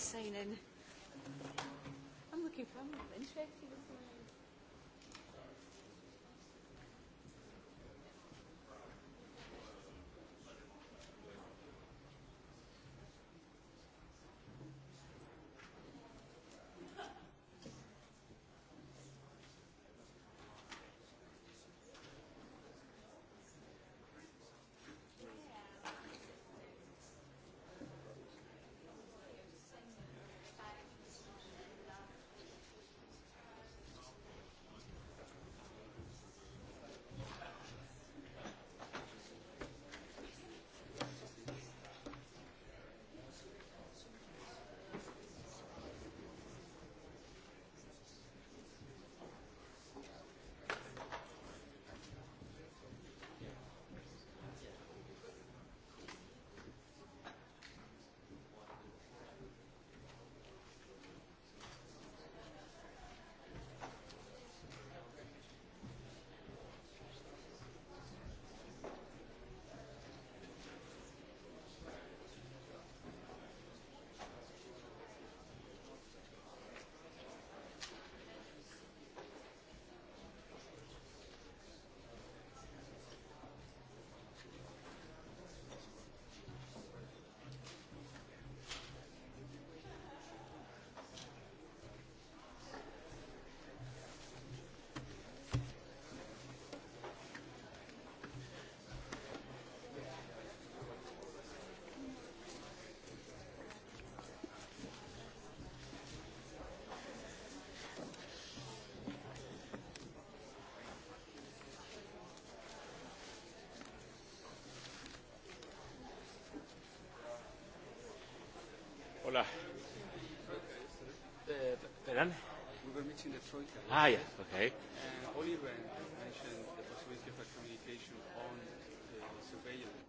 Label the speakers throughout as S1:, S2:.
S1: Seinen. I'm looking for, I'm interested.
S2: Hola. Eh, perdón. We were meeting the Troika. Ah, yeah, okay. And Oliver mentioned the possibility of a communication on the uh, surveillance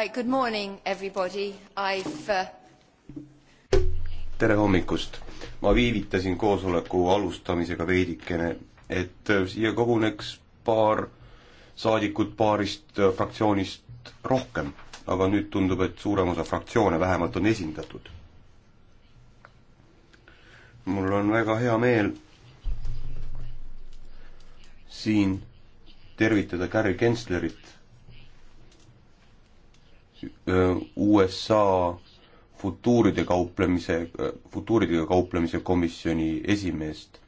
S3: Right, good morning everybody, I've uh...
S4: tere hommikust! ma viivitasin koosoleku alustamisega veidikene, et äh, siia koguneks paar saadikut paarist äh, fraktsioonist rohkem, aga nüüd tundub, et suurem osa fraktsioone vähemalt on esindatud. mul on väga hea meel siin tervitada Gary Genslerit Äh, USA futuuride kauplemise, äh, futuuridega kauplemise komisjoni esimeest.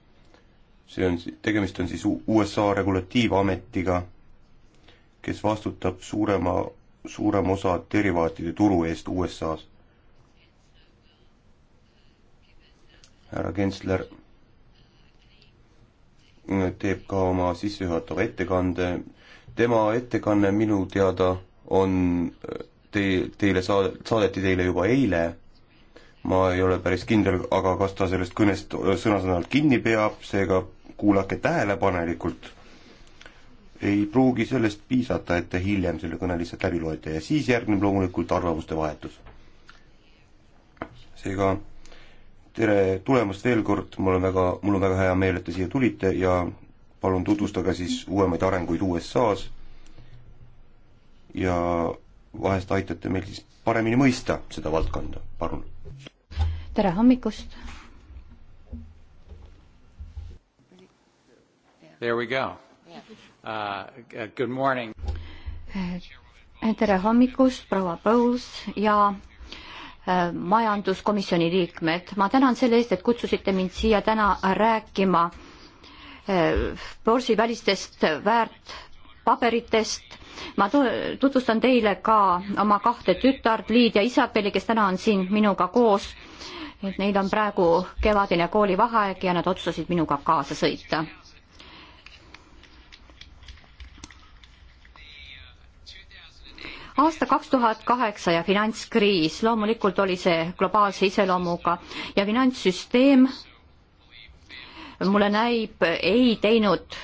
S4: see on, tegemist on siis USA regulatiivametiga, kes vastutab suurema, suurema osa derivaatide turu eest USA-s. härra Gensler äh, teeb ka oma sissejuhatava ettekande, tema ettekanne minu teada on te, teile saad-, saadeti teile juba eile, ma ei ole päris kindel, aga kas ta sellest kõnest sõna-sõnalt kinni peab, seega kuulake tähelepanelikult. ei pruugi sellest piisata, et te hiljem selle kõne lihtsalt läbi loete ja siis järgneb loomulikult arvamuste vahetus. seega tere tulemast veel kord, mul on väga, mul on väga hea meel, et te siia tulite ja palun tutvustage siis uuemaid arenguid USA-s ja vahest aitate meil siis paremini mõista seda valdkonda, palun.
S5: tere hommikust.
S2: There we go uh,. Good morning.
S5: Eh, tere hommikust, proua Põus ja eh, majanduskomisjoni liikmed, ma tänan selle eest, et kutsusite mind siia täna rääkima eh, börsivälistest väärtpaberitest ma tutvustan teile ka oma kahte tütart, Liid ja Isabeli, kes täna on siin minuga koos. et neil on praegu kevadine koolivaheaeg ja nad otsustasid minuga kaasa sõita. aasta kaks tuhat kaheksa ja finantskriis, loomulikult oli see globaalse iseloomuga ja finantssüsteem mulle näib, ei teinud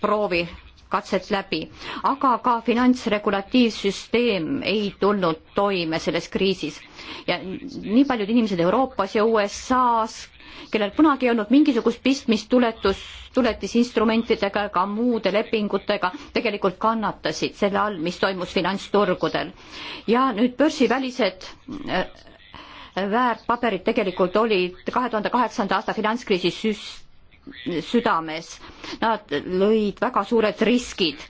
S5: proovi katset läbi, aga ka finantsregulatiivsüsteem ei tulnud toime selles kriisis ja nii paljud inimesed Euroopas ja USA-s, kellel kunagi ei olnud mingisugust pistmist tuletus, tuletisinstrumentidega ega muude lepingutega, tegelikult kannatasid selle all, mis toimus finantsturgudel. ja nüüd börsivälised äh, väärtpaberid tegelikult olid kahe tuhande kaheksanda aasta finantskriisi süst-, südames. Nad lõid väga suured riskid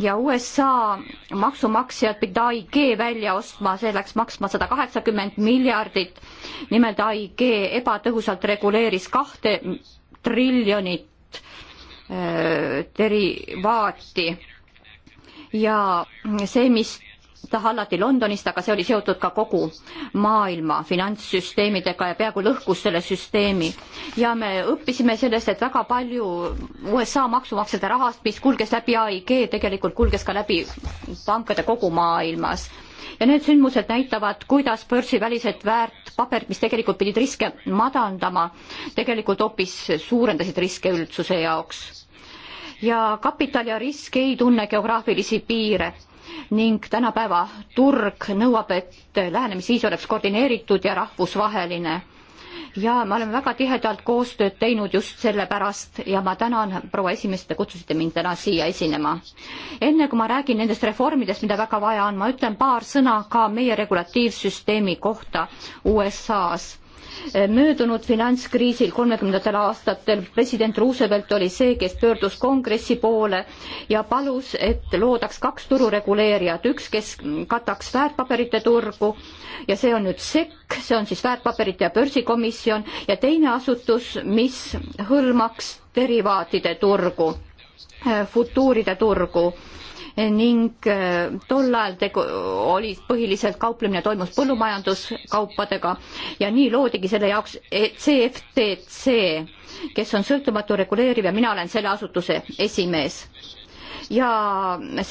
S5: ja USA maksumaksjad pidid AIG välja ostma, see läks maksma sada kaheksakümmend miljardit. nimelt AIG ebatõhusalt reguleeris kahte triljonit äh, derivaati ja see, mis seda hallati Londonist, aga see oli seotud ka kogu maailma finantssüsteemidega ja peaaegu lõhkus selle süsteemi. ja me õppisime sellest, et väga palju USA maksumaksjate rahast, mis kulges läbi AIG, tegelikult kulges ka läbi pankade kogu maailmas. ja need sündmused näitavad, kuidas börsivälised väärtpaberid, mis tegelikult pidid riske madandama, tegelikult hoopis suurendasid riske üldsuse jaoks ja kapital ja risk ei tunne geograafilisi piire ning tänapäeva turg nõuab, et lähenemisviis oleks koordineeritud ja rahvusvaheline. ja me oleme väga tihedalt koostööd teinud just sellepärast ja ma tänan, proua esimees, te kutsusite mind täna siia esinema. enne kui ma räägin nendest reformidest, mida väga vaja on, ma ütlen paar sõna ka meie regulatiivsüsteemi kohta USA-s möödunud finantskriisil kolmekümnendatel aastatel president Roosevelt oli see, kes pöördus kongressi poole ja palus, et loodaks kaks turureguleerijat, üks, kes kataks väärtpaberite turgu ja see on nüüd SEC, see on siis väärtpaberite ja börsikomisjon ja teine asutus, mis hõlmaks derivaatide turgu, futuuride turgu ning äh, tol ajal tegu, oli põhiliselt kauplemine toimus põllumajanduskaupadega ja nii loodigi selle jaoks CFTC, kes on sõltumatu reguleeriv ja mina olen selle asutuse esimees ja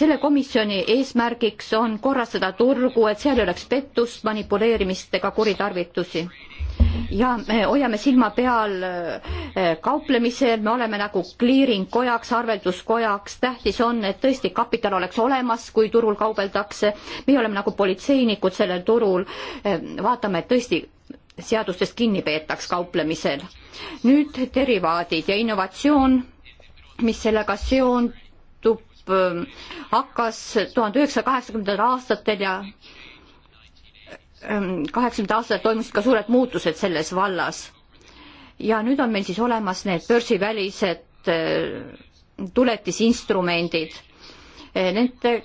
S5: selle komisjoni eesmärgiks on korrastada turgu, et seal ei oleks pettust, manipuleerimist ega kuritarvitusi ja me hoiame silma peal eh, kauplemisel, me oleme nagu clearing kojaks, arvelduskojaks, tähtis on, et tõesti kapital oleks olemas, kui turul kaubeldakse. meie oleme nagu politseinikud sellel turul, eh, vaatame, et tõesti seadustest kinni peetaks kauplemisel. nüüd derivaadid ja innovatsioon, mis sellega seondub, eh, hakkas tuhande üheksasaja kaheksakümnendatel aastatel ja Ehm, kaheksakümnendate aastatel toimusid ka suured muutused selles vallas. ja nüüd on meil siis olemas need börsivälised ehm, tuletisinstrumendid. Ehm, Nendega,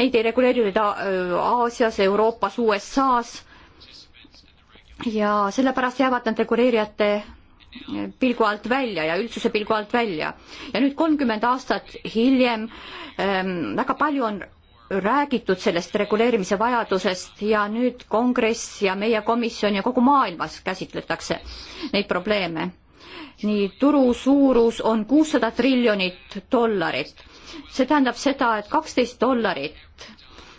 S5: neid ei reguleeritud Aasias, Euroopas, USA-s ja sellepärast jäävad nad reguleerijate pilgu alt välja ja üldsuse pilgu alt välja. ja nüüd kolmkümmend aastat hiljem ähm, väga palju on räägitud sellest reguleerimise vajadusest ja nüüd kongress ja meie komisjon ja kogu maailmas käsitletakse neid probleeme. nii turu suurus on kuussada triljonit dollarit. see tähendab seda, et kaksteist dollarit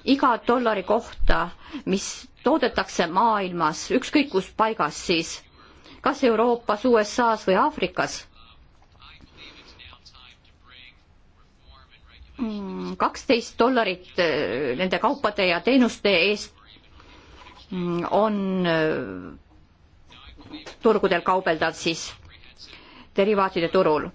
S5: iga dollari kohta, mis toodetakse maailmas, ükskõik kus paigas siis, kas Euroopas, USA-s või Aafrikas Mm, kaksteist dollarit äh, nende kaupade ja teenuste eest mm, on äh, turgudel kaubeldav siis derivaatide turul.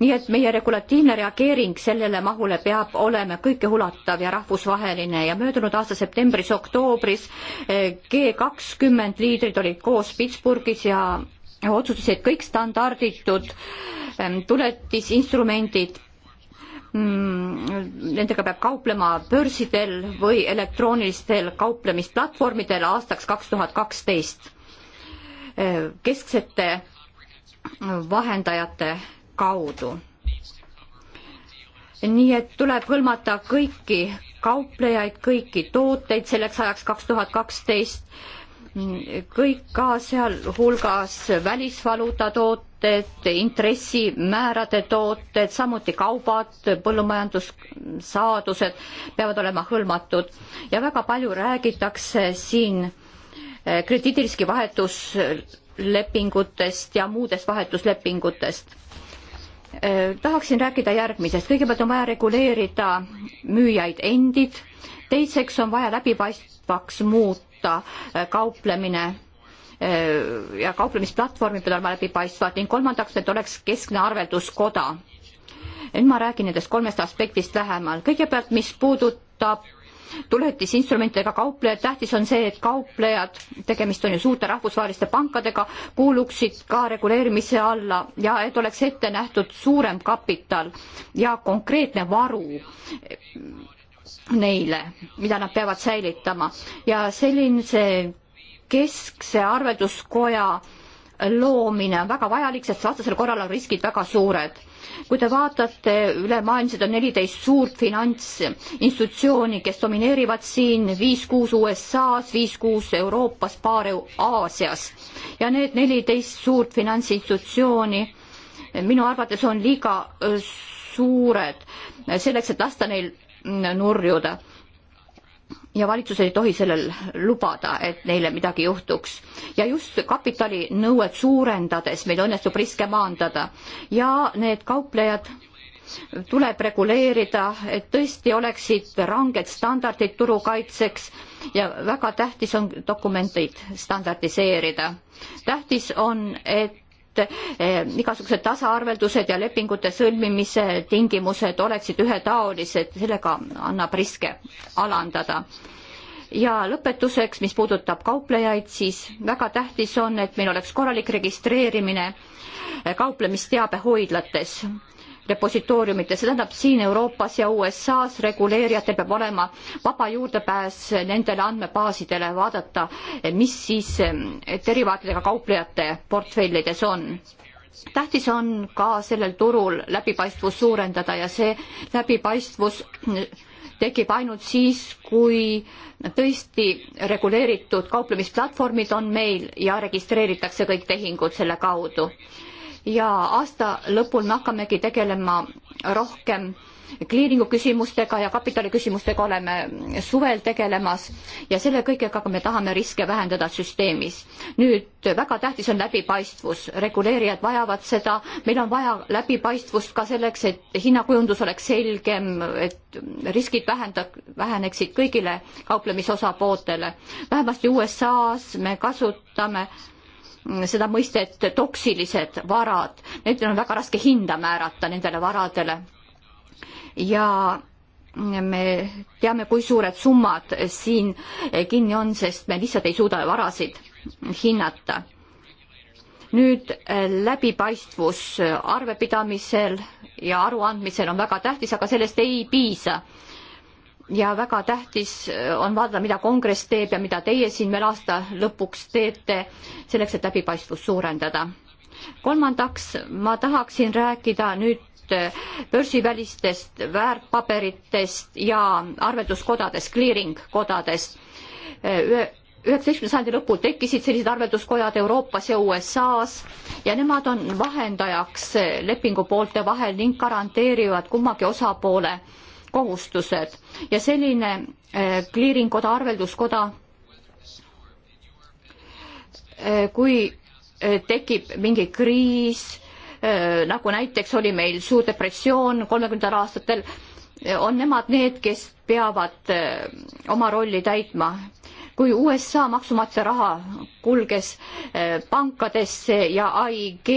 S5: nii et meie regulatiivne reageering sellele mahule peab olema kõikeulatav ja rahvusvaheline ja möödunud aasta septembris-oktoobris äh, G kakskümmend liidrid olid koos Pittsburghis ja otsustasid kõik standarditud ähm, tuletisinstrumendid Mm, nendega peab kauplema börsidel või elektroonilistel kauplemisplatvormidel aastaks kaks tuhat kaksteist kesksete vahendajate kaudu. nii et tuleb hõlmata kõiki kauplejaid, kõiki tooteid selleks ajaks kaks tuhat kaksteist kõik ka sealhulgas välisvaluutatooted, intressimäärade tooted, samuti kaubad, põllumajandussaadused peavad olema hõlmatud ja väga palju räägitakse siin eh, krediidiriski vahetuslepingutest ja muudest vahetuslepingutest. Eh, tahaksin rääkida järgmisest, kõigepealt on vaja reguleerida müüjaid endid, teiseks on vaja läbipaistvaks muuta tasuta äh, kauplemine äh, ja kauplemisplatvormid peavad olema läbipaistvad ning kolmandaks, et oleks keskne arvelduskoda. nüüd ma räägin nendest kolmest aspektist lähemal. kõigepealt, mis puudutab tuletisinstrumentidega kauplejad, tähtis on see, et kauplejad, tegemist on ju suurte rahvusvaheliste pankadega, kuuluksid ka reguleerimise alla ja et oleks ette nähtud suurem kapital ja konkreetne varu neile, mida nad peavad säilitama ja sellise keskse arvelduskoja loomine on väga vajalik, sest vastasel korral on riskid väga suured. kui te vaatate ülemaailmselt on neliteist suurt finantsinstitutsiooni, kes domineerivad siin viis-kuus USA-s, viis-kuus Euroopas, paar Aasias ja need neliteist suurt finantsinstitutsiooni minu arvates on liiga suured selleks, et lasta neil nurjuda. ja valitsused ei tohi sellel lubada, et neile midagi juhtuks. ja just kapitalinõuet suurendades meil õnnestub riske maandada ja need kauplejad tuleb reguleerida, et tõesti oleksid ranged standardid turu kaitseks ja väga tähtis on dokumenteid standardiseerida. tähtis on, et et eh, igasugused tasaarveldused ja lepingute sõlmimise tingimused oleksid ühetaolised, sellega annab riske alandada ja lõpetuseks, mis puudutab kauplejaid, siis väga tähtis on, et meil oleks korralik registreerimine eh, kauplemisteabehoidlates repositooriumites, see tähendab siin Euroopas ja USA-s reguleerijatel peab olema vaba juurdepääs nendele andmebaasidele, vaadata, mis siis eh, derivaatidega kauplejate portfellides on tähtis on ka sellel turul läbipaistvust suurendada ja see läbipaistvus eh, tekib ainult siis, kui tõesti reguleeritud kauplemisplatvormid on meil ja registreeritakse kõik tehingud selle kaudu ja aasta lõpul me hakkamegi tegelema rohkem kliiringu küsimustega ja kapitali küsimustega oleme suvel tegelemas ja selle kõigega me tahame riske vähendada süsteemis. nüüd väga tähtis on läbipaistvus, reguleerijad vajavad seda, meil on vaja läbipaistvust ka selleks, et hinnakujundus oleks selgem, et riskid vähenda-, väheneksid kõigile kauplemisosapooltele. vähemasti USA-s me kasutame äh, seda mõistet toksilised varad, nendel on väga raske hinda määrata nendele varadele. ja me teame, kui suured summad siin kinni on, sest me lihtsalt ei suuda varasid hinnata. nüüd eh, läbipaistvus arvepidamisel ja aruandmisel on väga tähtis, aga sellest ei piisa ja väga tähtis äh, on vaadata, mida kongress teeb ja mida teie siin veel aasta lõpuks teete selleks, et läbipaistvust suurendada. kolmandaks, ma tahaksin rääkida nüüd äh, börsivälistest väärtpaberitest ja arvelduskodadest, clearing kodadest. Äh, üheksateistkümnenda sajandi lõpul tekkisid sellised arvelduskojad Euroopas ja USA-s ja nemad on vahendajaks lepingupoolte vahel ning garanteerivad kummagi osapoole äh, kohustused ja selline kliiringkoda, äh, arvelduskoda, äh, kui äh, tekib mingi kriis, nagu näiteks oli meil suur depressioon kolmekümnendatel aastatel, on nemad need, kes peavad oma rolli täitma. kui USA maksumaksja raha kulges pankadesse ja AIG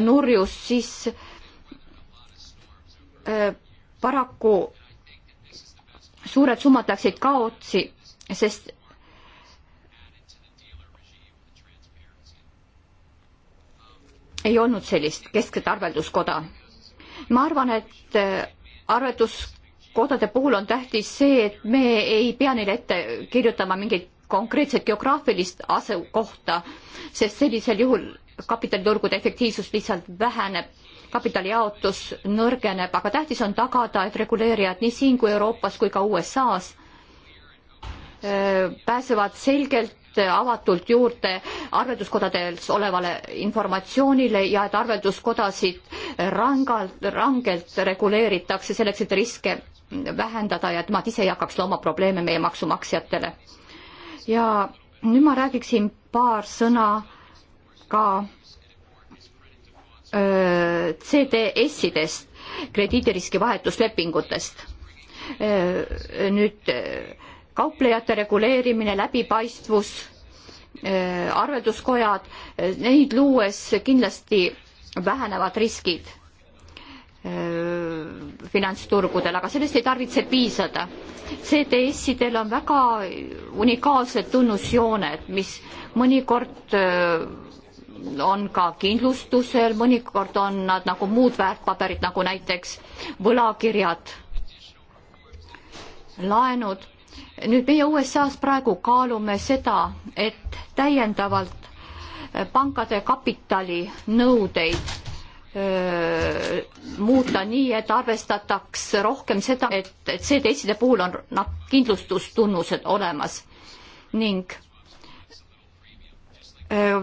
S5: nurjus, siis paraku suured summad läksid kaotsi, sest ei olnud sellist keskset arvelduskoda. ma arvan, et äh, arvelduskodade puhul on tähtis see, et me ei pea neile ette kirjutama mingit konkreetset geograafilist asukohta, sest sellisel juhul kapitaliturgude efektiivsus lihtsalt väheneb kapitalijaotus nõrgeneb, aga tähtis on tagada, et reguleerijad nii siin kui Euroopas kui ka USA-s äh, pääsevad selgelt avatult juurde arvelduskodades olevale informatsioonile ja et arvelduskodasid rangalt, rangelt reguleeritakse selleks, et riske vähendada ja et nad ise ei hakkaks looma probleeme meie maksumaksjatele. ja nüüd ma räägiksin paar sõna ka CDS-idest, krediidiriski vahetuslepingutest. Äh, nüüd äh, kauplejate reguleerimine, läbipaistvus, äh, arvelduskojad, neid luues kindlasti vähenevad riskid finantsturgudel, aga sellest ei tarvitse piisada. CDS-idel on väga unikaalsed tunnusjooned, mis mõnikord on ka kindlustusel, mõnikord on nad nagu muud väärtpaberid, nagu näiteks võlakirjad, laenud. nüüd meie USA-s praegu kaalume seda, et täiendavalt eh, pankade kapitalinõudeid öö, eh, muuta nii, et arvestataks rohkem seda, et, et CDS-ide puhul on noh, kindlustustunnused olemas ning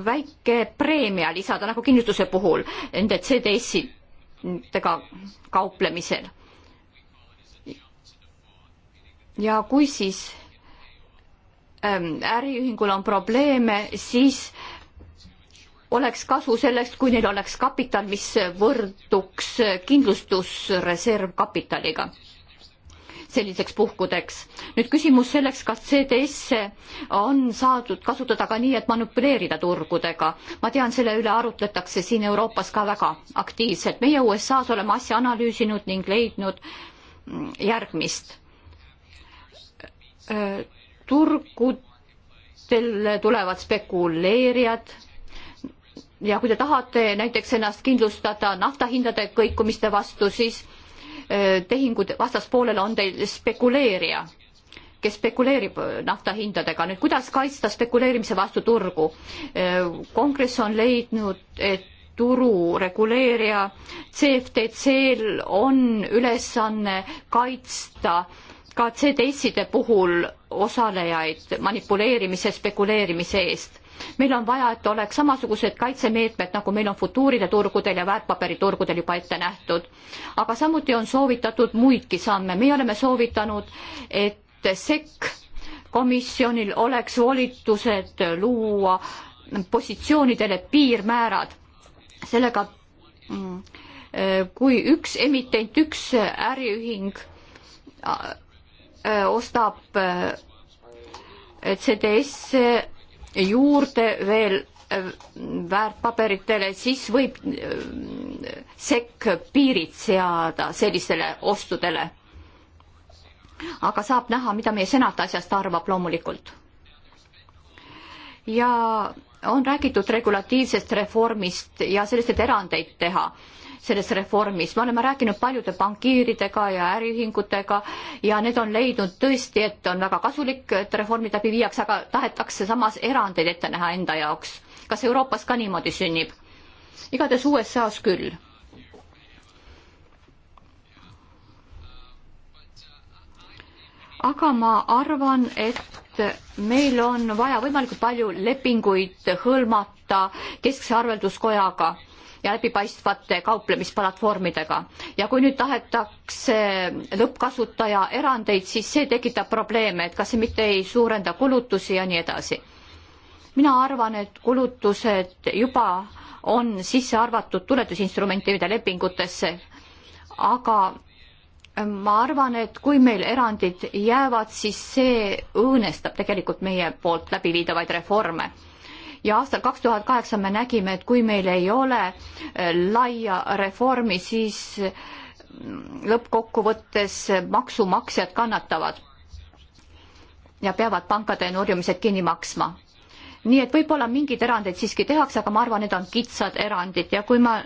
S5: väike preemia lisada nagu kindlustuse puhul nende CDS-idega kauplemisel. ja kui siis ähm, äriühingul on probleeme, siis oleks kasu sellest, kui neil oleks kapital, mis võrduks kindlustusreservkapitaliga selliseks puhkudeks. nüüd küsimus selleks, kas CDS-e on saadud kasutada ka nii, et manipuleerida turgudega. ma tean, selle üle arutletakse siin Euroopas ka väga aktiivselt. meie USA-s oleme asja analüüsinud ning leidnud mm, järgmist. Äh, turgudel tulevad spekuleerijad ja kui te tahate näiteks ennast kindlustada naftahindade kõikumiste vastu, siis Äh, tehingud vastaspoolele on teil spekuleerija, kes spekuleerib äh, nafta hindadega. nüüd kuidas kaitsta spekuleerimise vastu turgu? Äh, kongress on leidnud, et turu reguleerija CFTC-l on ülesanne kaitsta ka CDS-ide puhul osalejaid manipuleerimise, spekuleerimise eest meil on vaja, et oleks samasugused kaitsemeetmed, nagu meil on futuuride turgudel ja väärtpaberiturgudel juba ette nähtud. aga samuti on soovitatud muidki samme, meie oleme soovitanud, et sekk komisjonil oleks volitused luua positsioonidele piirmäärad. sellega mm, kui üks emitent, üks äriühing äh, äh, ostab äh, CDS-e juurde veel äh, väärtpaberitele, siis võib äh, sekk piirid seada sellistele ostudele. aga saab näha, mida meie senat asjast arvab loomulikult. ja on räägitud regulatiivsest reformist ja sellest, et erandeid teha selles reformis. me oleme rääkinud paljude bankiiridega ja äriühingutega ja need on leidnud tõesti, et on väga kasulik, et reformid läbi viiakse, aga tahetakse samas erandeid ette näha enda jaoks. kas Euroopas ka niimoodi sünnib? igatahes USA-s küll aga ma arvan, et meil on vaja võimalikult palju lepinguid hõlmata Keskse Arvelduskojaga ja läbipaistvate kauplemisplatvormidega. ja kui nüüd tahetakse lõppkasutaja erandeid, siis see tekitab probleeme, et kas see mitte ei suurenda kulutusi ja nii edasi. mina arvan, et kulutused juba on sisse arvatud tuletusinstrumentide lepingutesse, aga ma arvan, et kui meil erandid jäävad, siis see õõnestab tegelikult meie poolt läbiviidavaid reforme ja aastal kaks tuhat kaheksa me nägime, et kui meil ei ole äh, laia reformi, siis mm, lõppkokkuvõttes maksumaksjad kannatavad ja peavad pankade nurjumised kinni maksma. nii et võib-olla mingeid erandeid siiski tehakse, aga ma arvan, need on kitsad erandid ja kui ma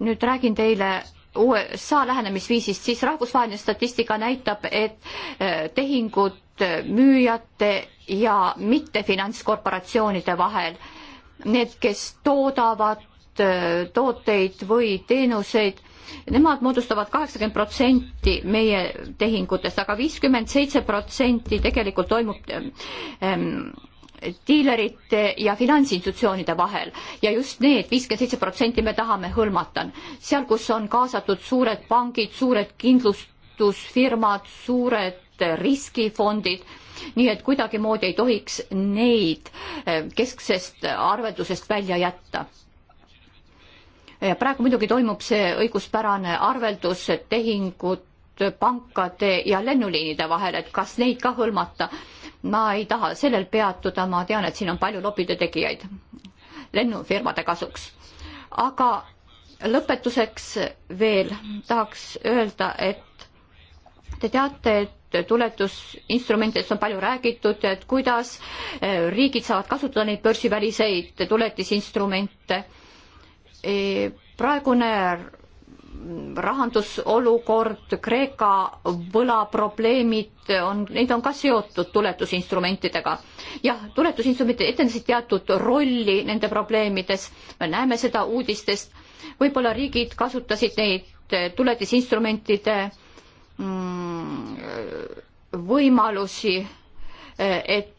S5: nüüd räägin teile USA lähenemisviisist, siis rahvusvaheline statistika näitab, et eh, tehingud eh, müüjate ja mittefinantskorporatsioonide vahel, need, kes toodavad eh, tooteid või teenuseid, nemad moodustavad kaheksakümmend protsenti meie tehingutest aga, aga viiskümmend seitse protsenti tegelikult toimub ähm, diilerite ja finantsinstitutsioonide vahel ja just need viiskümmend seitse protsenti me tahame hõlmata. seal, kus on kaasatud suured pangid, suured kindlustusfirmad, suured riskifondid, nii et kuidagimoodi ei tohiks neid eh, kesksest arveldusest välja jätta. praegu muidugi toimub see õiguspärane arveldus, tehingud pankade ja lennuliinide vahel, et kas neid ka hõlmata ma ei taha sellel peatuda, ma tean, et siin on palju lobide tegijaid lennufirmade kasuks. aga lõpetuseks veel tahaks öelda, et te teate, et tuletusinstrumentidest on palju räägitud, et kuidas eh, riigid saavad kasutada neid börsiväliseid tuletisinstrumente. Eh, praegune rahandusolukord, Kreeka võlaprobleemid on, neid on ka seotud tuletusinstrumentidega. jah, tuletusinstrumendid etendasid teatud rolli nende probleemides, me näeme seda uudistest, võib-olla riigid kasutasid neid tuletisinstrumentide mm, võimalusi, et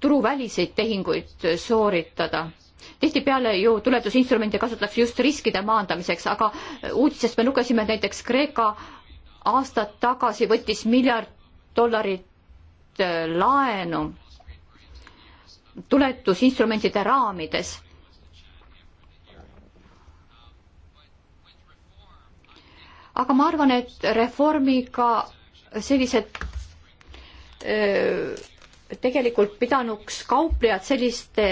S5: turuväliseid tehinguid sooritada tihtipeale ju tuletusinstrumente kasutatakse just riskide maandamiseks, aga uudistest me lugesime, et näiteks Kreeka aastad tagasi võttis miljard dollarit äh, laenu tuletusinstrumentide raamides aga ma arvan, et reformiga sellised öö, äh, tegelikult pidanuks kauplejad selliste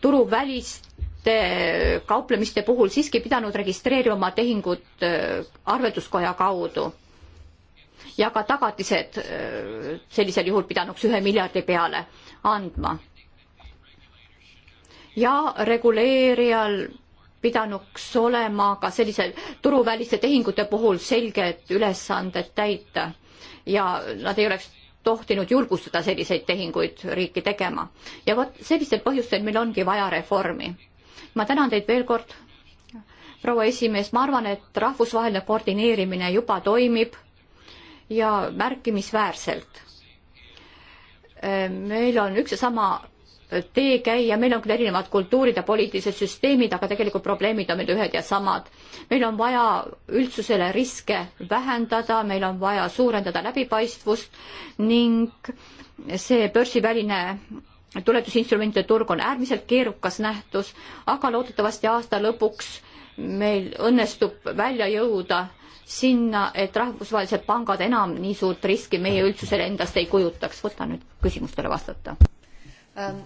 S5: turuväliste kauplemiste puhul siiski pidanud registreerima oma tehingud äh, arvelduskoja kaudu ja ka tagatised äh, sellisel juhul pidanuks ühe miljardi peale andma. ja reguleerijal pidanuks olema ka sellisel turuväliste tehingute puhul selged ülesanded täita ja nad ei oleks tohtinud julgustada selliseid tehinguid riiki tegema. ja vot sellistel põhjustel meil ongi vaja reformi. ma tänan teid veel kord, proua esimees, ma arvan, et rahvusvaheline koordineerimine juba toimib ja märkimisväärselt. meil on üks ja sama tee käia, meil on küll erinevad kultuurid ja poliitilised süsteemid, aga tegelikult probleemid on meil ühed ja samad. meil on vaja üldsusele riske vähendada, meil on vaja suurendada läbipaistvust ning see börsiväline tuletusinstrumentide turg on äärmiselt keerukas nähtus, aga loodetavasti aasta lõpuks meil õnnestub välja jõuda sinna, et rahvusvahelised pangad enam nii suurt riski meie üldsusele endast ei kujutaks. võta nüüd küsimustele vastata
S3: um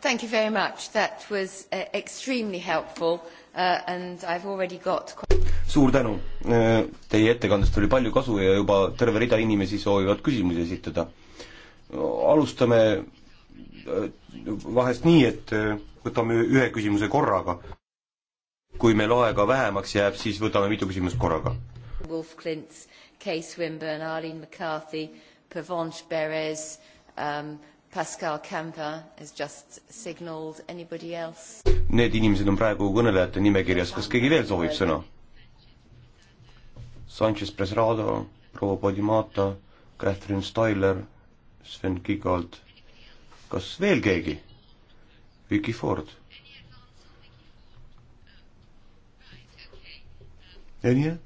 S3: Thank you very much. That was uh, extremely helpful uh, and I've already got
S4: suur tänu. Äh, teie ettekandest oli palju kasu ja juba terve rida inimesi soovivad küsimusi esitada. alustame äh, vahest nii, et äh, võtame ühe küsimuse korraga. kui meil aega vähemaks jääb, siis võtame mitu küsimust korraga.
S3: Wolf Klints, Kay Swinburne, Arlene McCarthy, Provence Perez um,, Pascal Camper has just signalled anybody else.
S4: Need inimesed on praegu kõnelejate nimekirjas, kas keegi veel soovib sõna? Sanchez Presrado, proua Podimata, Catherine Styler, Sven Kigold. kas veel keegi? Vicky Ford. ja nii jah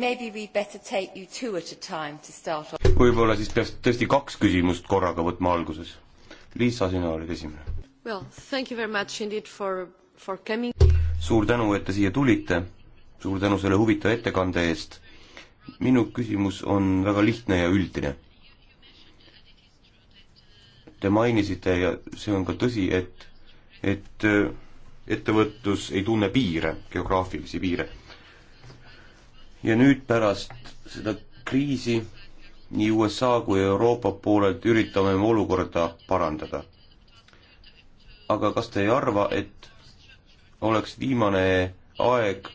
S3: võib-olla
S4: siis peaks tõesti kaks küsimust korraga võtma alguses. Liisa, sina olid esimene.
S1: Well, thank you very much indeed for, for coming.
S4: suur tänu, et te siia tulite. suur tänu selle huvitava ettekande eest. minu küsimus on väga lihtne ja üldine. Te mainisite ja see on ka tõsi, et, et äh, ettevõtlus ei tunne piire, geograafilisi piire ja nüüd pärast seda kriisi nii USA kui Euroopa poolelt üritame me olukorda parandada. aga kas te ei arva, et oleks viimane aeg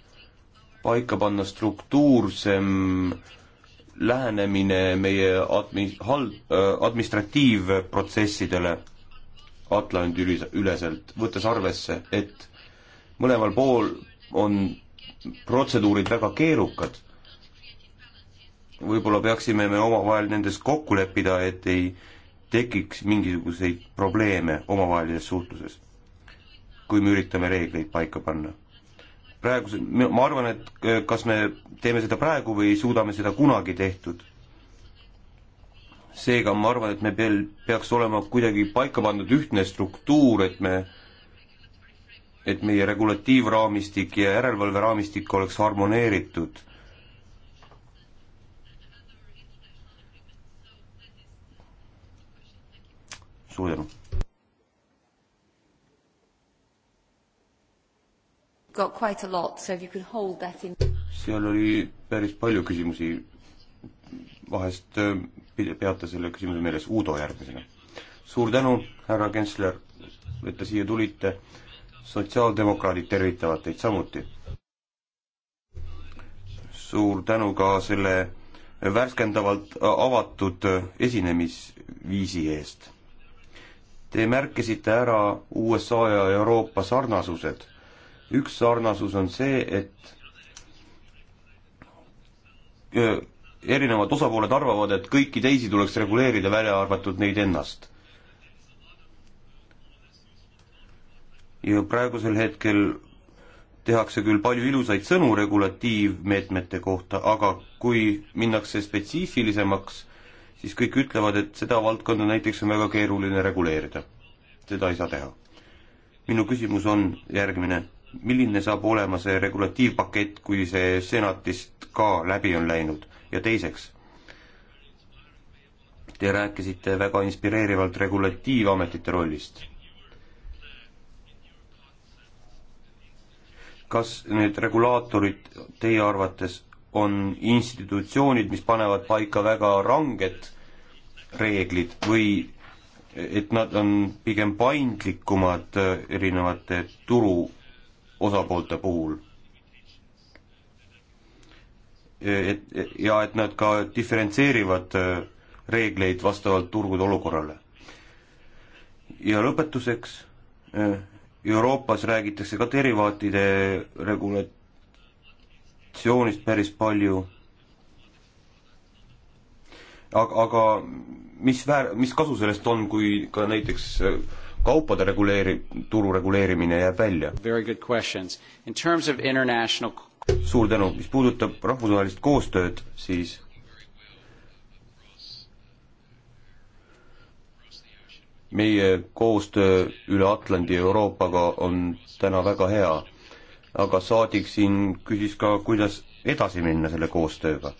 S4: paika panna struktuursem lähenemine meie admi-, hal-, äh, administratiivprotsessidele Atlandi ülis-, üleselt, võttes arvesse, et mõlemal pool on protseduurid väga keerukad. võib-olla peaksime me omavahel nendes kokku leppida, et ei tekiks mingisuguseid probleeme omavahelises suhtluses, kui me üritame reegleid paika panna. praeguse, ma arvan, et äh, kas me teeme seda praegu või suudame seda kunagi tehtud. seega ma arvan, et me veel peaks olema kuidagi paika pandud ühtne struktuur, et me äh, et meie regulatiivraamistik ja järelevalveraamistik oleks harmoneeritud. suur tänu.
S3: Got quite a lot, so if you can hold that in.
S4: seal oli päris palju küsimusi. vahest äh, peate selle küsimuse meeles Uudo järgmisena. suur tänu, härra Kensler, et te siia tulite sotsiaaldemokraadid tervitavad teid samuti. suur tänu ka selle värskendavalt avatud esinemisviisi eest. Te märkisite ära USA ja Euroopa sarnasused. üks sarnasus on see, et erinevad osapooled arvavad, et kõiki teisi tuleks reguleerida, välja arvatud neid ennast ja praegusel hetkel tehakse küll palju ilusaid sõnu regulatiivmeetmete kohta, aga kui minnakse spetsiifilisemaks, siis kõik ütlevad, et seda valdkonda näiteks on väga keeruline reguleerida. seda ei saa teha. minu küsimus on järgmine. milline saab olema see regulatiivpakett, kui see senatist ka läbi on läinud? ja teiseks, te rääkisite väga inspireerivalt regulatiivametite rollist kas need regulaatorid teie arvates on institutsioonid, mis panevad paika väga ranged reeglid või et nad on pigem paindlikumad äh, erinevate turu osapoolte puhul? Äh, et ja et nad ka diferentseerivad äh, reegleid vastavalt turgude olukorrale. ja lõpetuseks Euroopas räägitakse ka derivaatide regulatsioonist päris palju. aga, aga mis väär-, mis kasu sellest on, kui ka näiteks äh, kaupade reguleeri-, turu reguleerimine jääb välja? International... suur tänu, mis puudutab rahvusvahelist koostööd, siis meie koostöö üle Atlandi Euroopaga on täna väga hea, aga saadik siin küsis ka, kuidas edasi minna selle koostööga.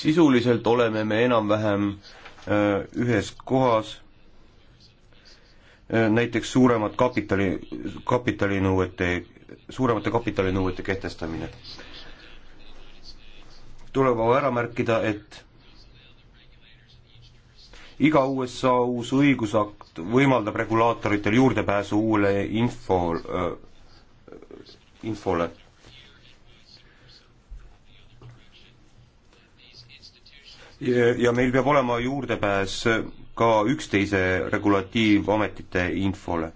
S4: sisuliselt oleme me enam-vähem äh, ühes kohas, äh, näiteks suuremad kapitali, kapitalinõuete, suuremate kapitalinõuete kehtestamine. tuleb ära märkida, et iga USA uus õigusakt võimaldab regulaatoritel juurdepääsu uuele info äh,, infole. ja meil peab olema juurdepääs ka üksteise regulatiivametite infole.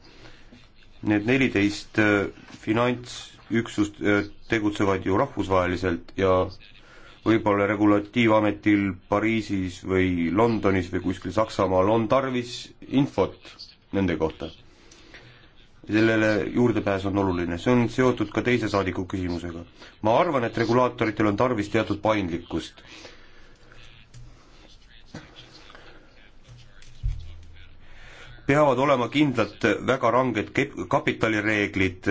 S4: Need neliteist äh, finantsüksust äh, tegutsevad ju rahvusvaheliselt ja võib-olla regulatiivametil Pariisis või Londonis või kuskil Saksamaal on tarvis infot nende kohta. sellele juurdepääs on oluline, see on seotud ka teise saadiku küsimusega. ma arvan, et regulaatoritel on tarvis teatud paindlikkust. peavad olema kindlad väga ranged kapitalireeglid,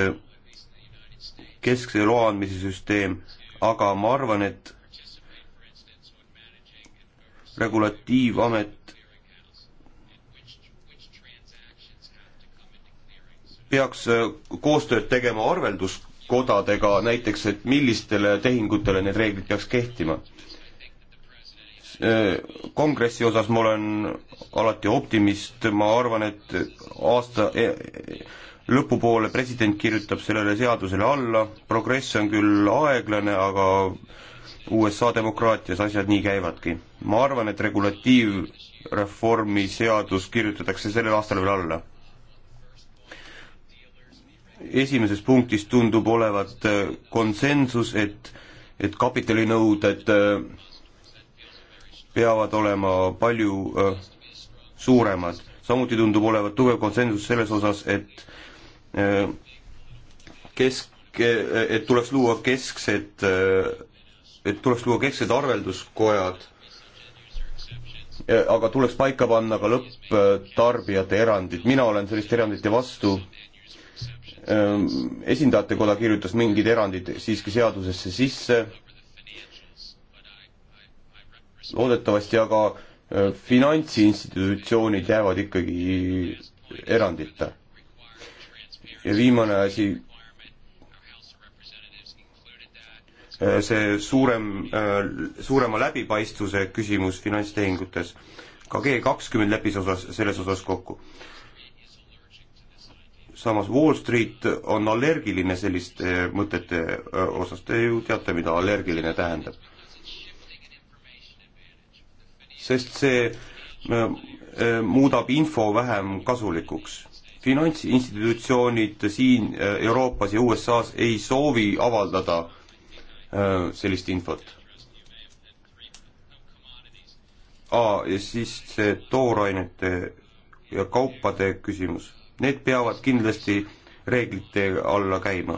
S4: keskse loa andmise süsteem, aga ma arvan, et regulatiivamet peaks äh, koostööd tegema arvelduskodadega näiteks, et millistele tehingutele need reeglid peaks kehtima. Äh, kongressi osas ma olen alati optimist, ma arvan, et aasta e, e, lõpupoole president kirjutab sellele seadusele alla, progress on küll aeglane, aga USA demokraatias asjad nii käivadki. ma arvan, et regulatiivreformi seadus kirjutatakse sellel aastal veel alla. esimeses punktis tundub olevat äh, konsensus, et, et kapitalinõuded äh, peavad olema palju äh, suuremad. samuti tundub olevat tugev konsensus selles osas, et kesk, et tuleks luua kesksed et tuleks luua kesksed arvelduskojad, eh, aga tuleks paika panna ka lõpptarbijate erandid, mina olen selliste erandite vastu, ehm, esindajate koda kirjutas mingid erandid siiski seadusesse sisse, loodetavasti aga eh, finantsinstitutsioonid jäävad ikkagi erandita. ja viimane asi, Äh, see suurem, äh, suurema läbipaistvuse küsimus finantstehingutes, ka G kakskümmend leppis osas, selles osas kokku. samas Wall Street on allergiline selliste äh, mõtete osas, te ju teate, mida allergiline tähendab. sest see muudab info vähem kasulikuks finantsinstitutsioonid siin Euroopas ja USA-s ei soovi avaldada äh, Äh, sellist infot. aa, ja siis see toorainete ja kaupade küsimus, need peavad kindlasti reeglite alla käima.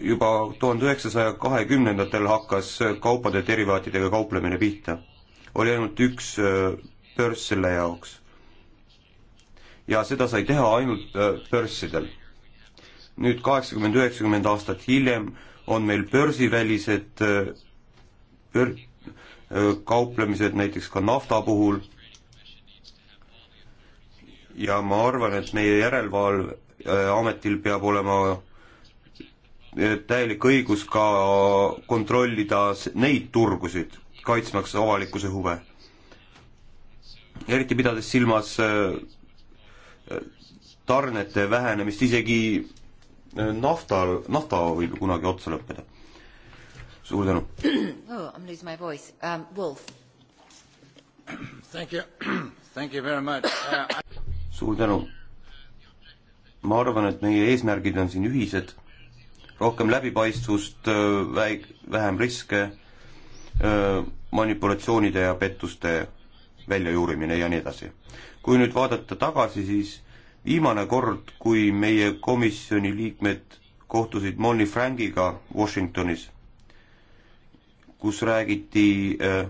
S4: juba tuhande üheksasaja kahekümnendatel hakkas kaupade derivaatidega kauplemine pihta. oli ainult üks äh, börs selle jaoks. ja seda sai teha ainult äh, börssidel. nüüd kaheksakümmend, üheksakümmend aastat hiljem äh, on meil börsivälised äh, bör-, äh, kauplemised näiteks ka nafta puhul ja ma arvan, et meie järelevalveametil äh, peab olema täielik õigus ka kontrollida neid turgusid, kaitsmaks avalikkuse huve. eriti pidades silmas tarnete vähenemist isegi naftal, nafta võib ju kunagi otsa lõppeda. suur tänu
S3: oh,. I m losing my voice um,. Wolf.
S2: Thank you, thank you very much uh,. I...
S4: suur tänu. ma arvan, et meie eesmärgid on siin ühised. rohkem läbipaistvust, äh, väik-, vähem riske, äh, manipulatsioonide ja pettuste väljajuurimine ja nii edasi. kui nüüd vaadata tagasi, siis viimane kord, kui meie komisjoni liikmed kohtusid Moni Frankiga Washingtonis, kus räägiti äh,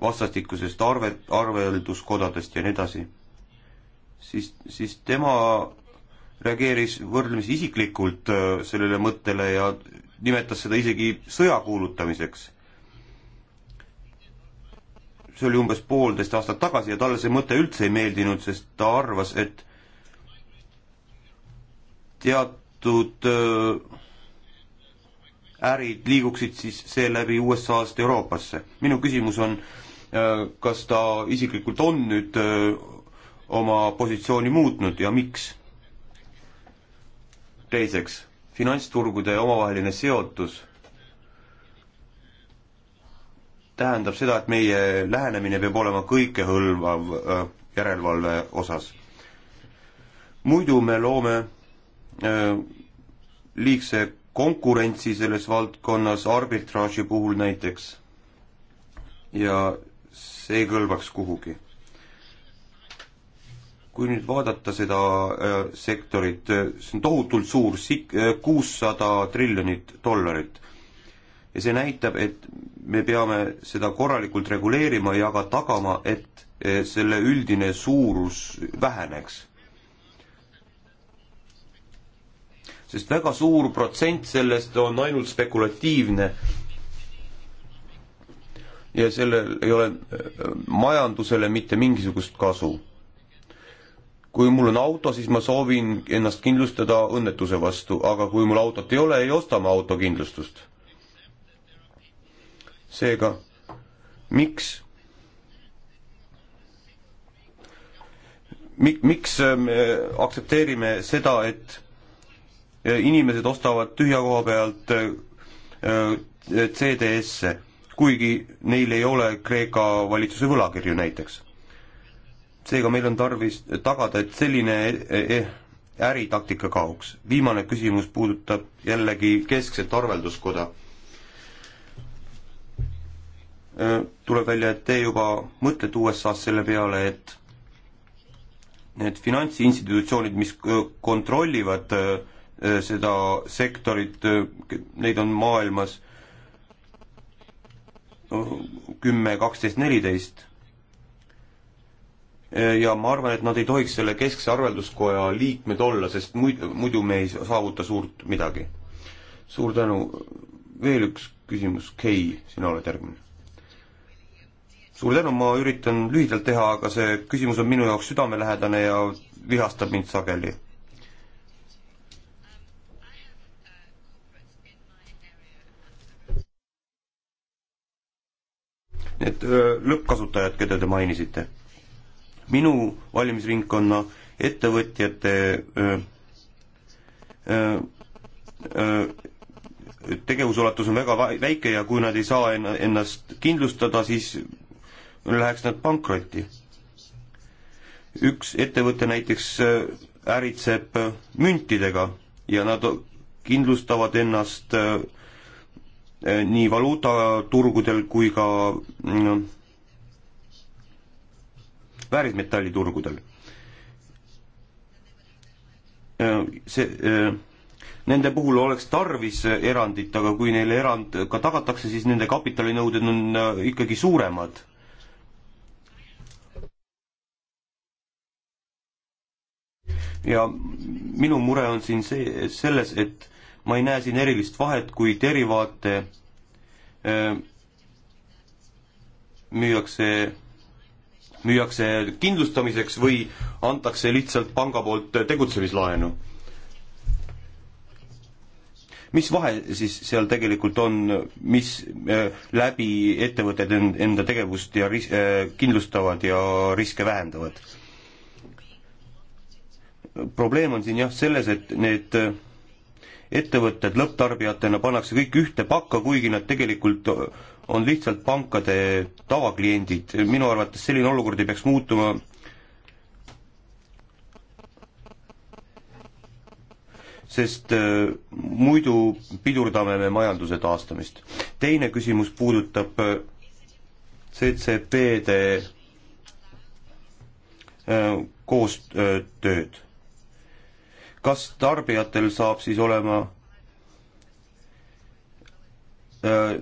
S4: vastastikusest arve, arvelduskodadest ja nii edasi, siis, siis tema reageeris võrdlemisi isiklikult äh, sellele mõttele ja nimetas seda isegi sõja kuulutamiseks. see oli umbes poolteist aastat tagasi ja talle see mõte üldse ei meeldinud, sest ta arvas, et teatud ärid liiguksid siis seeläbi USA-st Euroopasse. minu küsimus on, kas ta isiklikult on nüüd oma positsiooni muutnud ja miks? teiseks, finantsturgude omavaheline seotus tähendab seda, et meie lähenemine peab olema kõikehõlmav järelevalve osas. muidu me loome Äh, liigse konkurentsi selles valdkonnas arbitraaži puhul näiteks. ja see ei kõlbaks kuhugi. kui nüüd vaadata seda äh, sektorit, äh, see on tohutult suur, kuussada triljonit dollarit. ja see näitab, et me peame seda korralikult reguleerima ja ka tagama, et selle üldine suurus väheneks sest väga suur protsent sellest on ainult spekulatiivne. ja sellel ei ole äh, majandusele mitte mingisugust kasu. kui mul on auto, siis ma soovin ennast kindlustada õnnetuse vastu, aga kui mul autot ei ole, ei osta ma autokindlustust. seega, miks mik-, miks me ähm, aktsepteerime seda, et Äh, inimesed ostavad tühja koha pealt äh, äh, CDS-e, kuigi neil ei ole Kreeka valitsuse võlakirju näiteks. seega meil on tarvis tagada, et selline äritaktika kaoks. viimane küsimus puudutab jällegi keskset arvelduskoda. tuleb välja, et te juba mõtlete USA-s selle peale, et need finantsinstitutsioonid, mis kontrollivad äh, Äh, seda sektorit, äh, neid on maailmas noh, kümme, kaksteist, neliteist. Äh, ja ma arvan, et nad ei tohiks selle keskse arvelduskoja liikmed olla, sest muid, muidu me ei saavuta suurt midagi. suur tänu, veel üks küsimus, Kei, sina oled järgmine. suur tänu, ma üritan lühidalt teha, aga see küsimus on minu jaoks südamelähedane ja vihastab mind sageli need lõppkasutajad, keda te mainisite. minu valimisringkonna ettevõtjate öö, öö, tegevusulatus on väga väike ja kui nad ei saa ennast kindlustada, siis läheks nad pankrotti. üks ettevõte näiteks äritseb müntidega ja nad kindlustavad ennast Eh, nii valuutaturgudel kui ka mm, väärismetalliturgudel. Eh, see, eh, nende puhul oleks tarvis erandit, aga kui neile erand ka tagatakse, siis nende kapitalinõuded on ikkagi suuremad ja minu mure on siin see, selles, et ma ei näe siin erilist vahet, kui derivaate äh, müüakse, müüakse kindlustamiseks või antakse lihtsalt panga poolt tegutsemislaenu. mis vahe siis seal tegelikult on, mis äh, läbi ettevõtted enda tegevust ja ris-, äh, kindlustavad ja riske vähendavad? probleem on siin jah selles, et need ettevõtted lõpptarbijatena pannakse kõik ühte pakka, kuigi nad tegelikult on lihtsalt pankade tavakliendid, minu arvates selline olukord ei peaks muutuma. sest äh, muidu pidurdame me majanduse taastamist. teine küsimus puudutab äh, CCP-de äh, koostööd kas tarbijatel saab siis olema äh,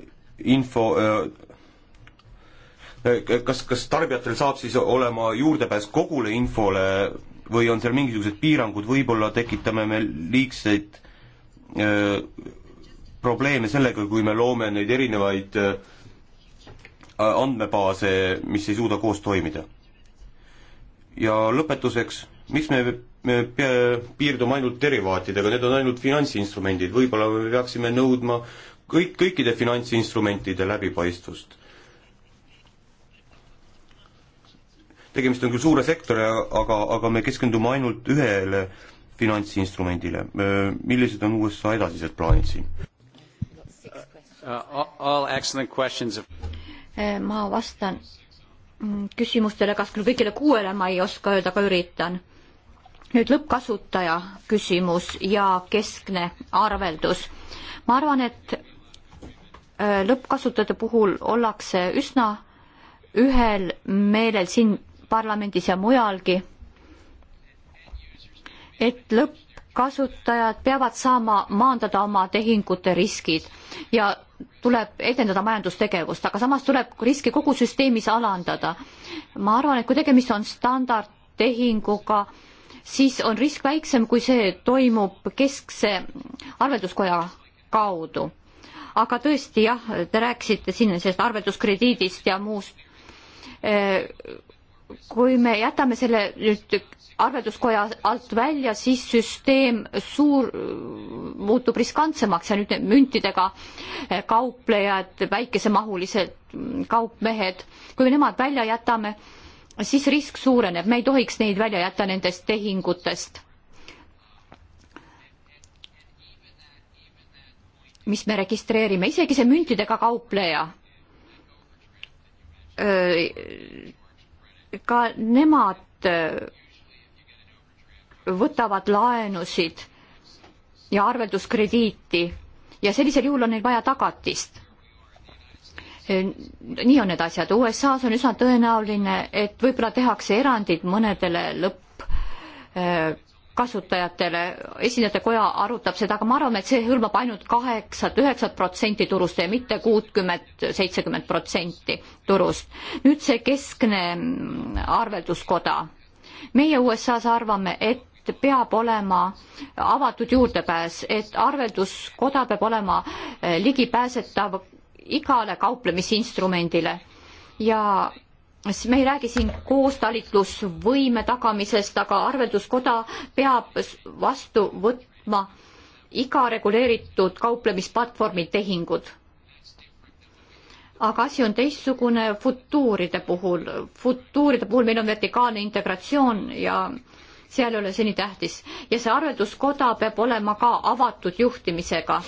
S4: info äh, äh, kas, kas tarbijatel saab siis olema juurdepääs kogule infole või on seal mingisugused piirangud, võib-olla tekitame me liigseid äh, probleeme sellega, kui me loome neid erinevaid äh, andmebaase, mis ei suuda koos toimida. ja lõpetuseks miks me, me piirdume ainult derivaatidega, need on ainult finantsinstrumendid, võib-olla me peaksime nõudma kõik, kõikide finantsinstrumentide läbipaistvust. tegemist on küll suure sektori, aga, aga me keskendume ainult ühele finantsinstrumendile. millised on USA edasised plaanid siin?
S2: Uh,
S5: ma vastan küsimustele, kas küll kõigile kuuele ma ei oska öelda, aga üritan nüüd lõppkasutaja küsimus ja keskne arveldus. ma arvan, et äh, lõppkasutajate puhul ollakse üsna ühel meelel siin parlamendis ja mujalgi, et lõppkasutajad peavad saama maandada oma tehingute riskid ja tuleb edendada majandustegevust, aga samas tuleb riski kogu süsteemis alandada. ma arvan, et kui tegemist on standardtehinguga, siis on risk väiksem, kui see toimub keskse arvelduskoja kaudu. aga tõesti jah, te rääkisite siin sellest arvelduskrediidist ja muust. Äh, kui me jätame selle nüüd arvelduskoja alt välja, siis süsteem suur muutub riskantsemaks ja nüüd need müntidega äh, kauplejad, väikesemahulised kaupmehed, kui me nemad välja jätame siis risk suureneb, me ei tohiks neid välja jätta nendest tehingutest, mis me registreerime, isegi see müntidega kaupleja, ka nemad võtavad laenusid ja arvelduskrediiti ja sellisel juhul on neil vaja tagatist Äh, nii on need asjad. USA-s on üsna tõenäoline, et võib-olla tehakse erandid mõnedele lõppkasutajatele. esindajate koja arutab seda, aga ma arvan, et see hõlmab ainult kaheksat, üheksat protsenti turust ja mitte kuutkümmet, seitsekümmend protsenti turust. nüüd see keskne arvelduskoda. meie USA-s arvame, et peab olema avatud juurdepääs, et arvelduskoda peab olema ligipääsetav igale kauplemisinstrumendile ja me ei räägi siin koostalitlusvõime tagamisest, aga arvelduskoda peab vastu võtma iga reguleeritud kauplemisplatvormi tehingud. aga asi on teistsugune futuuride puhul. futuuride puhul meil on vertikaalne integratsioon ja äh, seal ei ole see nii tähtis. ja see arvelduskoda peab olema ka avatud juhtimisega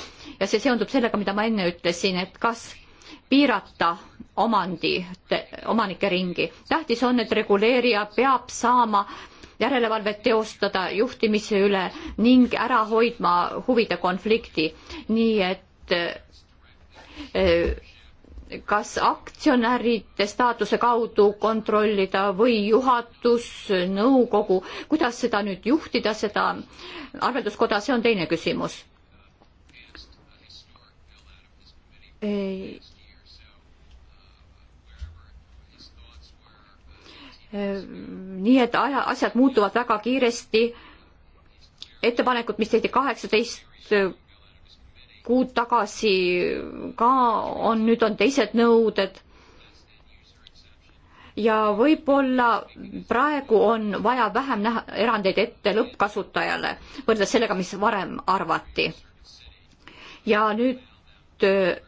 S5: ja see seondub sellega, mida ma enne ütlesin, et kas piirata omandi, omanike ringi. tähtis on, et reguleerija peab saama järelevalvet teostada juhtimise üle ning ära hoidma huvide konflikti, nii et äh, kas aktsionäride staatuse kaudu kontrollida või juhatus, nõukogu, kuidas seda nüüd juhtida, seda arvelduskoda, see on teine küsimus. nii et aja, asjad muutuvad väga kiiresti. ettepanekud, mis tehti kaheksateist kuud tagasi ka on, nüüd on teised nõuded. ja võib-olla praegu on vaja vähem näha erandeid ette lõppkasutajale võrreldes sellega, mis varem arvati. ja nüüd äh,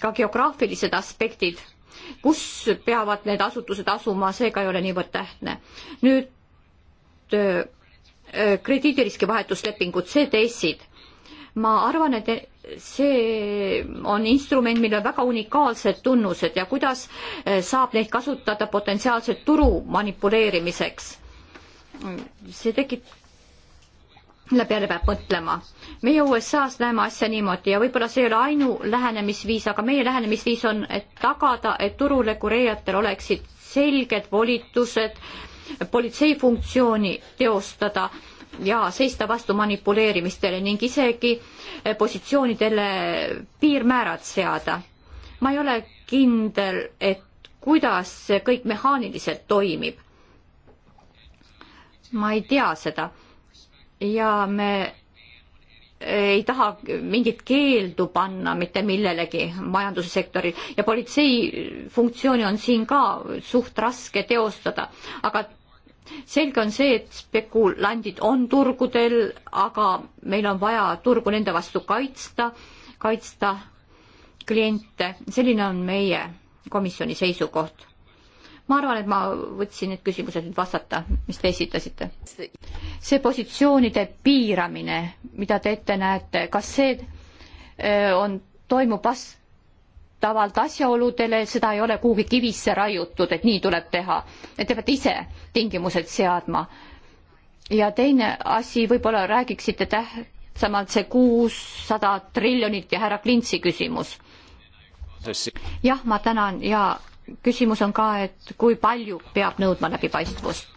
S5: ka geograafilised aspektid, kus peavad need asutused asuma, seega ei ole niivõrd tähtne. nüüd äh, äh, krediidiriski vahetuslepingud, CDS-id ma arvan, et see on instrument, millel on väga unikaalsed tunnused ja kuidas eh, saab neid kasutada potentsiaalse turu manipuleerimiseks. see tekib mille peale peab mõtlema. meie USA-s näeme asja niimoodi ja võib-olla see ei ole ainu lähenemisviis, aga meie lähenemisviis on, et tagada, et turureguleerijatel oleksid selged volitused politsei funktsiooni teostada ja seista vastu manipuleerimistele ning isegi eh, positsioonidele piirmäärad seada. ma ei ole kindel, et kuidas see kõik mehaaniliselt toimib. ma ei tea seda ja me ei taha mingit keeldu panna mitte millelegi majandussektoril ja politsei funktsiooni on siin ka suht raske teostada, aga selge on see, et spekulandid on turgudel, aga meil on vaja turgu nende vastu kaitsta, kaitsta kliente, selline on meie komisjoni seisukoht. ma arvan, et ma võtsin need küsimused nüüd vastata, mis te esitasite. see positsioonide piiramine, mida te ette näete, kas see äh, on, toimub vast-, vastavalt asjaoludele, seda ei ole kuhugi kivisse raiutud, et nii tuleb teha. et te peate ise tingimused seadma. ja teine asi, võib-olla räägiksite tähtsamalt see kuussada triljonit ja härra Klintsi küsimus. jah, ma tänan ja küsimus on ka, et kui palju peab nõudma läbipaistvust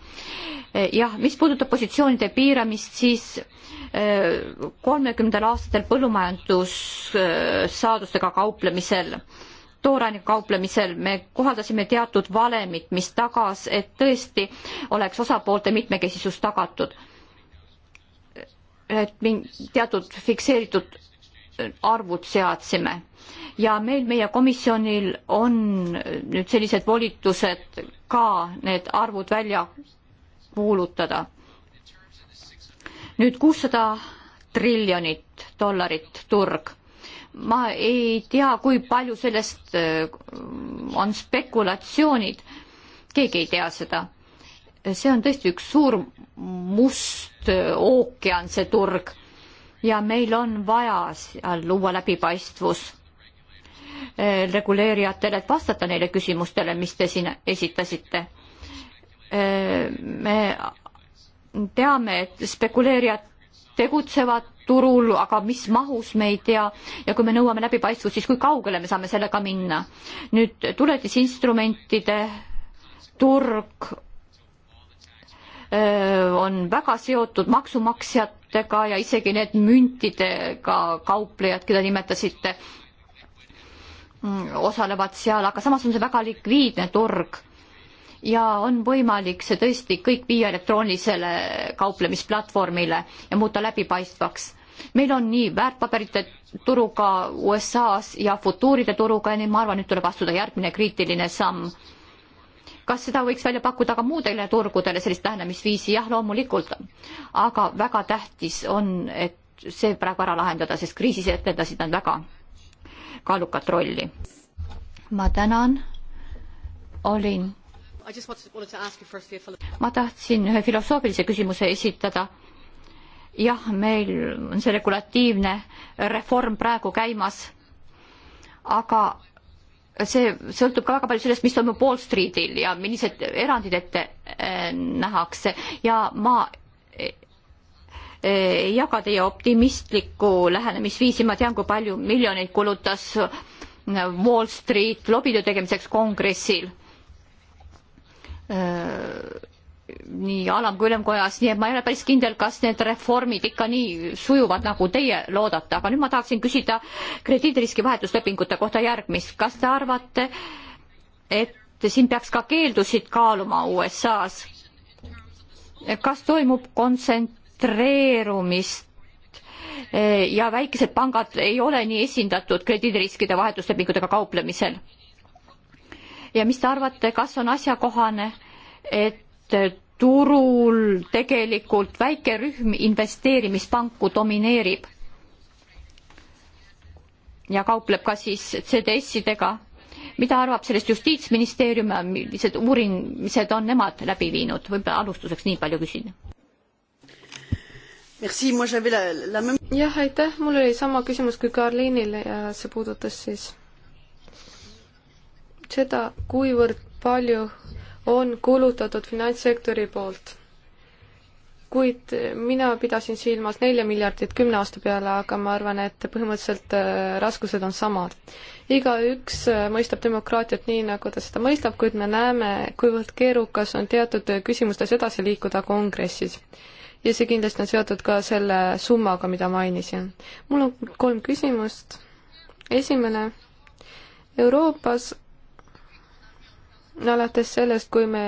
S5: Eh, jah, mis puudutab positsioonide piiramist, siis eh, kolmekümnendal aastatel põllumajandussaadustega kauplemisel, toorainega kauplemisel me kohaldasime teatud valemit, mis tagas, et tõesti oleks osapoolte mitmekesisus tagatud. et mingi teatud fikseeritud arvud seadsime ja meil, meie komisjonil on nüüd sellised volitused ka need arvud välja kuulutada. nüüd kuussada triljonit dollarit turg. ma ei tea, kui palju sellest äh, on spekulatsioonid, keegi ei tea seda. see on tõesti üks suur must äh, ookean, see turg ja meil on vaja seal luua läbipaistvus äh, reguleerijatele, et vastata neile küsimustele, mis te siin esitasite me teame, et spekuleerijad tegutsevad turul, aga mis mahus, me ei tea. ja kui me nõuame läbipaistvust, siis kui kaugele me saame sellega minna? nüüd tuletisinstrumentide turg öö, on väga seotud maksumaksjatega ja isegi need müntidega kauplejad, keda nimetasite, mm, osalevad seal, aga samas on see väga likviidne turg ja on võimalik see tõesti kõik viia elektroonilisele kauplemisplatvormile ja muuta läbipaistvaks. meil on nii väärtpaberite turuga USA-s ja futuuride turuga, nii ma arvan, nüüd tuleb astuda järgmine kriitiline samm kas seda võiks välja pakkuda ka muudele turgudele, sellist lähenemisviisi, jah, loomulikult, aga väga tähtis on, et see praegu ära lahendada, sest kriisis etendasid nad väga kaalukat rolli. ma tänan, olin ma tahtsin ühe filosoofilise küsimuse esitada. jah, meil on see regulatiivne reform praegu käimas, aga see sõltub ka väga palju sellest, mis toimub Wall Streetil ja millised erandid ette äh, nähakse ja ma äh, äh, ei jaga teie optimistlikku lähenemisviisi, ma tean, kui palju miljoneid kulutas Wall Street lobitöö tegemiseks kongressil Äh, nii alam- kui ülemkojas, nii et ma ei ole päris kindel, kas need reformid ikka nii sujuvad, nagu teie loodate, aga nüüd ma tahaksin küsida krediidiriski vahetuslepingute kohta järgmist. kas te arvate, et siin peaks ka keeldusid kaaluma USA-s? kas toimub kontsentreerumist ja väikesed pangad ei ole nii esindatud krediidiriskide vahetuslepingutega kauplemisel? ja mis te arvate, kas on asjakohane, et turul tegelikult väike rühm investeerimispanku domineerib ja kaupleb ka siis CDS-idega. mida arvab sellest Justiitsministeerium ja millised uurimised on nemad läbi viinud, võib-olla alustuseks nii palju küsin
S1: jah, aitäh, mul oli sama küsimus kui Karliinil ja see puudutas siis seda, kuivõrd palju on kulutatud finantssektori poolt. kuid mina pidasin silmas nelja miljardit kümne aasta peale, aga ma arvan, et põhimõtteliselt äh, raskused on samad. igaüks äh, mõistab demokraatiat nii, nagu ta seda mõistab, kuid me näeme, kuivõrd keerukas on teatud äh, küsimustes edasi liikuda kongressis. ja see kindlasti on seotud ka selle summaga, mida mainisin. mul on kolm küsimust. esimene Euroopas alates sellest, kui me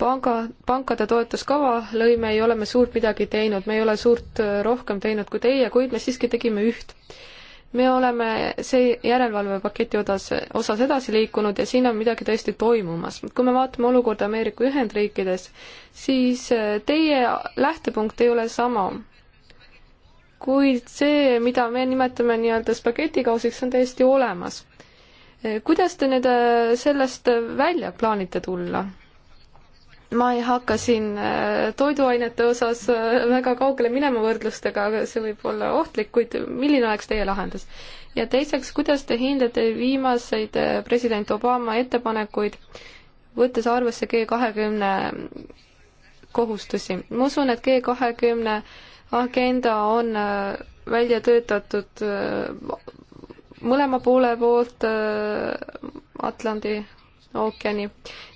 S1: panga, pankade toetuskava lõime, ei ole me suurt midagi teinud, me ei ole suurt äh, rohkem teinud kui teie, kuid me siiski tegime üht. me oleme see järelevalvepaketi odas, osas edasi liikunud ja siin on midagi tõesti toimumas. kui me vaatame olukorda Ameerika Ühendriikides, siis äh, teie lähtepunkt ei ole sama. kuid see, mida me nimetame nii-öelda spagetikausiks, on täiesti olemas kuidas te nüüd äh, sellest välja plaanite tulla? ma ei hakka siin äh, toiduainete osas äh, väga kaugele minema võrdlustega, aga see võib olla ohtlik, kuid milline oleks teie lahendus? ja teiseks, kuidas te hindate viimaseid president Obama ettepanekuid, võttes arvesse G kahekümne kohustusi? ma usun, et G kahekümne agenda on välja töötatud mõlema poole poolt äh, Atlandi ookeani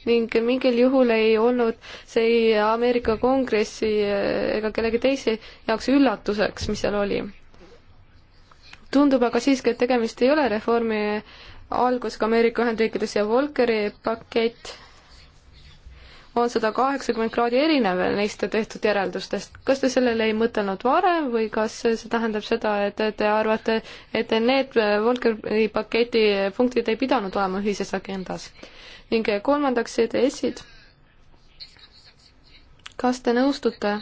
S1: ning mingil juhul ei olnud see ei Ameerika Kongressi äh, ega kellegi teise jaoks üllatuseks, mis seal oli. tundub aga siiski, et tegemist ei ole reformi algusega Ameerika Ühendriikides ja Volkeri pakett on sada kaheksakümmend kraadi erinev neist tehtud järeldustest. kas te sellele ei mõtelnud varem või kas see tähendab seda, et te arvate, et need Volkeri paketi punktid ei pidanud olema ühises agendas? ning kolmandaks CDS-id. kas te nõustute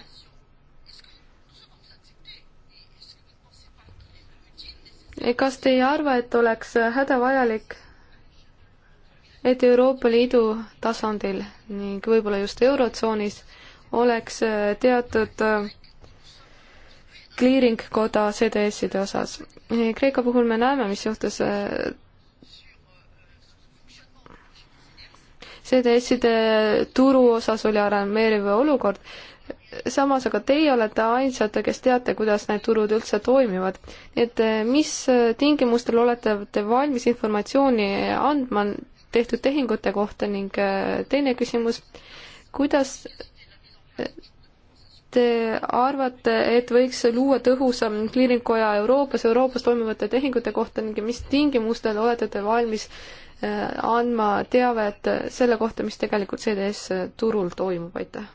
S1: kas te ei arva, et oleks hädavajalik et Euroopa Liidu tasandil ning võib-olla just Eurotsoonis oleks äh, teatud kliiringkoda äh, CDS-ide osas. Äh, Kreeka puhul me näeme, mis juhtus CDS-ide turu osas oli alarmeeriv olukord, samas aga teie olete ainsad, kes teate, kuidas need turud üldse toimivad. et mis tingimustel olete te valmis informatsiooni andma tehtud tehingute kohta ning äh, teine küsimus, kuidas te arvate, et võiks luua tõhusam kliiringukoja Euroopas, Euroopas toimuvate tehingute kohta ning mis tingimustel olete te valmis äh, andma teavet selle kohta, mis tegelikult CDS turul toimub, aitäh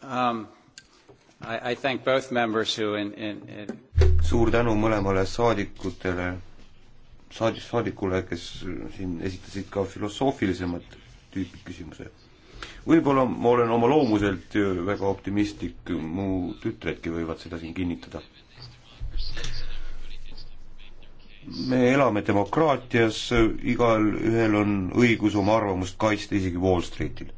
S2: um,? In, in...
S4: suur tänu mõlemale saadikutele saadis saadikule, kes siin esitasid ka filosoofilisemat tüüpi küsimuse. võib-olla ma olen oma loomuselt väga optimistlik, mu tütredki võivad seda siin kinnitada. me elame demokraatias, igalühel on õigus oma arvamust kaitsta, isegi Wall Streetil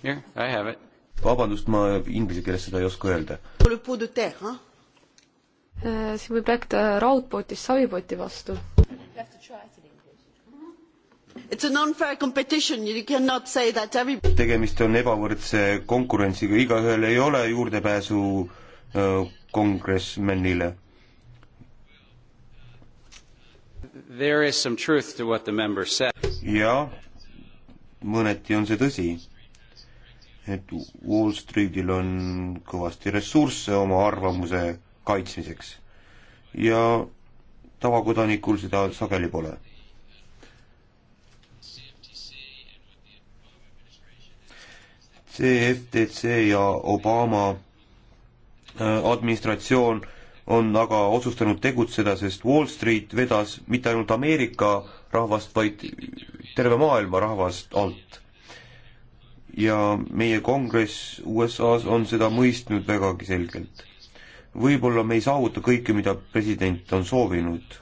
S4: jah yeah,, I have it. vabandust, ma inglise keeles seda ei oska öelda.
S1: Äh, siin võib rääkida raudpotist savipoti vastu.
S4: tegemist on ebavõrdse konkurentsiga, igaühel ei ole juurdepääsu äh, kongressmenile. jah, mõneti on see tõsi et Wall Streetil on kõvasti ressursse oma arvamuse kaitsmiseks. ja tavakodanikul seda sageli pole. CFTC ja Obama äh, administratsioon on aga otsustanud tegutseda, sest Wall Street vedas mitte ainult Ameerika rahvast, vaid terve maailma rahvast alt. ja meie kongress USA-s on seda mõistnud vägagi selgelt võib-olla me ei saavuta kõike, mida president on soovinud.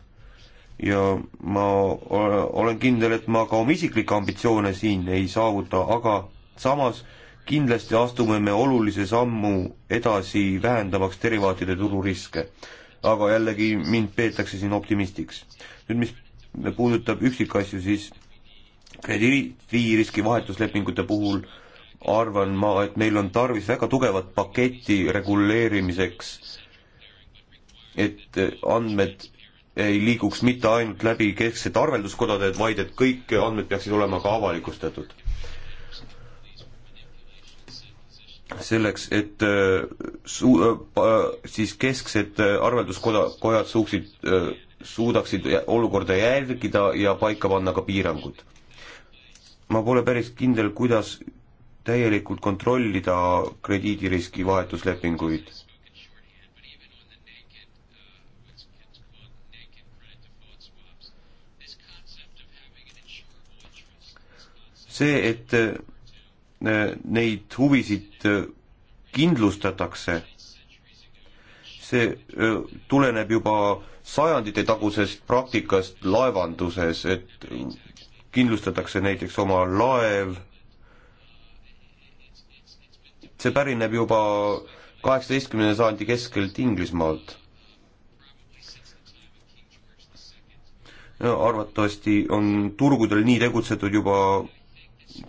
S4: ja ma olen kindel, et ma ka oma isiklikke ambitsioone siin ei saavuta, aga samas kindlasti astume me olulise sammu edasi, vähendamaks derivaatide tururiske. aga jällegi mind peetakse siin optimistiks. nüüd, mis puudutab üksikasju, siis krediidiriski vahetuslepingute puhul äh, arvan ma, et meil on tarvis väga tugevat paketti reguleerimiseks, et andmed ei liiguks mitte ainult läbi kesksed arvelduskodade, vaid et kõik andmed peaksid olema ka avalikustatud. selleks, et äh, suu-, äh, äh, siis kesksed arvelduskoda, kojad suuksid, suudaksid olukorda jälgida ja paika panna ka piirangud ma pole päris kindel, kuidas täielikult kontrollida krediidiriski vahetuslepinguid. see, et äh, neid huvisid äh, kindlustatakse, see äh, tuleneb juba sajandite tagusest praktikast laevanduses, et kindlustatakse näiteks oma laev see pärineb juba kaheksateistkümnenda sajandi keskelt Inglismaalt. arvatavasti on turgudel nii tegutsetud juba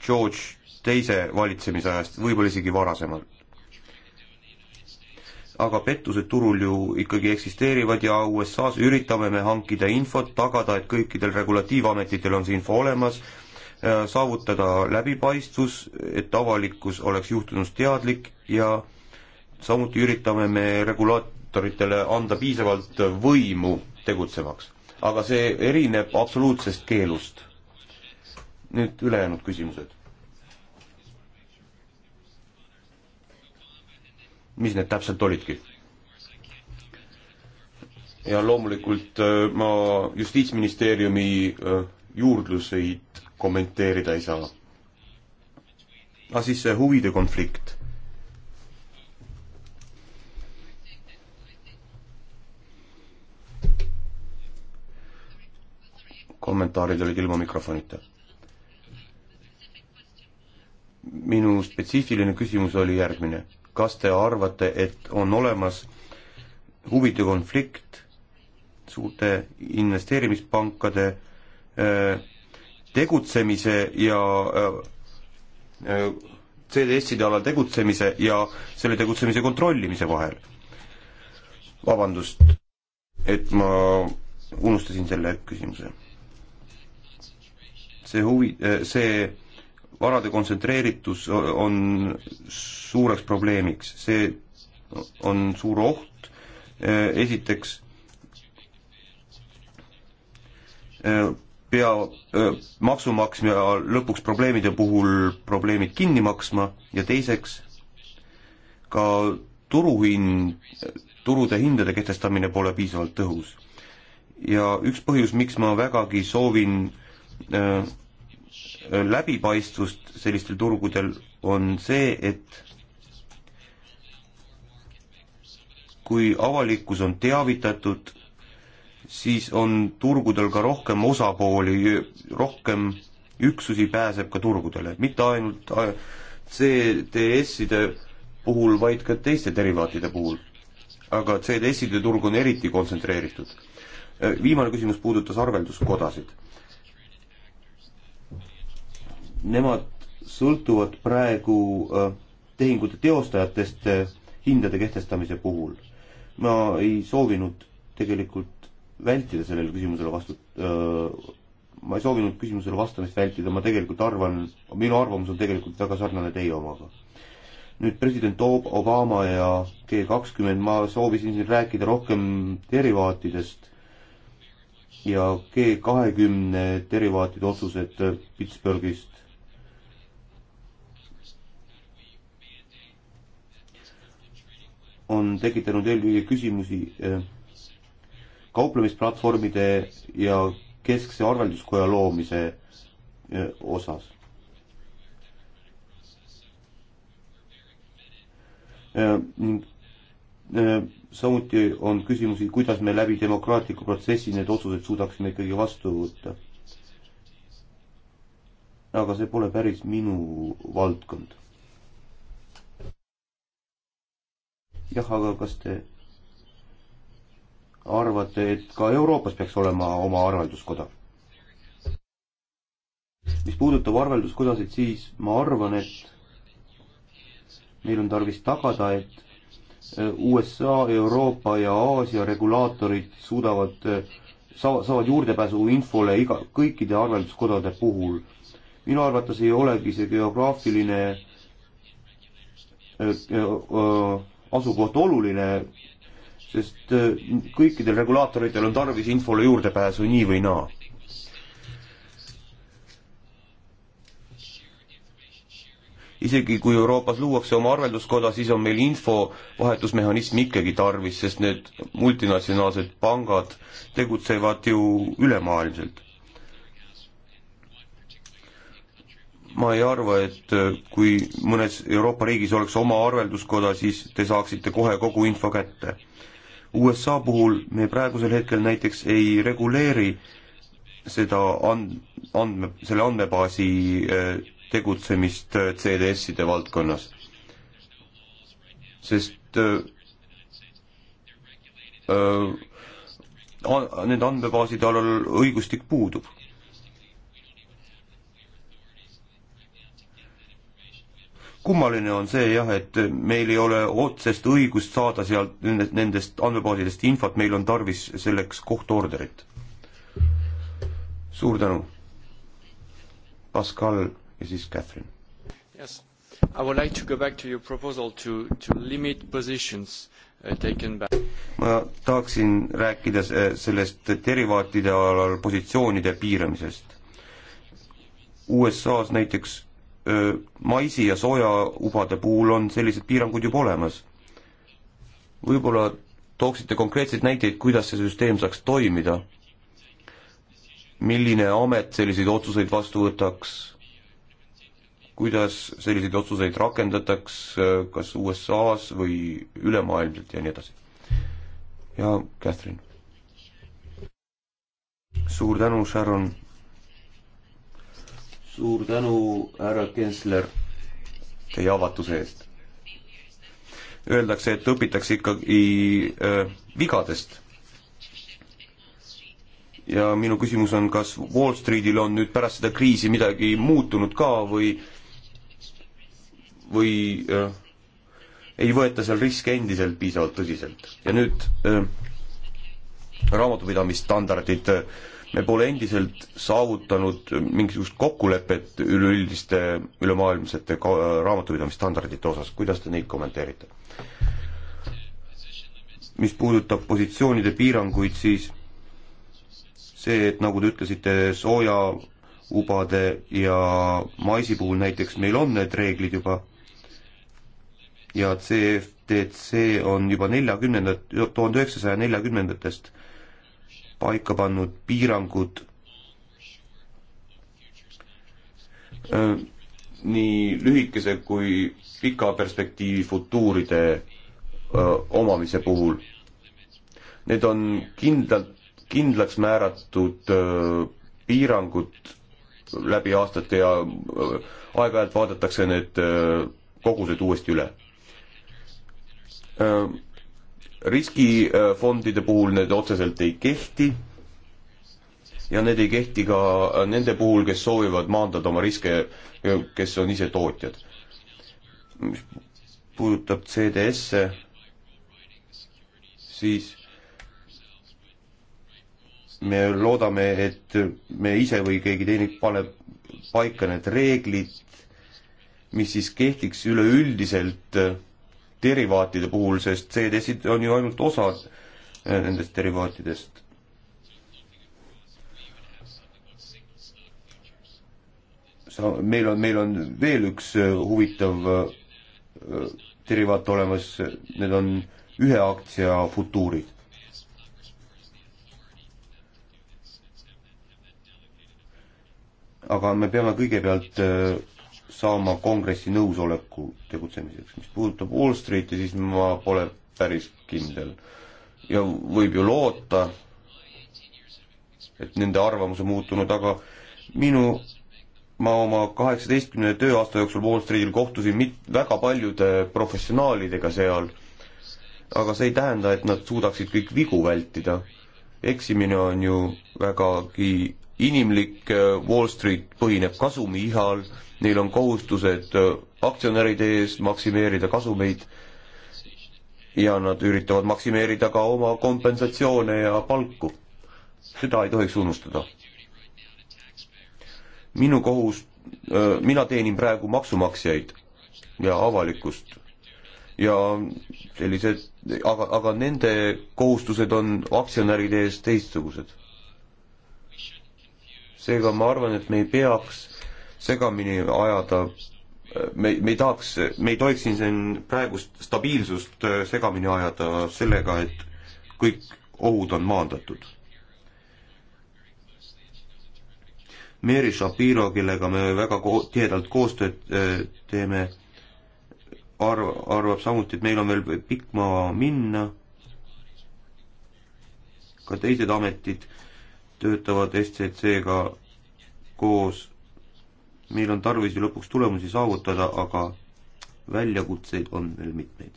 S4: George teise valitsemisajast, võib-olla isegi varasemalt. aga pettused turul ju ikkagi eksisteerivad ja USA-s üritame me hankida infot, tagada, et kõikidel regulatiivametitel on see info olemas Äh, saavutada läbipaistvus, et avalikkus oleks juhtunust teadlik ja samuti üritame me regulaatoritele anda piisavalt võimu tegutsemaks. aga see erineb absoluutsest keelust. nüüd ülejäänud küsimused. mis need täpselt olidki? ja loomulikult äh, ma Justiitsministeeriumi äh, juurdluseid kommenteerida ei saa. aga ah, siis see huvide konflikt. kommentaarid olid ilma mikrofonita. minu spetsiifiline küsimus oli järgmine. kas te arvate, et on olemas huvide konflikt suurte investeerimispankade öö, äh, tegutsemise ja äh, äh, CDS-ide alal tegutsemise ja selle tegutsemise kontrollimise vahel. vabandust, et ma unustasin selle küsimuse. see huvi, äh, see varade kontsentreeritus on suureks probleemiks, see on suur oht, esiteks pea öö, maksumaksja lõpuks probleemide puhul probleemid kinni maksma ja teiseks ka turuhind, turude hindade kehtestamine pole piisavalt tõhus. ja üks põhjus, miks ma vägagi soovin öö, läbipaistvust sellistel turgudel, on see, et kui avalikkus on teavitatud siis on turgudel ka rohkem osapooli, rohkem üksusi pääseb ka turgudele, mitte ainult äh, CDS-ide puhul, vaid ka teiste derivaatide puhul. aga CDS-ide turg on eriti kontsentreeritud. Äh, viimane küsimus puudutas arvelduskodasid. Nemad sõltuvad praegu äh, tehingute teostajatest hindade kehtestamise puhul. ma ei soovinud tegelikult vältida sellele küsimusele vastu-, ma ei soovinud küsimusele vastamist vältida, ma tegelikult arvan, minu arvamus on tegelikult väga sarnane teie omaga. nüüd president Obama ja G kakskümmend, ma soovisin siin rääkida rohkem derivaatidest ja G kahekümne derivaatide otsused Pittsburghist. on tekitanud eelkõige küsimusi kauplemisplatvormide ja keskse arvelduskoja loomise eh, osas. Eh, eh, samuti on küsimusi, kuidas me läbi demokraatliku protsessi need otsused suudaksime ikkagi vastu võtta. aga see pole päris minu valdkond. jah, aga kas te arvate, et ka Euroopas peaks olema oma arvelduskoda? mis puudutab arvelduskodasid, siis ma arvan, et meil on tarvis tagada, et USA, Euroopa ja Aasia regulaatorid suudavad, saavad, saavad juurdepääsu infole iga, kõikide arvelduskodade puhul. minu arvates ei olegi see geograafiline äh, äh, asukoht oluline, sest äh, kõikidel regulaatoritel on tarvis infole juurdepääsu nii või naa. isegi kui Euroopas luuakse oma arvelduskoda, siis on meil infovahetusmehhanismi ikkagi tarvis, sest need multinatsionaalsed pangad tegutsevad ju ülemaailmselt. ma ei arva, et äh, kui mõnes Euroopa riigis oleks oma arvelduskoda, siis te saaksite kohe kogu info kätte USA puhul me praegusel hetkel näiteks ei reguleeri seda and-, andme, selle andmebaasi äh, tegutsemist äh, CDS-ide valdkonnas. sest öö, äh, öö, nende andmebaaside alal õigustik puudub kummaline on see jah, et meil ei ole otsest õigust saada sealt nendest andmebaasidest infot, meil on tarvis selleks kohtuorderit. suur tänu. Pascal ja siis Catherine
S2: yes.. I would like to go back to your proposal to, to limit positions uh, taken by
S4: ma tahaksin rääkida äh, sellest derivaatide alal positsioonide piiramisest. USA-s näiteks maisi- ja soojaubade puhul on sellised piirangud juba olemas. võib-olla tooksite konkreetseid näiteid, kuidas see süsteem saaks toimida? milline amet selliseid otsuseid vastu võtaks? kuidas selliseid otsuseid rakendataks, kas USA-s või ülemaailmselt ja nii edasi? ja Catherine. suur tänu, Sharon suur tänu, härra kantsler, teie avatuse eest. Öeldakse, et õpitakse ikkagi äh, vigadest. ja minu küsimus on, kas Wall Streetil on nüüd pärast seda kriisi midagi muutunud ka või, või äh, ei võeta seal riske endiselt piisavalt tõsiselt ja nüüd äh, raamatupidamisstandardid äh, me pole endiselt saavutanud mingisugust kokkulepet üleüldiste ülemaailmsete raamatupidamisstandardite osas, kuidas te neid kommenteerite? mis puudutab positsioonide piiranguid, siis see, et nagu te ütlesite, soojaubade ja maisi puhul näiteks meil on need reeglid juba ja CFTC on juba neljakümnendat, tuhande üheksasaja neljakümnendatest paika pannud piirangud äh, nii lühikese kui pika perspektiivi futuuride äh, omamise puhul. Need on kindlalt, kindlaks määratud öö, äh, piirangud läbi aastate ja aeg-ajalt vaadatakse need kogused uuesti üle riskifondide puhul need otseselt ei kehti ja need ei kehti ka nende puhul, kes soovivad maandada oma riske, kes on ise tootjad. mis puudutab CDS-e, siis me loodame, et me ise või keegi teine paneb paika need reeglid, mis siis kehtiks üleüldiselt derivaatide puhul, sest CDS-id on ju ainult osa eh, nendest derivaatidest. sa, meil on, meil on veel üks eh, huvitav eh, derivaat olemas, need on ühe aktsia futuurid. aga me peame kõigepealt saama kongressi nõusoleku tegutsemiseks. mis puudutab Wall Streeti, siis ma pole päris kindel. ja võib ju loota, et nende arvamus on muutunud, aga minu, ma oma kaheksateistkümne tööaasta jooksul Wall Streetil kohtusin mit-, väga paljude professionaalidega seal, aga see ei tähenda, et nad suudaksid kõik vigu vältida. eksimine on ju vägagi inimlik äh, Wall Street põhineb kasumihal, neil on kohustused äh, aktsionäride ees maksimeerida kasumeid ja nad üritavad maksimeerida ka oma kompensatsioone ja palku. seda ei tohiks unustada. minu kohus, äh, mina teenin praegu maksumaksjaid ja avalikkust ja sellised, aga, aga nende kohustused on aktsionäride ees teistsugused seega ma arvan, et me ei peaks segamini ajada, me, me ei tahaks, me ei tohiks siin siin praegust stabiilsust äh, segamini ajada sellega, et kõik ohud on maandatud. Mary Shapiro, kellega me väga ko tihedalt koostööd äh, teeme, arv, arvab samuti, et meil on veel pikk maa minna, ka teised ametid töötavad SCC-ga koos. meil on tarvis ju lõpuks tulemusi saavutada, aga väljakutseid on veel mitmeid.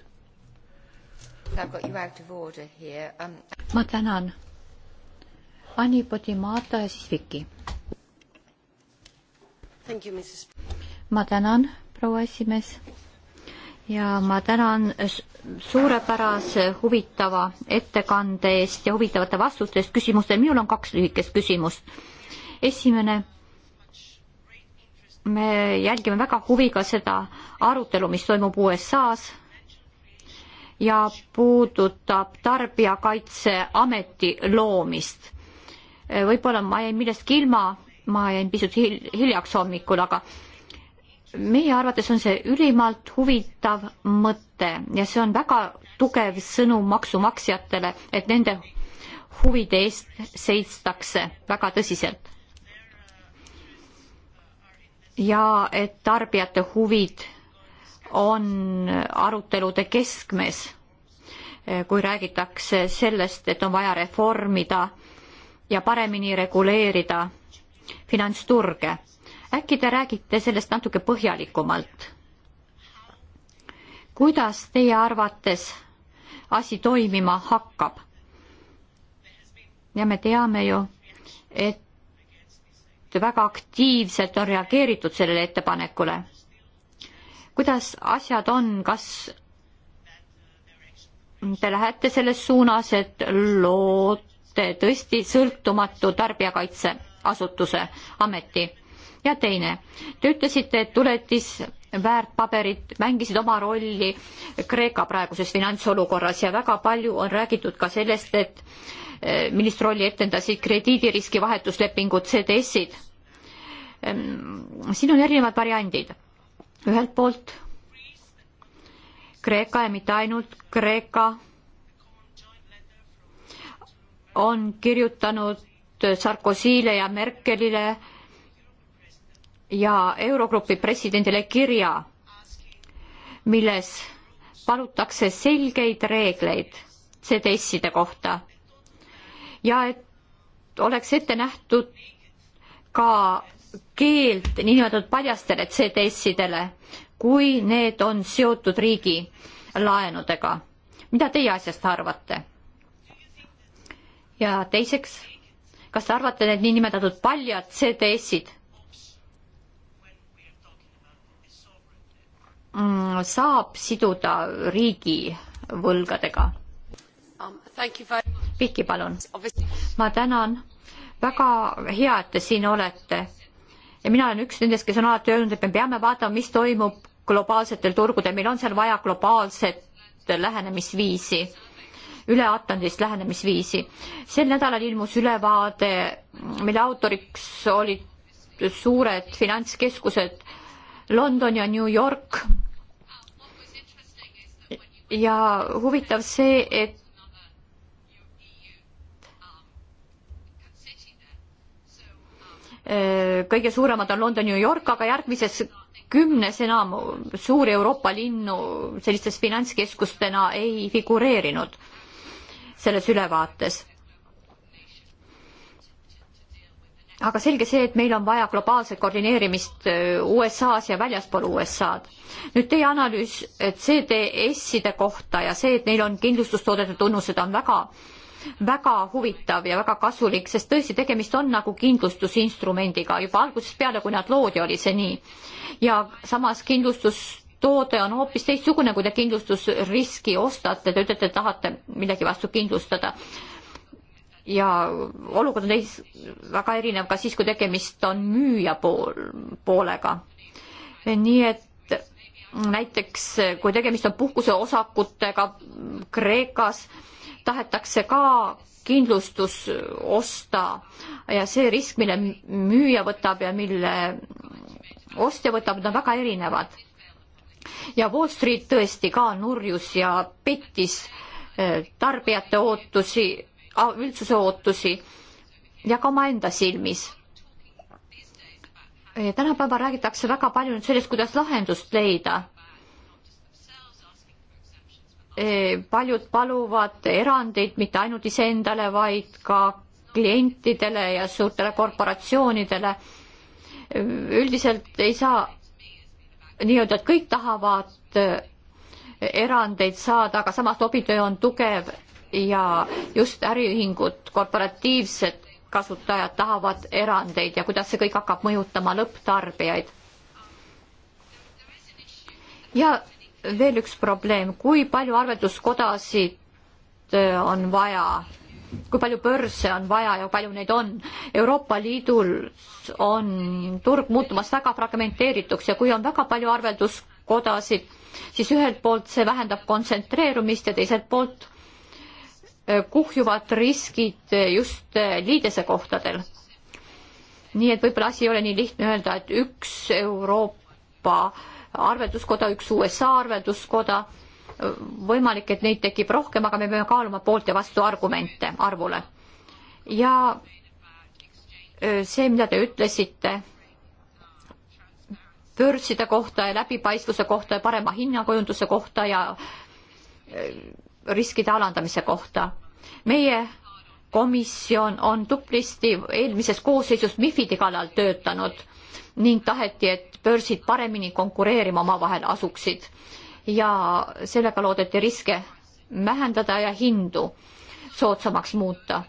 S3: Um...
S5: ma tänan. Anni Podimata ja siis Viki. ma tänan, proua esimees ja ma tänan suurepärase huvitava ettekande eest ja huvitavate vastuste eest küsimustele. minul on kaks lühikest küsimust. esimene, me jälgime väga huviga seda arutelu, mis toimub USA-s ja puudutab Tarbijakaitseameti loomist. võib-olla ma jäin millestki ilma, ma jäin pisut hiljaks hommikul, aga meie arvates on see ülimalt huvitav mõte ja see on väga tugev sõnum maksumaksjatele, et nende huvide eest seitstakse väga tõsiselt. ja et tarbijate huvid on arutelude keskmes, kui räägitakse sellest, et on vaja reformida ja paremini reguleerida finantsturge äkki te räägite sellest natuke põhjalikumalt? kuidas teie arvates asi toimima hakkab? ja me teame ju, et väga aktiivselt on reageeritud sellele ettepanekule. kuidas asjad on, kas te lähete selles suunas, et loote tõesti sõltumatu tarbijakaitseasutuse ameti? ja teine, te ütlesite, et tuletis väärtpaberid mängisid oma rolli Kreeka praeguses finantsolukorras ja väga palju on räägitud ka sellest, et eh, millist rolli etendasid krediidiriski vahetuslepingud, CDS-id. Ehm, siin on erinevad variandid. ühelt poolt Kreeka ja mitte ainult Kreeka on kirjutanud Sarkozyle ja Merkelile ja Eurogrupi presidendile kirja, milles palutakse selgeid reegleid CDS-ide kohta ja et oleks ette nähtud ka keeld niinimetatud paljastele CDS-idele, kui need on seotud riigi laenudega. mida teie asjast arvate? ja teiseks, kas te arvate, need niinimetatud paljad CDS-id Mm, saab siduda riigi võlgadega? Um, Viki, palun. ma tänan, väga hea, et te siin olete. ja mina olen üks nendest, kes on alati öelnud, et me peame vaatama, mis toimub globaalsetel turgudel, meil on seal vaja globaalset lähenemisviisi üle-Atlandist lähenemisviisi. sel nädalal ilmus ülevaade, mille autoriks olid suured finantskeskused London ja New York ja huvitav see, et kõige suuremad on London, New York, aga järgmises kümnes enam suuri Euroopa linnu sellistes finantskeskustena ei figureerinud selles ülevaates. aga selge see, et meil on vaja globaalset koordineerimist äh, USA-s ja väljaspool USA-d. nüüd teie analüüs CDS-ide kohta ja see, et neil on kindlustustoodete tunnused, on väga väga huvitav ja väga kasulik, sest tõesti, tegemist on nagu kindlustusinstrumendiga, juba algusest peale, kui nad loodi, oli see nii. ja samas kindlustustoode on hoopis teistsugune, kui te kindlustusriski ostate, te ütlete, tahate millegi vastu kindlustada ja olukord on teis väga erinev ka siis, kui tegemist on müüja pool, poolega. nii et näiteks kui tegemist on puhkuseosakutega Kreekas, tahetakse ka kindlustus osta ja see risk, mille müüja võtab ja mille ostja võtab, need on väga erinevad. ja Wall Street tõesti ka nurjus ja pettis eh, tarbijate ootusi üldsuse ootusi ja ka omaenda silmis. tänapäeval räägitakse väga palju nüüd sellest, kuidas lahendust leida. E, paljud paluvad erandeid mitte ainult iseendale, vaid ka klientidele ja suurtele korporatsioonidele. E, üldiselt ei saa nii-öelda, et kõik tahavad e, erandeid saada, aga samas lobitöö on tugev ja just äriühingud, korporatiivsed kasutajad tahavad erandeid ja kuidas see kõik hakkab mõjutama lõpptarbijaid. ja veel üks probleem, kui palju arvelduskodasid äh, on vaja, kui palju börse on vaja ja palju neid on. Euroopa Liidul on turg muutumas väga fragmenteerituks ja kui on väga palju arvelduskodasid, siis ühelt poolt see vähendab kontsentreerumist ja teiselt poolt kuhjuvad riskid just eh, liidese kohtadel. nii et võib-olla asi ei ole nii lihtne öelda, et üks Euroopa arvelduskoda, üks USA arvelduskoda, võimalik, et neid tekib rohkem, aga me peame kaaluma poolt ja vastu argumente arvule. ja eh, see, mida te ütlesite börside kohta ja läbipaistvuse kohta ja parema hinnakujunduse kohta ja eh, riskide alandamise kohta meie komisjon on tublisti eelmises koosseisus MIFIDi kallal töötanud ning taheti, et börsid paremini konkureerima omavahel asuksid ja sellega loodeti riske vähendada ja hindu soodsamaks muuta.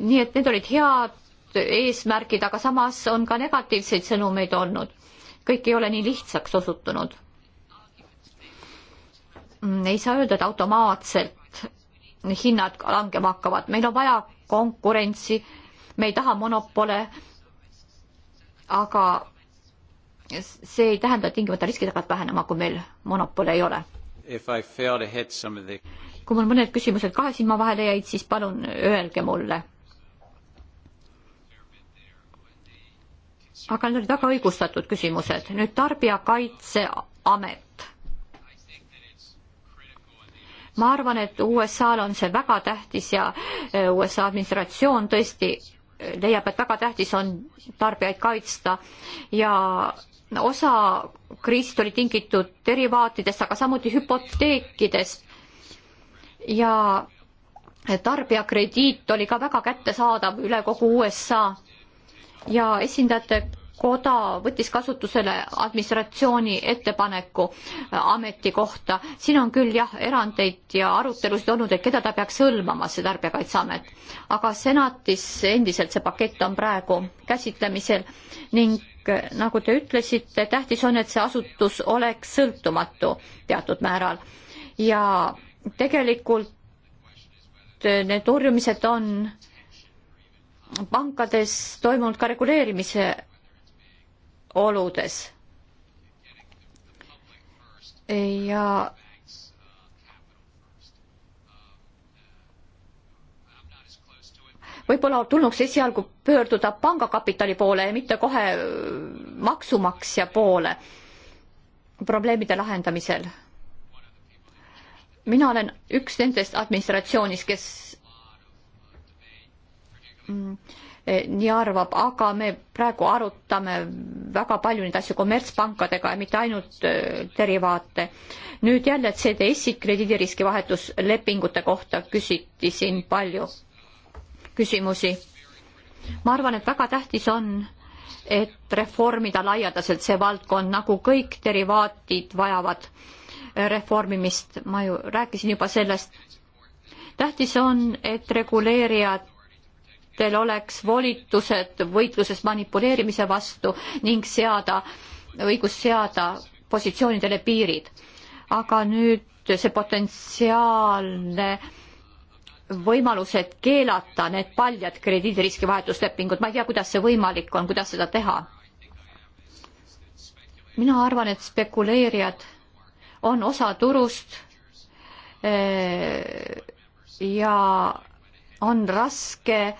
S5: nii et need olid head eesmärgid, aga samas on ka negatiivseid sõnumeid olnud. kõik ei ole nii lihtsaks osutunud. Mm, ei saa öelda, et automaatselt hinnad langema hakkavad, meil on vaja konkurentsi, me ei taha monopole, aga see ei tähenda, et tingimata riskid hakkavad vähenema, kui meil monopole ei ole.
S2: The...
S5: kui mul mõned küsimused kahe silma vahele jäid, siis palun öelge mulle. aga need olid väga õigustatud küsimused. nüüd Tarbijakaitseamet ma arvan, et USA-l on see väga tähtis ja äh, USA administratsioon tõesti äh, leiab, et väga tähtis on tarbijaid kaitsta ja osa kriisist oli tingitud derivaatidest, aga samuti hüpoteekidest ja tarbijakrediit oli ka väga kättesaadav üle kogu USA ja esindajate koda võttis kasutusele administratsiooni ettepaneku äh, ametikohta. siin on küll jah, erandeid ja arutelusid olnud, et keda ta peaks hõlmama, see Tarbijakaitseamet. aga senatis endiselt see pakett on praegu käsitlemisel ning äh, nagu te ütlesite, tähtis on, et see asutus oleks sõltumatu teatud määral ja tegelikult äh, need orjumised on pankades toimunud ka reguleerimise oludes. ja võib-olla tulnuks esialgu pöörduda pangakapitali poole ja mitte kohe äh, maksumaksja poole probleemide lahendamisel. mina olen üks nendest administratsioonis, kes mm, Eh, nii arvab, aga me praegu arutame väga palju neid asju kommertspankadega ja mitte ainult eh, derivaate. nüüd jälle CDS-i krediidiriski vahetuslepingute kohta küsiti siin palju küsimusi. ma arvan, et väga tähtis on, et reformida laialdaselt see valdkond, nagu kõik derivaatid vajavad eh, reformimist, ma ju rääkisin juba sellest. tähtis on, et reguleerijad liikmesriikidel oleks volitused võitluses manipuleerimise vastu ning seada, õigus seada positsioonidele piirid. aga nüüd see potentsiaalne võimalused keelata need paljad krediidiriski vahetuslepingud, ma ei tea, kuidas see võimalik on, kuidas seda teha. mina arvan, et spekuleerijad on osa turust eh, ja on raske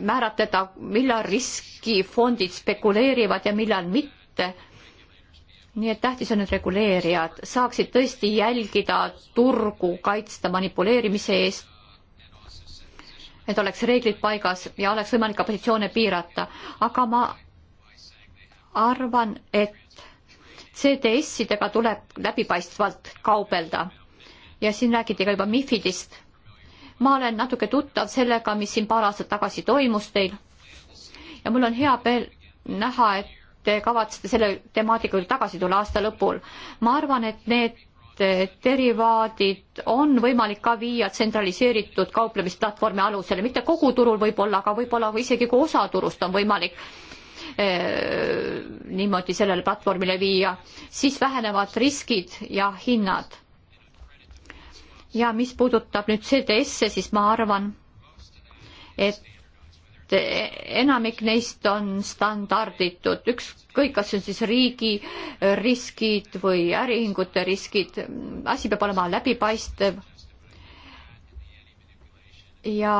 S5: määratleda, millal riskifondid spekuleerivad ja millal mitte. nii et tähtis on, et reguleerijad saaksid tõesti jälgida turgu, kaitsta manipuleerimise eest, et oleks reeglid paigas ja oleks võimalik ka positsioone piirata, aga ma arvan, et CDS-idega tuleb läbipaistvalt kaubelda ja siin räägiti ka juba MIFIDist ma olen natuke tuttav sellega, mis siin paar aastat tagasi toimus teil. ja mul on hea meel näha, et te kavatsete selle temaatika juurde tagasi tulla aasta lõpul. ma arvan, et need eh, derivaadid on võimalik ka viia tsentraliseeritud kauplemisplatvormi alusele, mitte kogu turul võib-olla, aga võib-olla või isegi kui osa turust on võimalik eh, niimoodi sellele platvormile viia, siis vähenevad riskid ja hinnad ja mis puudutab nüüd CDS-e, siis ma arvan, et enamik neist on standarditud, ükskõik, kas see on siis riigi äh, riskid või äriühingute riskid, asi peab olema läbipaistev ja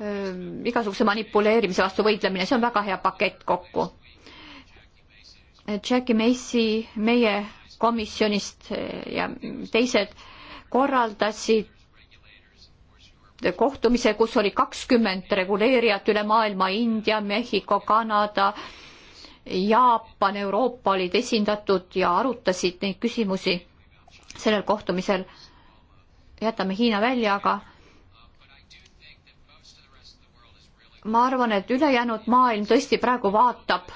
S5: äh, igasuguse manipuleerimise vastu võitlemine, see on väga hea pakett kokku. Jackie Macy, meie komisjonist eh, ja teised korraldasid kohtumise, kus oli kakskümmend reguleerijat üle maailma, India, Mehhiko, Kanada, Jaapan, Euroopa olid esindatud ja arutasid neid küsimusi sellel kohtumisel. jätame Hiina välja, aga ma arvan, et ülejäänud maailm tõesti praegu vaatab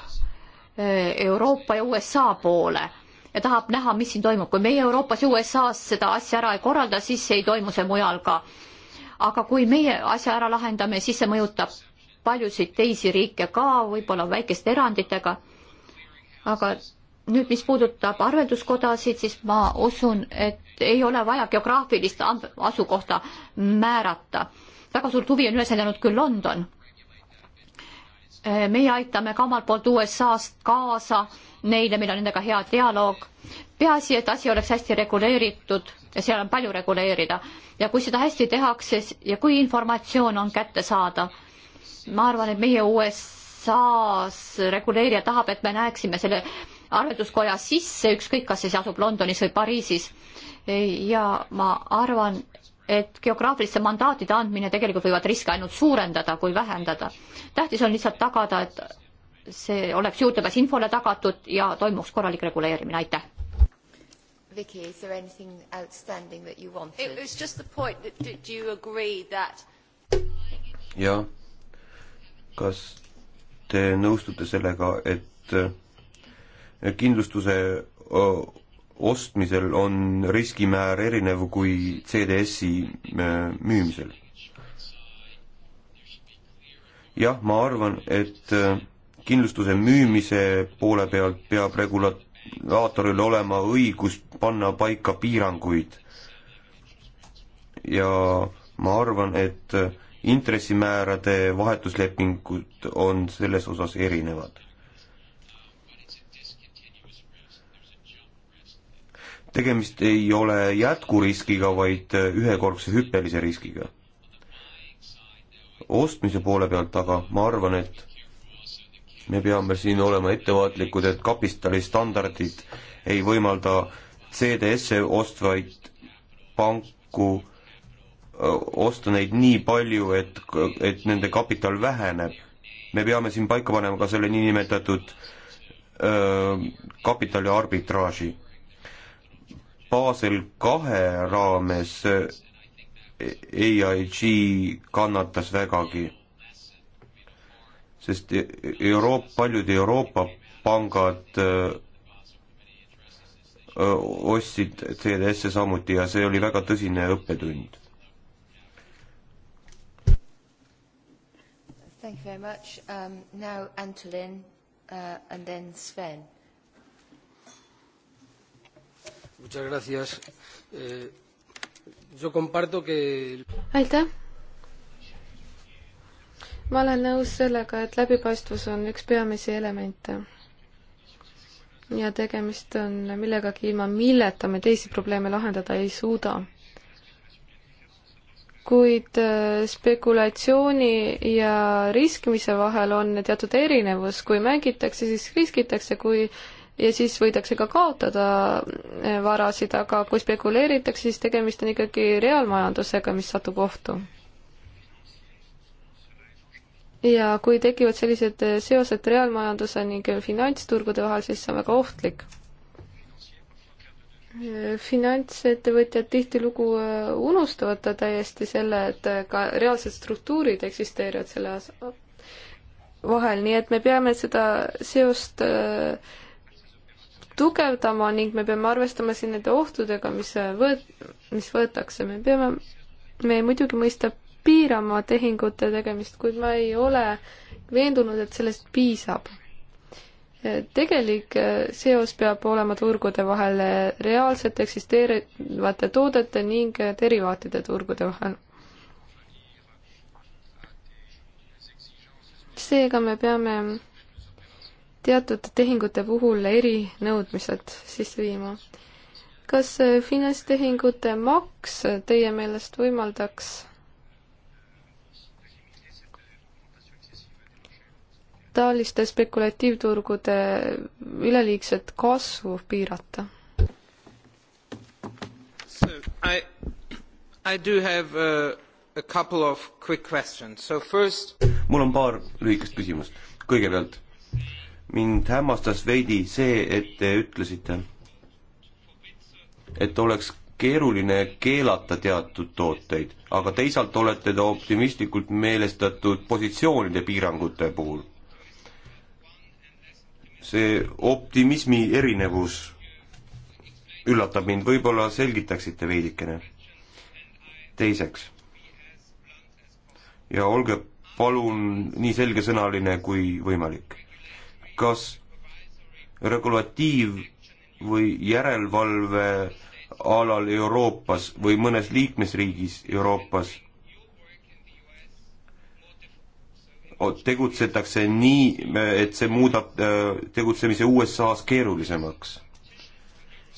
S5: eh, Euroopa ja USA poole ja tahab näha, mis siin toimub. kui meie Euroopas ja USA-s seda asja ära ei korralda, siis ei toimu see mujal ka. aga kui meie asja ära lahendame, siis see mõjutab paljusid teisi riike ka, võib-olla väikeste eranditega. aga nüüd, mis puudutab arvelduskodasid, siis ma usun, et ei ole vaja geograafilist asukohta määrata. väga suurt huvi on üles näidanud küll London meie aitame ka omalt poolt USA-st kaasa neile, meil on nendega hea dialoog. peaasi, et asi oleks hästi reguleeritud ja seal on palju reguleerida ja kui seda hästi tehakse ja kui informatsioon on kättesaadav, ma arvan, et meie USA-s reguleerija tahab, et me näeksime selle arvelduskoja sisse, ükskõik, kas see asub Londonis või Pariisis. ja ma arvan, et geograafiliste mandaatide andmine tegelikult võivad riske ainult suurendada kui vähendada. tähtis on lihtsalt tagada, et see oleks juurdepääs infole tagatud ja toimuks korralik reguleerimine, aitäh.
S3: Vicky, is there anything outstanding that you wanted? It was just the point that do you agree that
S4: jah, kas te nõustute sellega, et eh, kindlustuse eh, ostmisel on riskimäär erinev kui CDS-i eh, müümisel? jah, ma arvan, et kindlustuse müümise poole pealt peab regulaatoril olema õigus panna paika piiranguid. ja ma arvan, et intressimäärade vahetuslepingud on selles osas erinevad. tegemist ei ole jätkuriskiga, vaid ühekordse hüppelise riskiga. ostmise poole pealt aga ma arvan, et me peame siin olema ettevaatlikud, et kapitalistandardid ei võimalda CDS-e ostvaid panku osta neid nii palju, et, et nende kapital väheneb. me peame siin paika panema ka selle niinimetatud kapitali arbitraaži. Basel kahe raames EIG kannatas vägagi sest e-, Euroop-, paljud Euroopa pangad ostsid CDS-e samuti ja see oli väga tõsine õppetund.
S3: Thank you very much. Um, now Antolin uh, and then Sven.
S2: Muchas gracias. Eh, yo comparto que...
S1: Aitäh ma olen nõus sellega, et läbipaistvus on üks peamisi elemente. ja tegemist on millegagi, ilma milleta me teisi probleeme lahendada ei suuda kuid äh, spekulatsiooni ja riskimise vahel on teatud erinevus, kui mängitakse, siis riskitakse, kui ja siis võidakse ka kaotada äh, varasid, aga kui spekuleeritakse, siis tegemist on ikkagi reaalmajandusega, mis satub ohtu ja kui tekivad sellised äh, seosed reaalmajanduse ning äh, finantsturgude vahel, siis see on väga ohtlik. Äh, finantsettevõtjad tihtilugu unustavad täiesti selle, et ka reaalsed struktuurid eksisteerivad selle vahel, nii et me peame seda seost tugevdama ning me peame arvestama siin nende ohtudega, mis võet-, mis võetakse, me peame, me muidugi mõistab piirama tehingute tegemist, kuid ma ei ole veendunud, et sellest piisab. tegelik eh, seos peab olema turgude vahel eh, reaalselt eksisteerivate toodete ning eh, derivaatide turgude vahel. seega me peame teatud tehingute puhul erinõudmised sisse viima. kas finantstehingute maks teie meelest võimaldaks taoliste spekulatiivturgude üleliigset kasvu piirata?
S2: I, I do have a, a couple of quick questions. So first
S4: mul on paar lühikest küsimust. kõigepealt, mind hämmastas veidi see, et te ütlesite, et oleks keeruline keelata teatud tooteid, aga teisalt olete te optimistlikult meelestatud positsioonide piirangute puhul see optimismi erinevus üllatab mind, võib-olla selgitaksite veidikene. teiseks, ja olge palun nii selgesõnaline kui võimalik. kas regulatiiv või järelevalve alal Euroopas või mõnes liikmesriigis Euroopas tegutsetakse nii, et see muudab äh, tegutsemise USA-s keerulisemaks.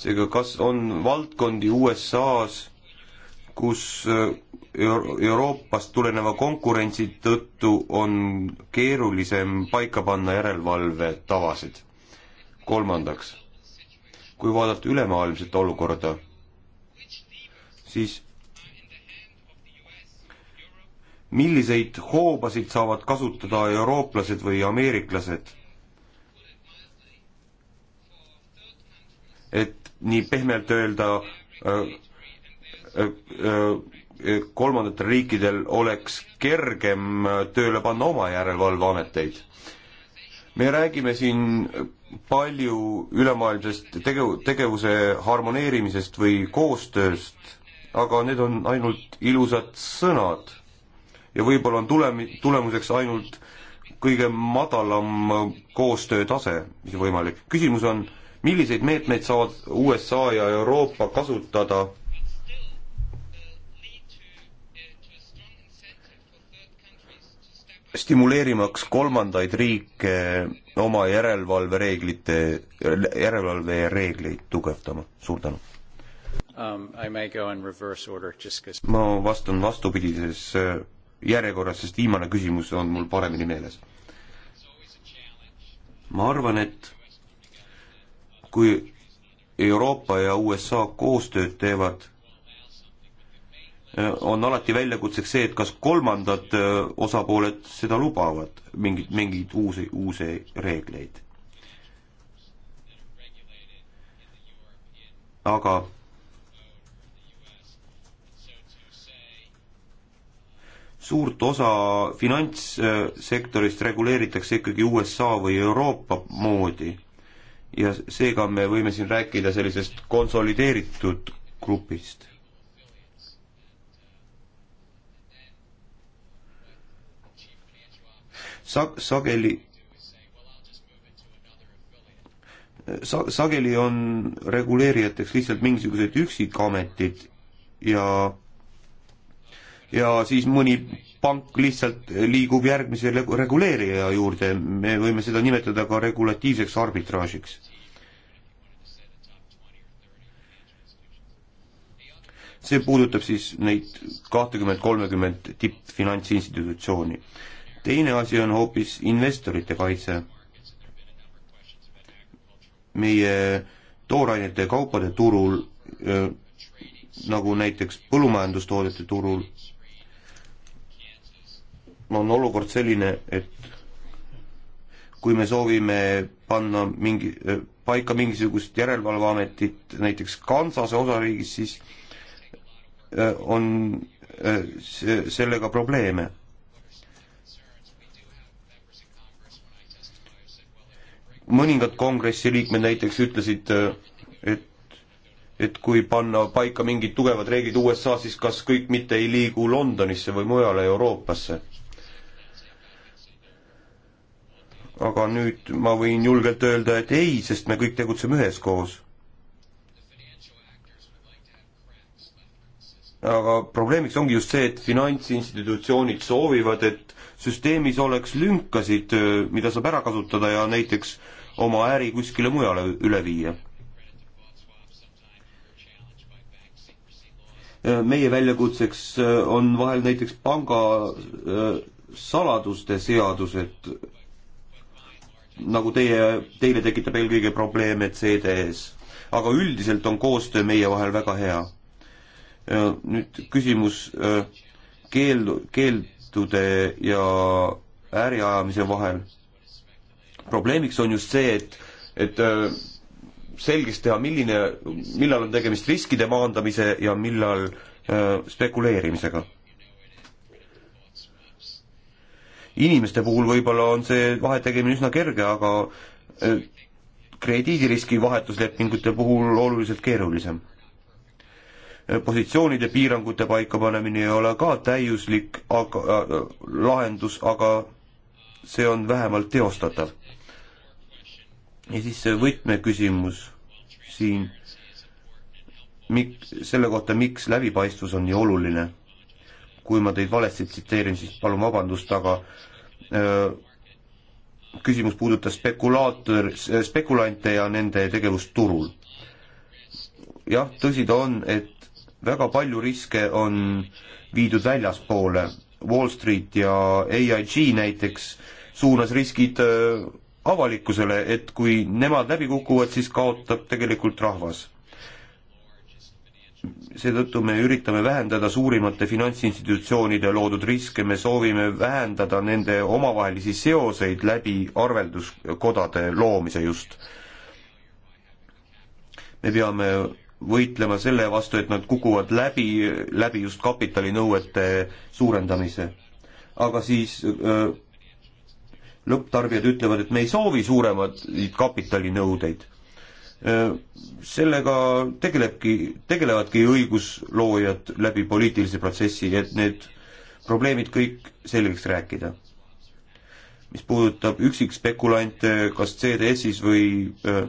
S4: seega, kas on valdkondi USA-s, kus äh, Euro Euroopast tuleneva konkurentsi tõttu on keerulisem paika panna järelevalve tavasid? kolmandaks, kui vaadata ülemaailmset olukorda, siis milliseid hoobasid saavad kasutada eurooplased või ameeriklased, et nii pehmelt öelda äh, äh, äh, kolmandatel riikidel oleks kergem tööle panna oma järelevalveameteid. me räägime siin palju ülemaailmsest tegev-, tegevuse harmoneerimisest või koostööst, aga need on ainult ilusad sõnad ja võib-olla on tulemi-, tulemuseks ainult kõige madalam koostöötase, mis on võimalik. küsimus on, milliseid meetmeid saavad USA ja Euroopa kasutada stimuleerimaks kolmandaid riike oma järelevalvereeglite, järelevalvereegleid tugevdama, suur tänu um,. ma vastan vastupidises äh, järjekorras, sest viimane küsimus on mul paremini meeles. ma arvan, et kui Euroopa ja USA koostööd teevad, on alati väljakutseks see, et kas kolmandad äh, osapooled seda lubavad, mingid, mingeid uusi, uusi reegleid. aga suurt osa finantssektorist reguleeritakse ikkagi USA või Euroopa moodi ja seega me võime siin rääkida sellisest konsolideeritud grupist. Sa-, sageli sa-, sageli on reguleerijateks lihtsalt mingisugused üksikametid ja ja siis mõni pank lihtsalt liigub järgmise reguleerija juurde, me võime seda nimetada ka regulatiivseks arbitraažiks. see puudutab siis neid kahtekümmet, kolmekümmet tippfinantsinstitutsiooni. teine asi on hoopis investorite kaitse. meie toorainete ja kaupade turul, eh, nagu näiteks põllumajandustoodete turul, on olukord selline, et kui me soovime panna mingi, äh, paika mingisugust järelevalveametit näiteks Kansase osariigis, siis äh, on äh, sellega probleeme. mõningad kongressi liikmed näiteks ütlesid, et, et kui panna paika mingid tugevad reeglid USA-s, siis kas kõik mitte ei liigu Londonisse või mujale Euroopasse aga nüüd ma võin julgelt öelda, et ei, sest me kõik tegutseme üheskoos. aga probleemiks ongi just see, et finantsinstitutsioonid soovivad, et süsteemis oleks lünkasid, mida saab ära kasutada ja näiteks oma äri kuskile mujale üle viia meie väljakutseks on vahel näiteks pangasaladuste seadused, nagu teie, teile tekitab eelkõige probleeme CDS. aga üldiselt on koostöö meie vahel väga hea. nüüd küsimus keeldu, keeldude ja äriajamise vahel. probleemiks on just see, et, et selgeks teha, milline, millal on tegemist riskide maandamise ja millal spekuleerimisega inimeste puhul võib-olla on see vahetegemine üsna kerge, aga äh, krediidiriski vahetuslepingute puhul oluliselt keerulisem. Äh, positsioonide piirangute paikapanemine ei ole ka täiuslik aga, äh, lahendus, aga see on vähemalt teostatav. ja siis see võtmeküsimus siin mik-, selle kohta, miks läbipaistvus on nii oluline kui ma teid valesti tsiteerin, siis palun vabandust, aga öö, küsimus puudutas spekulaator, spekulante ja nende tegevust turul. jah, tõsi ta on, et väga palju riske on viidud väljaspoole, Wall Street ja AIG näiteks suunas riskid öö, avalikkusele, et kui nemad läbi kukuvad, siis kaotab tegelikult rahvas seetõttu me üritame vähendada suurimate finantsinstitutsioonide loodud riske, me soovime vähendada nende omavahelisi seoseid läbi arvelduskodade loomise just. me peame võitlema selle vastu, et nad kukuvad läbi, läbi just kapitalinõuete suurendamise. aga siis lõpptarbijad ütlevad, et me ei soovi suuremaid kapitalinõudeid Äh, sellega tegelebki, tegelevadki õigusloojad läbi poliitilise protsessi, et need probleemid kõik selgeks rääkida. mis puudutab üksikspekulante kas CDS-is või äh,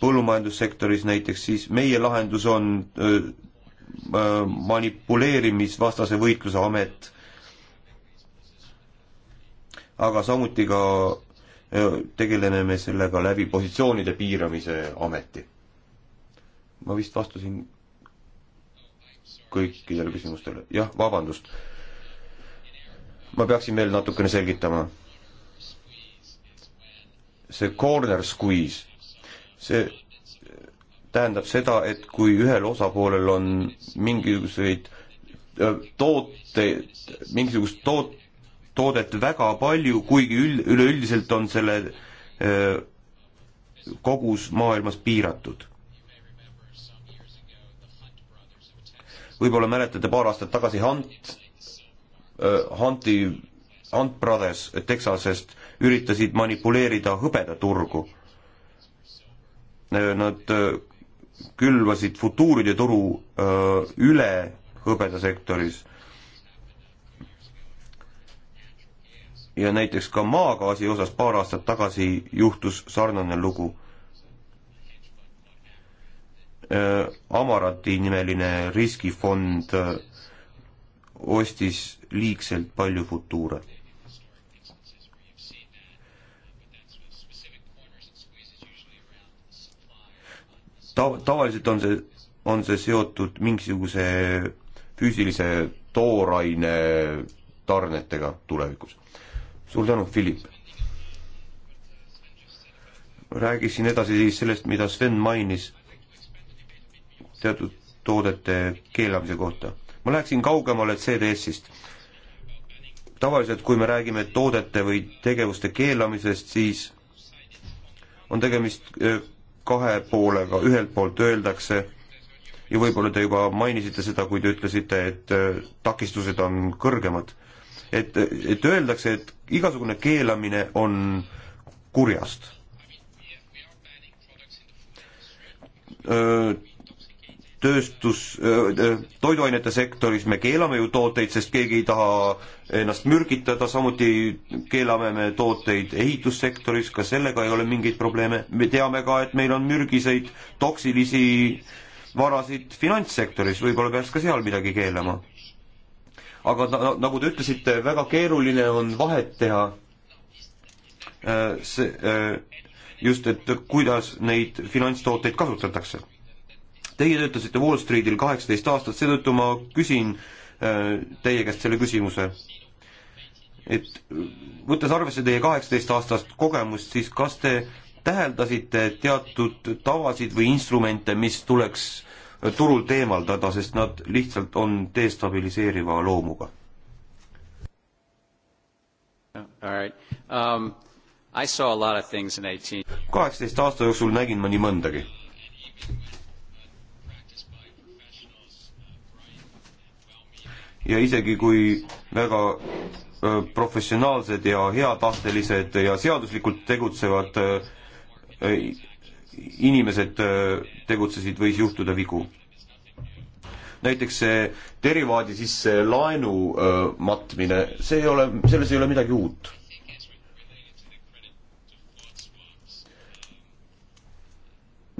S4: põllumajandussektoris näiteks, siis meie lahendus on äh, manipuleerimisvastase võitluse amet, aga samuti ka tegeleme me sellega läbi positsioonide piiramise ameti. ma vist vastasin kõikidele küsimustele, jah, vabandust. ma peaksin veel natukene selgitama. see corner squeeze, see tähendab seda, et kui ühel osapoolel on mingisuguseid toote, mingisugust toot-, toodet väga palju, kuigi üld, üleüldiselt on selle öö, kogus maailmas piiratud. võib-olla mäletate paar aastat tagasi Hunt, Hunti, Hunt Brothers Texasest üritasid manipuleerida hõbedaturgu. Nad külvasid futuuride turu öö, üle hõbedasektoris ja näiteks ka maagaasi osas paar aastat tagasi juhtus sarnane lugu. Äh, Amarati nimeline riskifond äh, ostis liigselt palju futuure. Ta-, tavaliselt on see, on see seotud mingisuguse füüsilise tooraine tarnetega tulevikus suur tänu, Philip. räägiksin edasi siis sellest, mida Sven mainis teatud toodete keelamise kohta. ma läheksin kaugemale CDS-ist. tavaliselt, kui me räägime toodete või tegevuste keelamisest, siis on tegemist äh, kahe poolega, ühelt poolt öeldakse ja võib-olla te juba mainisite seda, kui te ütlesite, et äh, takistused on kõrgemad et, et öeldakse, et igasugune keelamine on kurjast. tööstus, toiduainete sektoris me keelame ju tooteid, sest keegi ei taha ennast mürgitada, samuti keelame me tooteid ehitussektoris, ka sellega ei ole mingeid probleeme, me teame ka, et meil on mürgiseid toksilisi varasid finantssektoris, võib-olla peaks ka seal midagi keelama aga na, nagu te ütlesite, väga keeruline on vahet teha äh, see, äh, just, et kuidas neid finantstooteid kasutatakse. Teie töötasite Wall Streetil kaheksateist aastat, seetõttu ma küsin äh, teie käest selle küsimuse. et võttes arvesse teie kaheksateist aastast kogemust, siis kas te täheldasite teatud tavasid või instrumente, mis tuleks turult eemaldada, sest nad lihtsalt on destabiliseeriva loomuga. Um, kaheksateist aasta jooksul nägin ma nii mõndagi. ja isegi kui väga professionaalsed ja heatahtelised ja seaduslikult tegutsevad inimesed äh, tegutsesid, võis juhtuda vigu. näiteks see derivaadi sisse laenu äh, matmine, see ei ole, selles ei ole midagi uut.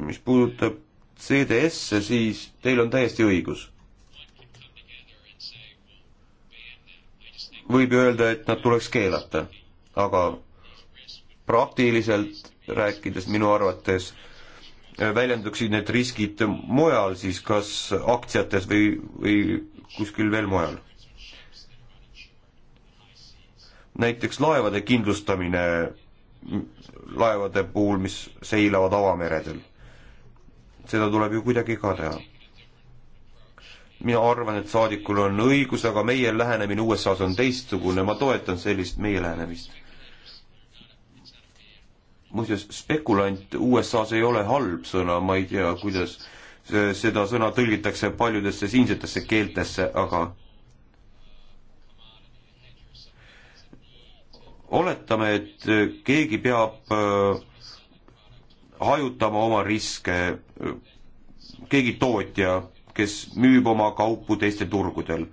S4: mis puudutab CDS-e, siis teil on täiesti õigus võib ju öelda, et nad tuleks keelata, aga praktiliselt rääkides minu arvates väljenduksid need riskid mujal siis, kas aktsiates või, või kuskil veel mujal? näiteks laevade kindlustamine laevade puhul, mis seilavad avameredel. seda tuleb ju kuidagi ka teha. mina arvan, et saadikul on õigus, aga meie lähenemine USA-s on teistsugune, ma toetan sellist meie lähenemist muuseas, spekulant USA-s ei ole halb sõna, ma ei tea, kuidas seda sõna tõlgitakse paljudesse siinsetesse keeltesse, aga oletame, et keegi peab äh, hajutama oma riske, äh, keegi tootja, kes müüb oma kaupu teistel turgudel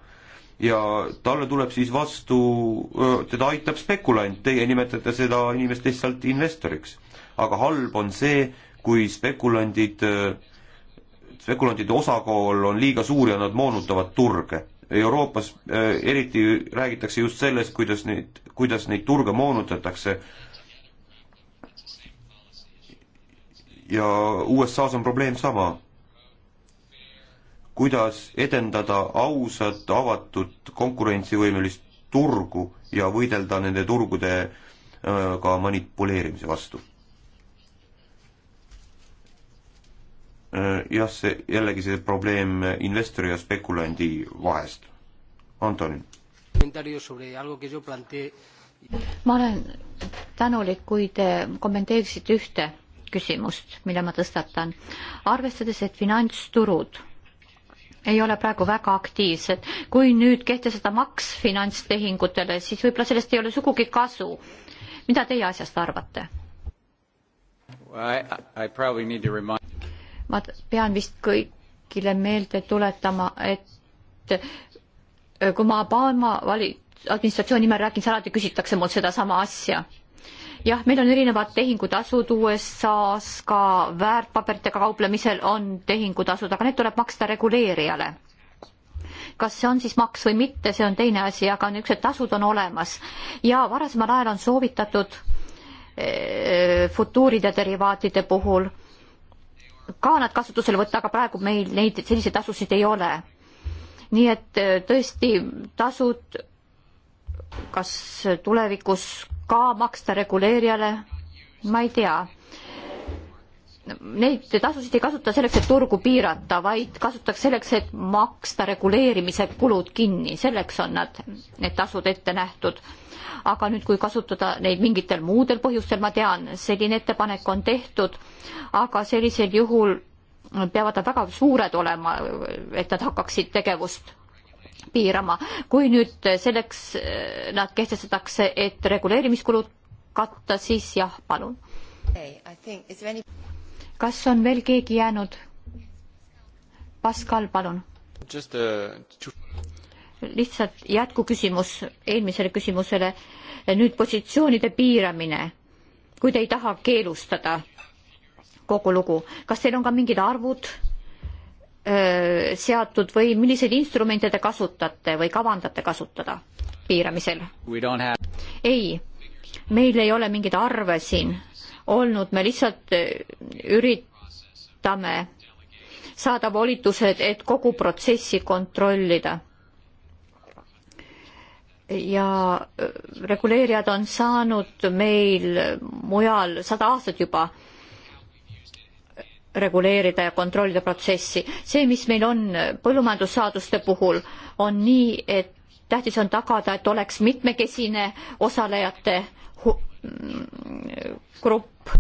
S4: ja talle tuleb siis vastu, teda aitab spekulant, teie nimetate seda inimest lihtsalt investoriks. aga halb on see, kui spekulandid, spekulandide osakaal on liiga suur ja nad moonutavad turge. Euroopas eriti räägitakse just sellest, kuidas neid, kuidas neid turge moonutatakse. ja USA-s on probleem sama kuidas edendada ausat, avatud, konkurentsivõimelist turgu ja võidelda nende turgudega äh, manipuleerimise vastu. Äh, jah, see jällegi see probleem investori ja spekulandi vahest. Antonin.
S5: ma olen tänulik, kui te kommenteeriksite ühte küsimust, mille ma tõstatan. arvestades, et finantsturud ei ole praegu väga aktiivsed. kui nüüd kehtestada maks finantstehingutele, siis võib-olla sellest ei ole sugugi kasu. mida teie asjast arvate? ma pean vist kõigile meelde tuletama, et äh, kui ma Obama vali-, administratsiooni nimel räägin, siis alati küsitakse mult sedasama asja jah, meil on erinevad tehingutasud USA-s, ka väärtpaberitega kauplemisel on tehingutasud, aga need tuleb maksta reguleerijale. kas see on siis maks või mitte, see on teine asi, aga niisugused tasud on olemas ja varasemal ajal on soovitatud eh, futuuride derivaatide puhul ka nad kasutusele võtta, aga praegu meil neid selliseid tasusid ei ole. nii et eh, tõesti tasud kas tulevikus ka maksta reguleerijale, ma ei tea. Neid tasusid ei kasuta selleks, et turgu piirata, vaid kasutatakse selleks, et maksta reguleerimise kulud kinni, selleks on nad, need tasud ette nähtud. aga nüüd, kui kasutada neid mingitel muudel põhjustel, ma tean, selline ettepanek on tehtud, aga sellisel juhul peavad nad väga suured olema, et nad hakkaksid tegevust piirama. kui nüüd selleks eh, nad kehtestatakse, et reguleerimiskulud katta, siis jah, palun. kas on veel keegi jäänud? Pascal, palun.
S2: Uh,
S5: lihtsalt jätkuküsimus eelmisele küsimusele. nüüd positsioonide piiramine, kui te ei taha keelustada kogu lugu, kas teil on ka mingid arvud? Äh, seatud või milliseid instrumente te kasutate või kavandate kasutada piiramisel? ei, meil ei ole mingeid arve siin olnud, me lihtsalt äh, üritame saada volitused, et kogu protsessi kontrollida. ja äh, reguleerijad on saanud meil mujal sada aastat juba äh, reguleerida ja kontrollida protsessi. see, mis meil on põllumajandussaaduste puhul, on nii, et tähtis on tagada, et oleks mitmekesine osalejate mm, grupp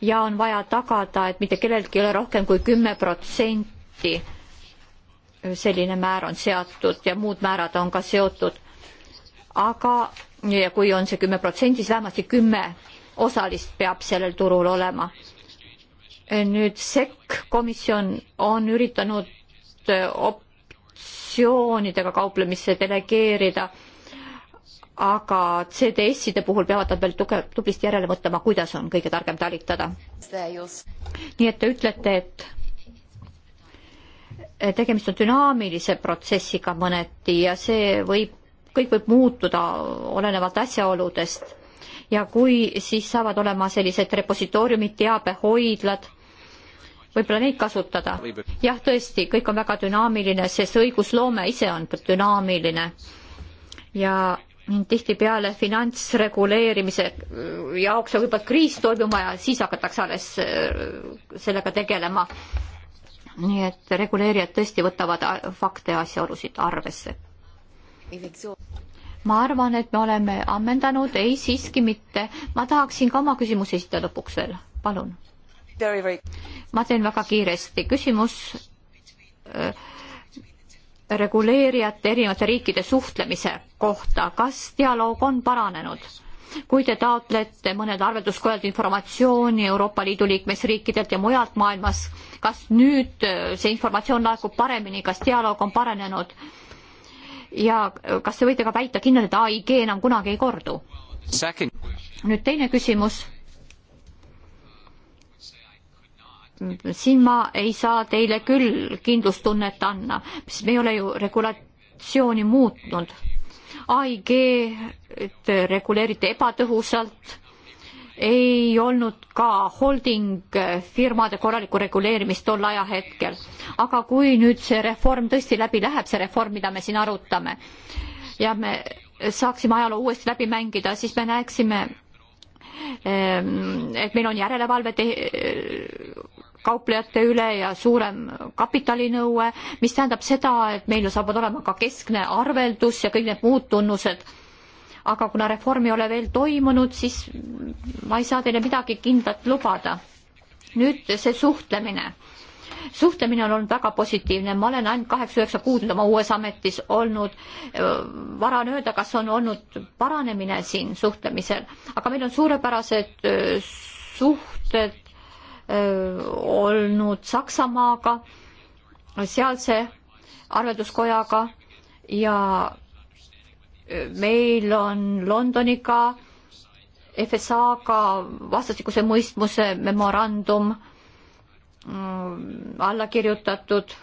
S5: ja on vaja tagada, et mitte kellelgi ei ole rohkem kui kümme protsenti selline määr on seatud ja muud määrad on ka seotud. aga ja kui on see kümme protsenti, siis vähemasti kümme osalist peab sellel turul olema nüüd SEC komisjon on üritanud äh, optsioonidega kauplemisse delegeerida, aga CDS-ide puhul peavad nad veel tuge-, tublisti järele mõtlema, kuidas on kõige targem talitada. nii et te ütlete, et tegemist on dünaamilise protsessiga mõneti ja see võib, kõik võib muutuda olenevalt asjaoludest ja kui, siis saavad olema sellised repositooriumid, teabehoidlad võib-olla neid kasutada. jah, tõesti, kõik on väga dünaamiline, sest õigusloome ise on dünaamiline. ja tihtipeale finantsreguleerimise äh, jaoks on kõigepealt kriis toimuma ja siis hakatakse alles äh, sellega tegelema. nii et reguleerijad tõesti võtavad äh, fakte ja asjaolusid arvesse. ma arvan, et me oleme ammendanud, ei siiski mitte. ma tahaksin ka oma küsimuse esitada lõpuks veel, palun ma teen väga kiiresti. küsimus äh, reguleerijate erinevate riikide suhtlemise kohta, kas dialoog on paranenud? kui te taotlete mõned arvelduskojad informatsiooni Euroopa Liidu liikmesriikidelt ja mujalt maailmas, kas nüüd äh, see informatsioon laekub paremini, kas dialoog on paranenud? ja äh, kas te võite ka väita kindlalt, et AIG enam kunagi ei kordu? nüüd teine küsimus siin ma ei saa teile küll kindlustunnet anna, sest me ei ole ju regulatsiooni muutnud. AIG te reguleerite ebatõhusalt, ei olnud ka holding firmade korralikku reguleerimist tol ajahetkel. aga kui nüüd see reform tõesti läbi läheb, see reform, mida me siin arutame, ja me saaksime ajaloo uuesti läbi mängida, siis me näeksime, ehm, et meil on järelevalve kauplejate üle ja suurem kapitalinõue, mis tähendab seda, et meil ju saavad olema ka keskne arveldus ja kõik need muud tunnused. aga kuna reform ei ole veel toimunud, siis ma ei saa teile midagi kindlat lubada. nüüd see suhtlemine suhtlemine on olnud väga positiivne, ma olen ainult kaheksa-üheksa kuud oma uues ametis olnud. vara on öelda, kas on olnud paranemine siin suhtlemisel, aga meil on suurepärased äh, suhted olnud Saksamaaga, sealse arvelduskojaga ja meil on Londoniga, FSA-ga vastastikuse mõistmuse memorandum mm, alla kirjutatud.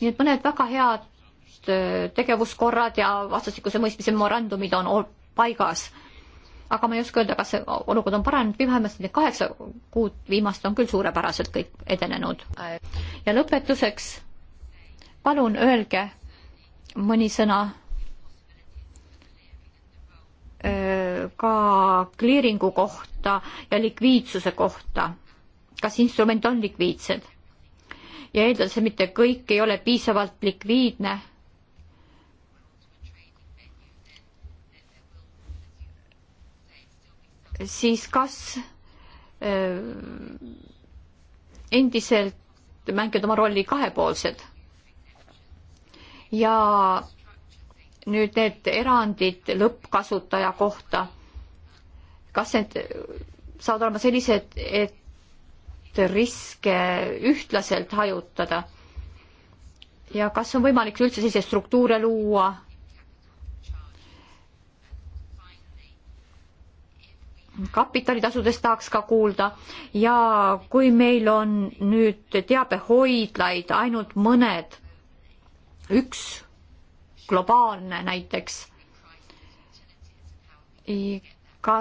S5: nii et mõned väga head äh, tegevuskorrad ja vastastikuse mõistmise memorandumid on paigas aga ma ei oska öelda, kas see olukord on paranenud või vähemasti need kaheksa kuud viimast on küll suurepäraselt kõik edenenud. ja lõpetuseks palun öelge mõni sõna ka kliiringu kohta ja likviidsuse kohta. kas instrument on likviidsed? ja eeldades, et mitte kõik ei ole piisavalt likviidne siis kas äh, endiselt mängivad oma rolli kahepoolsed ja nüüd need erandid lõppkasutaja kohta, kas need saavad olema sellised, et riske ühtlaselt hajutada ja kas on võimalik üldse selliseid struktuure luua kapitalitasudest tahaks ka kuulda ja kui meil on nüüd teabehoidlaid ainult mõned, üks globaalne näiteks, ka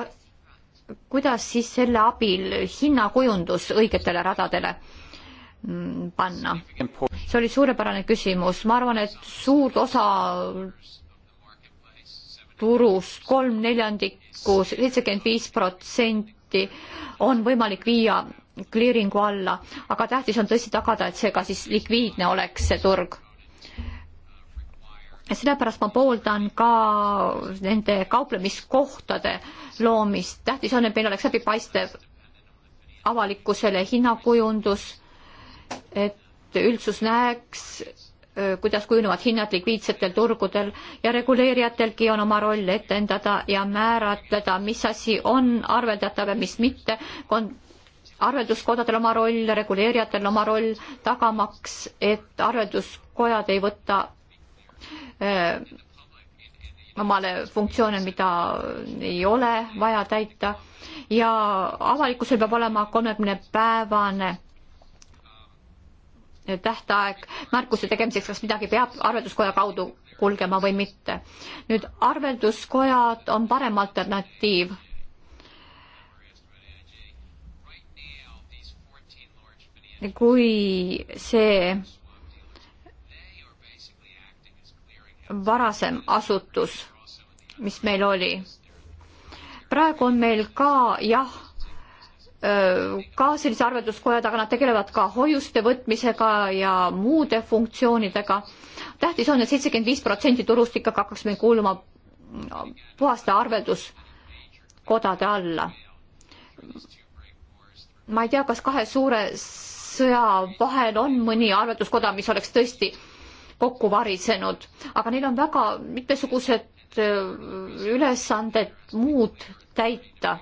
S5: kuidas siis selle abil hinnakujundus õigetele radadele mm, panna? see oli suurepärane küsimus, ma arvan, et suurt osa turust kolm neljandikku, seitsekümmend viis protsenti on võimalik viia clearingu alla, aga tähtis on tõesti tagada, et see ka siis likviidne oleks, see turg. sellepärast ma pooldan ka nende kauplemiskohtade loomist, tähtis on, et meil oleks läbipaistev avalikkusele hinnakujundus, et üldsus näeks, kuidas kujunevad hinnad likviidsetel turgudel ja reguleerijatelgi on oma roll etendada ja määratleda, mis asi on arveldatav ja mis mitte. arvelduskodadel oma roll, reguleerijatel oma roll tagamaks, et arvelduskojad ei võta öö, omale funktsioone, mida ei ole vaja täita ja avalikkusel peab olema kolmekümne päevane tähtaeg märkuse tegemiseks, kas midagi peab arvelduskoja kaudu kulgema või mitte. nüüd arvelduskojad on parem alternatiiv. kui see varasem asutus, mis meil oli. praegu on meil ka jah ka sellised arvelduskojad, aga nad tegelevad ka hoiuste võtmisega ja muude funktsioonidega. tähtis on et, et seitsekümmend viis protsenti turust ikkagi hakkaks meil kuuluma puhaste arvelduskodade alla. ma ei tea, kas kahe suure sõja vahel on mõni arvelduskoda, mis oleks tõesti kokku varisenud, aga neil on väga mitmesugused äh, ülesanded muud täita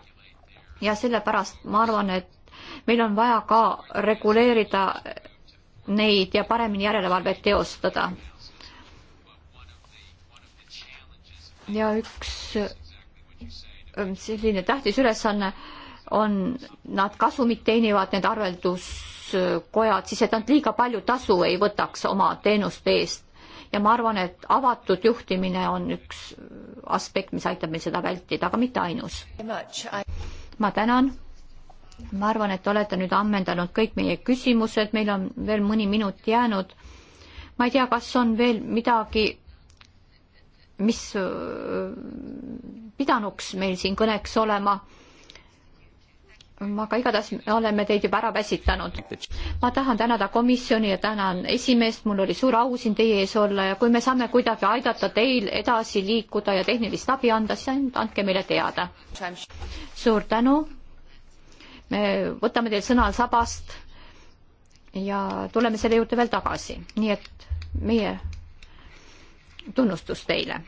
S5: ja sellepärast ma arvan, et meil on vaja ka reguleerida neid ja paremini järelevalvet teostada. ja üks ähm, selline tähtis ülesanne on, nad kasumit teenivad, need arvelduskojad, siis et nad liiga palju tasu ei võtaks oma teenuste eest. ja ma arvan, et avatud juhtimine on üks aspekt, mis aitab meil seda vältida, aga mitte ainus ma tänan. ma arvan, et olete nüüd ammendanud kõik meie küsimused, meil on veel mõni minut jäänud. ma ei tea, kas on veel midagi, mis äh, pidanuks meil siin kõneks olema aga igatahes me oleme teid juba ära väsitanud. ma tahan tänada komisjoni ja tänan esimeest, mul oli suur au siin teie ees olla ja kui me saame kuidagi aidata teil edasi liikuda ja tehnilist abi anda, siis ainult andke meile teada. suur tänu. me võtame teil sõna sabast ja tuleme selle juurde veel tagasi, nii et meie tunnustus teile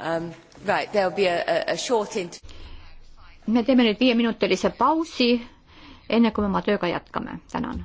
S3: um,. Right, there will be a, a short interview
S5: me teeme nüüd viieminutilise pausi, enne kui me oma tööga jätkame. tänan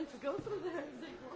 S3: difficult to go through there. They were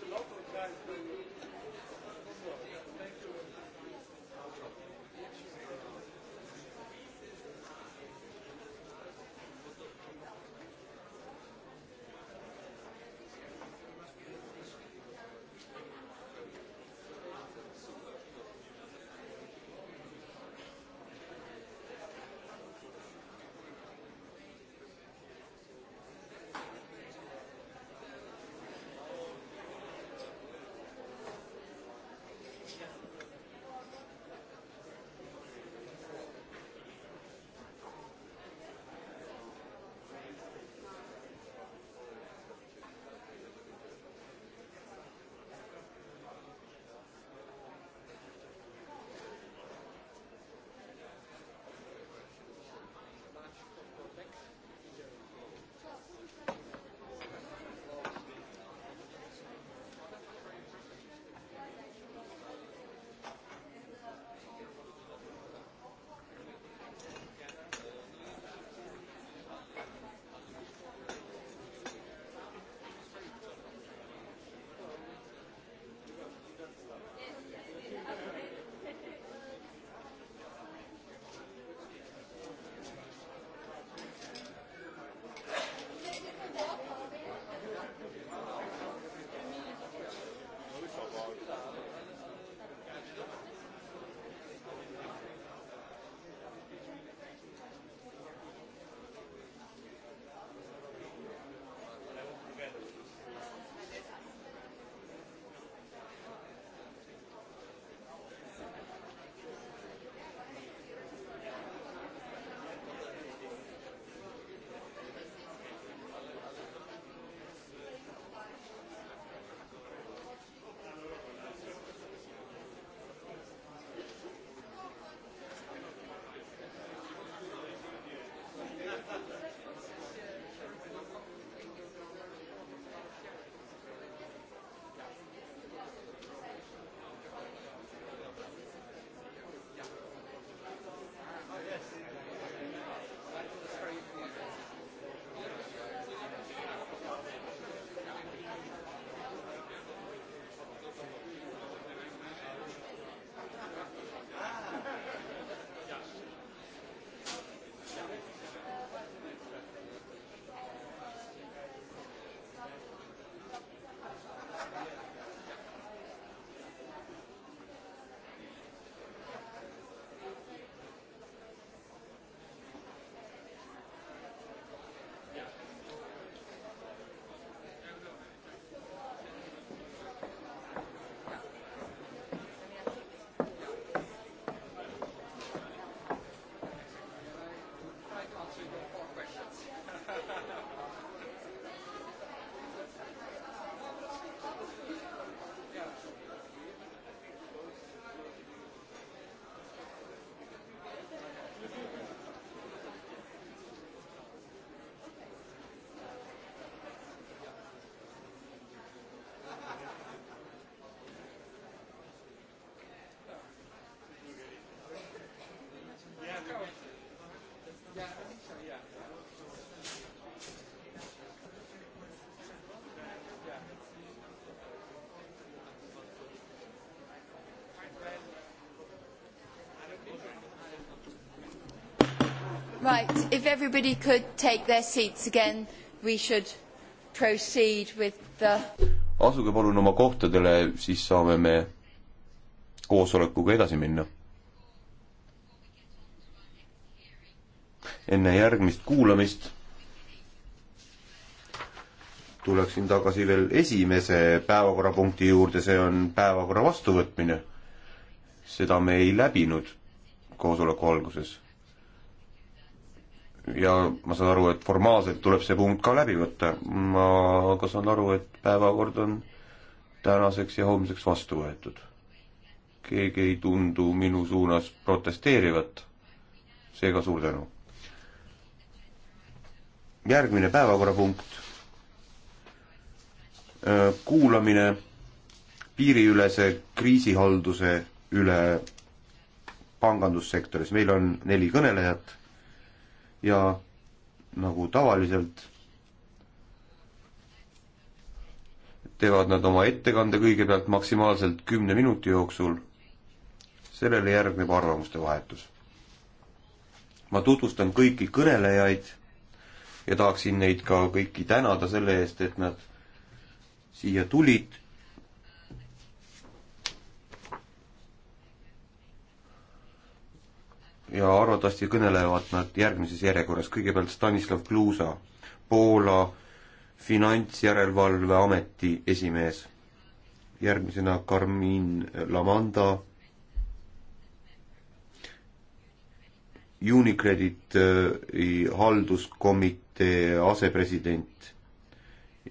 S3: Right, if everybody could take their seats again, we should proceed with the
S4: asuge palun oma kohtadele, siis saame me koosolekuga edasi minna. enne järgmist kuulamist tuleksin tagasi veel esimese päevakorrapunkti juurde, see on päevakorra vastuvõtmine. seda me ei läbinud koosoleku alguses ja ma saan aru, et formaalselt tuleb see punkt ka läbi võtta, ma aga saan aru, et päevakord on tänaseks ja homseks vastu võetud. keegi ei tundu minu suunas protesteerivat, seega suur tänu. järgmine päevakorrapunkt, äh, kuulamine piiriülese kriisihalduse üle pangandussektoris, meil on neli kõnelejat ja nagu tavaliselt teevad nad oma ettekande kõigepealt maksimaalselt kümne minuti jooksul, sellele järgneb arvamuste vahetus. ma tutvustan kõiki kõnelejaid ja tahaksin neid ka kõiki tänada selle eest, et nad siia tulid ja arvatavasti kõnelevad nad järgmises järjekorras, kõigepealt Stanislav Kluusa, Poola finantsjärelevalveameti esimees, järgmisena Karmin Lamanda, Unicredit äh, halduskomitee asepresident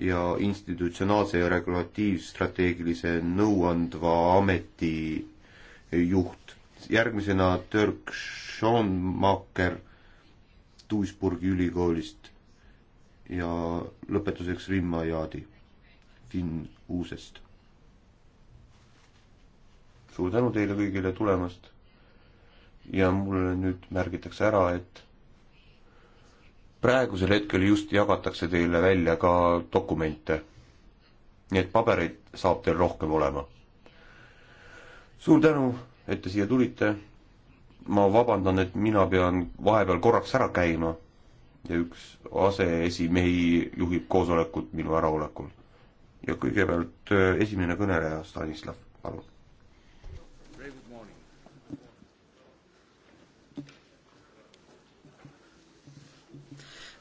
S4: ja institutsionaalse ja regulatiivstrateegilise nõuandva ameti juht järgmisena Dirk Schoonmaker Duisburgi ülikoolist ja lõpetuseks Rimma Jaadi Finn Uusest. suur tänu teile kõigile tulemast ja mulle nüüd märgitakse ära, et praegusel hetkel just jagatakse teile välja ka dokumente. nii et pabereid saab teil rohkem olema. suur tänu et te siia tulite. ma vabandan, et mina pean vahepeal korraks ära käima ja üks aseesimehi juhib koosolekut minu äraolekul. ja kõigepealt äh, esimene kõneleja, Stanislav, palun.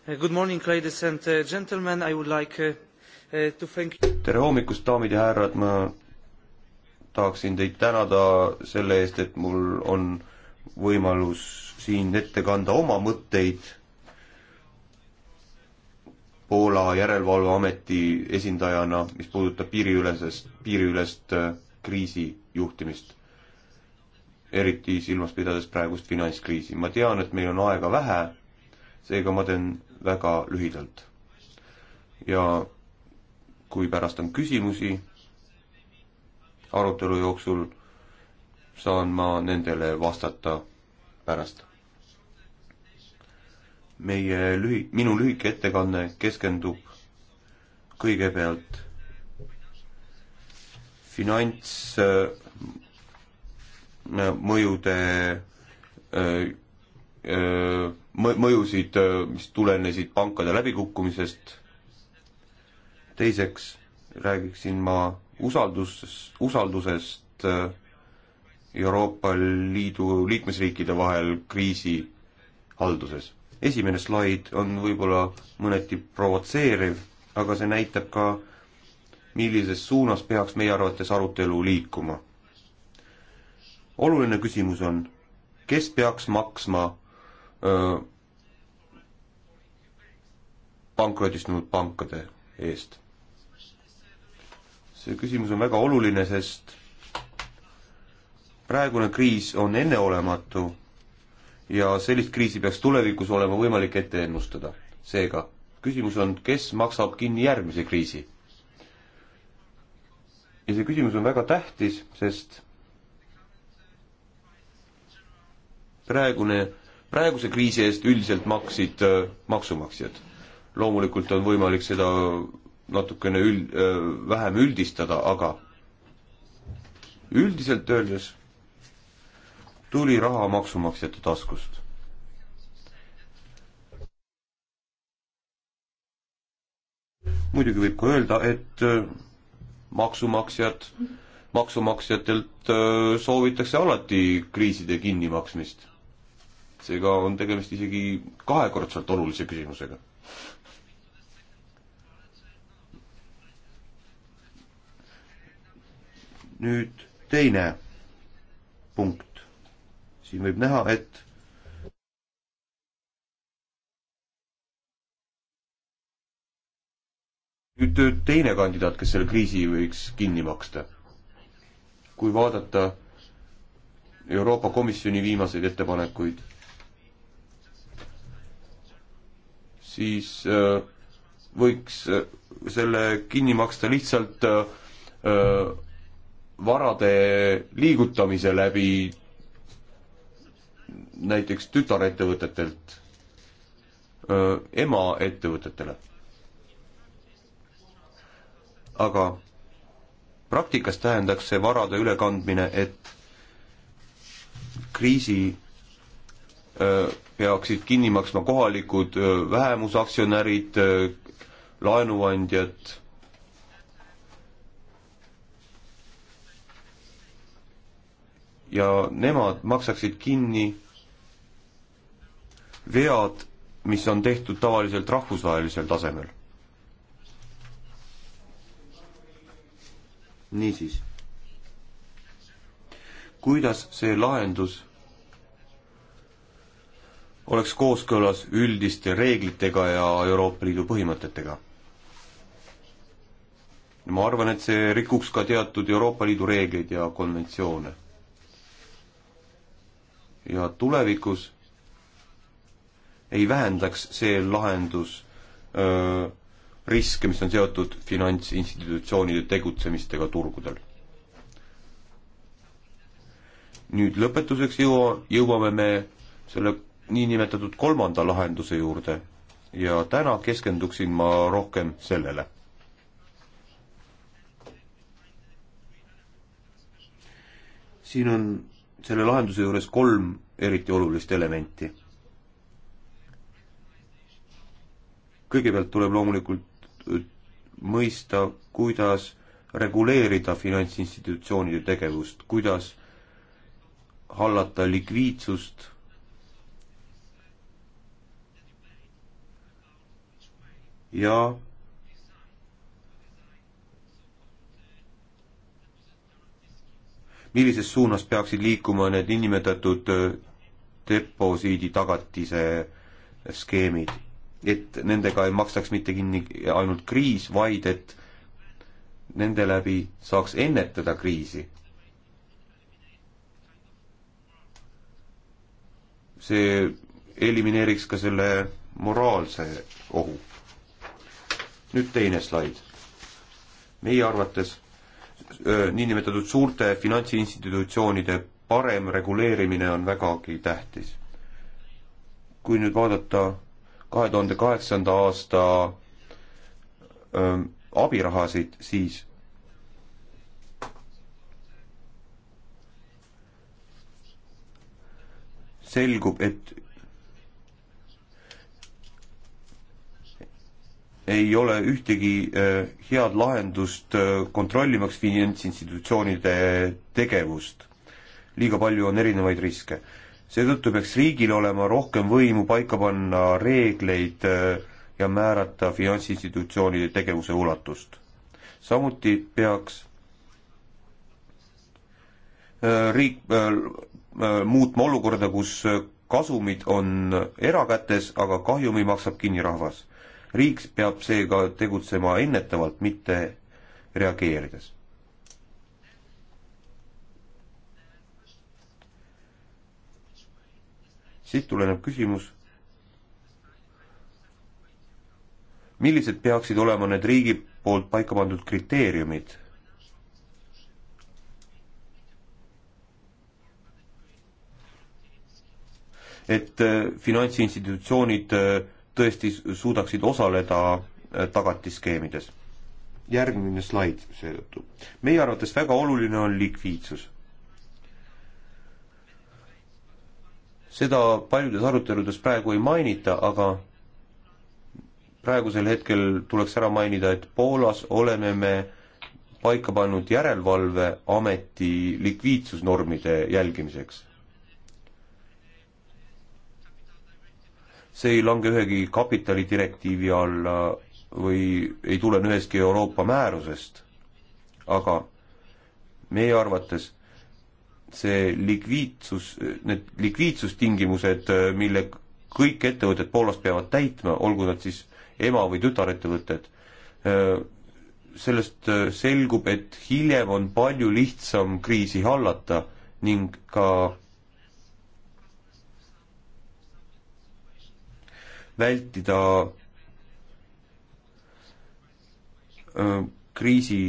S4: Good morning, ladies and uh, gentlemen, I would like uh, uh, to thank tere hommikust, daamid ja härrad, ma tahaksin teid tänada selle eest, et mul on võimalus siin ette kanda oma mõtteid Poola järelevalveameti esindajana, mis puudutab piiriülesest, piiriülest äh, kriisi juhtimist. eriti silmas pidades praegust finantskriisi. ma tean, et meil on aega vähe, seega ma teen väga lühidalt. ja kui pärast on küsimusi, arutelu jooksul saan ma nendele vastata pärast. meie lühi-, minu lühike ettekanne keskendub kõigepealt finantsmõjude äh, äh, äh, mõjusid, mis tulenesid pankade läbikukkumisest. teiseks räägiksin ma usaldus, usaldusest äh, Euroopa Liidu liikmesriikide vahel kriisi halduses. esimene slaid on võib-olla mõneti provotseeriv, aga see näitab ka, millises suunas peaks meie arvates arutelu liikuma. oluline küsimus on, kes peaks maksma öö, pankrotistunud pankade eest see küsimus on väga oluline, sest praegune kriis on enneolematu ja sellist kriisi peaks tulevikus olema võimalik ette ennustada. seega küsimus on, kes maksab kinni järgmise kriisi? ja see küsimus on väga tähtis, sest praegune, praeguse kriisi eest üldiselt maksid äh, maksumaksjad. loomulikult on võimalik seda natukene üld, vähem üldistada, aga üldiselt öeldes tuli raha maksumaksjate taskust. muidugi võib ka öelda, et maksumaksjad, maksumaksjatelt soovitakse alati kriiside kinnimaksmist. seega on tegemist isegi kahekordselt olulise küsimusega. nüüd teine punkt. siin võib näha, et nüüd teine kandidaat, kes selle kriisi võiks kinni maksta. kui vaadata Euroopa Komisjoni viimaseid ettepanekuid, siis äh, võiks äh, selle kinni maksta lihtsalt äh, varade liigutamise läbi näiteks tütarettevõtetelt emaettevõtetele. aga praktikas tähendaks see varade ülekandmine, et kriisi peaksid kinni maksma kohalikud vähemusaktsionärid, laenuandjad ja nemad maksaksid kinni vead, mis on tehtud tavaliselt rahvusvahelisel tasemel. niisiis, kuidas see lahendus oleks kooskõlas üldiste reeglitega ja Euroopa Liidu põhimõtetega? ma arvan, et see rikuks ka teatud Euroopa Liidu reegleid ja konventsioone ja tulevikus ei vähendaks see lahendus öö, riske, mis on seotud finantsinstitutsioonide tegutsemistega turgudel. nüüd lõpetuseks jõua, jõuame me selle niinimetatud kolmanda lahenduse juurde ja täna keskenduksin ma rohkem sellele. siin on selle lahenduse juures kolm eriti olulist elementi. kõigepealt tuleb loomulikult äh, mõista, kuidas reguleerida finantsinstitutsioonide tegevust, kuidas hallata likviidsust, ja millises suunas peaksid liikuma need niinimetatud äh, deposiidi tagatise äh, skeemid, et nendega ei makstaks mitte kinni ainult kriis, vaid et nende läbi saaks ennetada kriisi. see elimineeriks ka selle moraalse ohu. nüüd teine slaid. meie arvates Äh, niinimetatud suurte finantsinstitutsioonide parem reguleerimine on vägagi tähtis. kui nüüd vaadata kahe tuhande kaheksanda aasta äh, abirahasid, siis selgub, et ei ole ühtegi äh, head lahendust äh, kontrollimaks finantsinstitutsioonide tegevust. liiga palju on erinevaid riske. seetõttu peaks riigil olema rohkem võimu paika panna reegleid äh, ja määrata finantsinstitutsioonide tegevuse ulatust. samuti peaks riik muutma olukorda, kus kasumid on erakätes, aga kahjumi maksab kinni rahvas riik peab seega tegutsema ennetavalt, mitte reageerides. siit tuleneb küsimus, millised peaksid olema need riigi poolt paika pandud kriteeriumid, et äh, finantsinstitutsioonid äh, tõesti suudaksid osaleda äh, tagatisskeemides. järgmine slaid seetõttu. meie arvates väga oluline on likviidsus. seda paljudes aruteludes praegu ei mainita, aga praegusel hetkel tuleks ära mainida, et Poolas oleme me paika pannud järelevalveameti likviidsusnormide jälgimiseks see ei lange ühegi kapitalidirektiivi alla või ei tulene ühestki Euroopa määrusest, aga meie arvates see likviidsus, need likviidsustingimused, mille kõik ettevõtted Poolast peavad täitma, olgu nad siis ema- või tütarettevõtted, sellest selgub, et hiljem on palju lihtsam kriisi hallata ning ka vältida kriisi,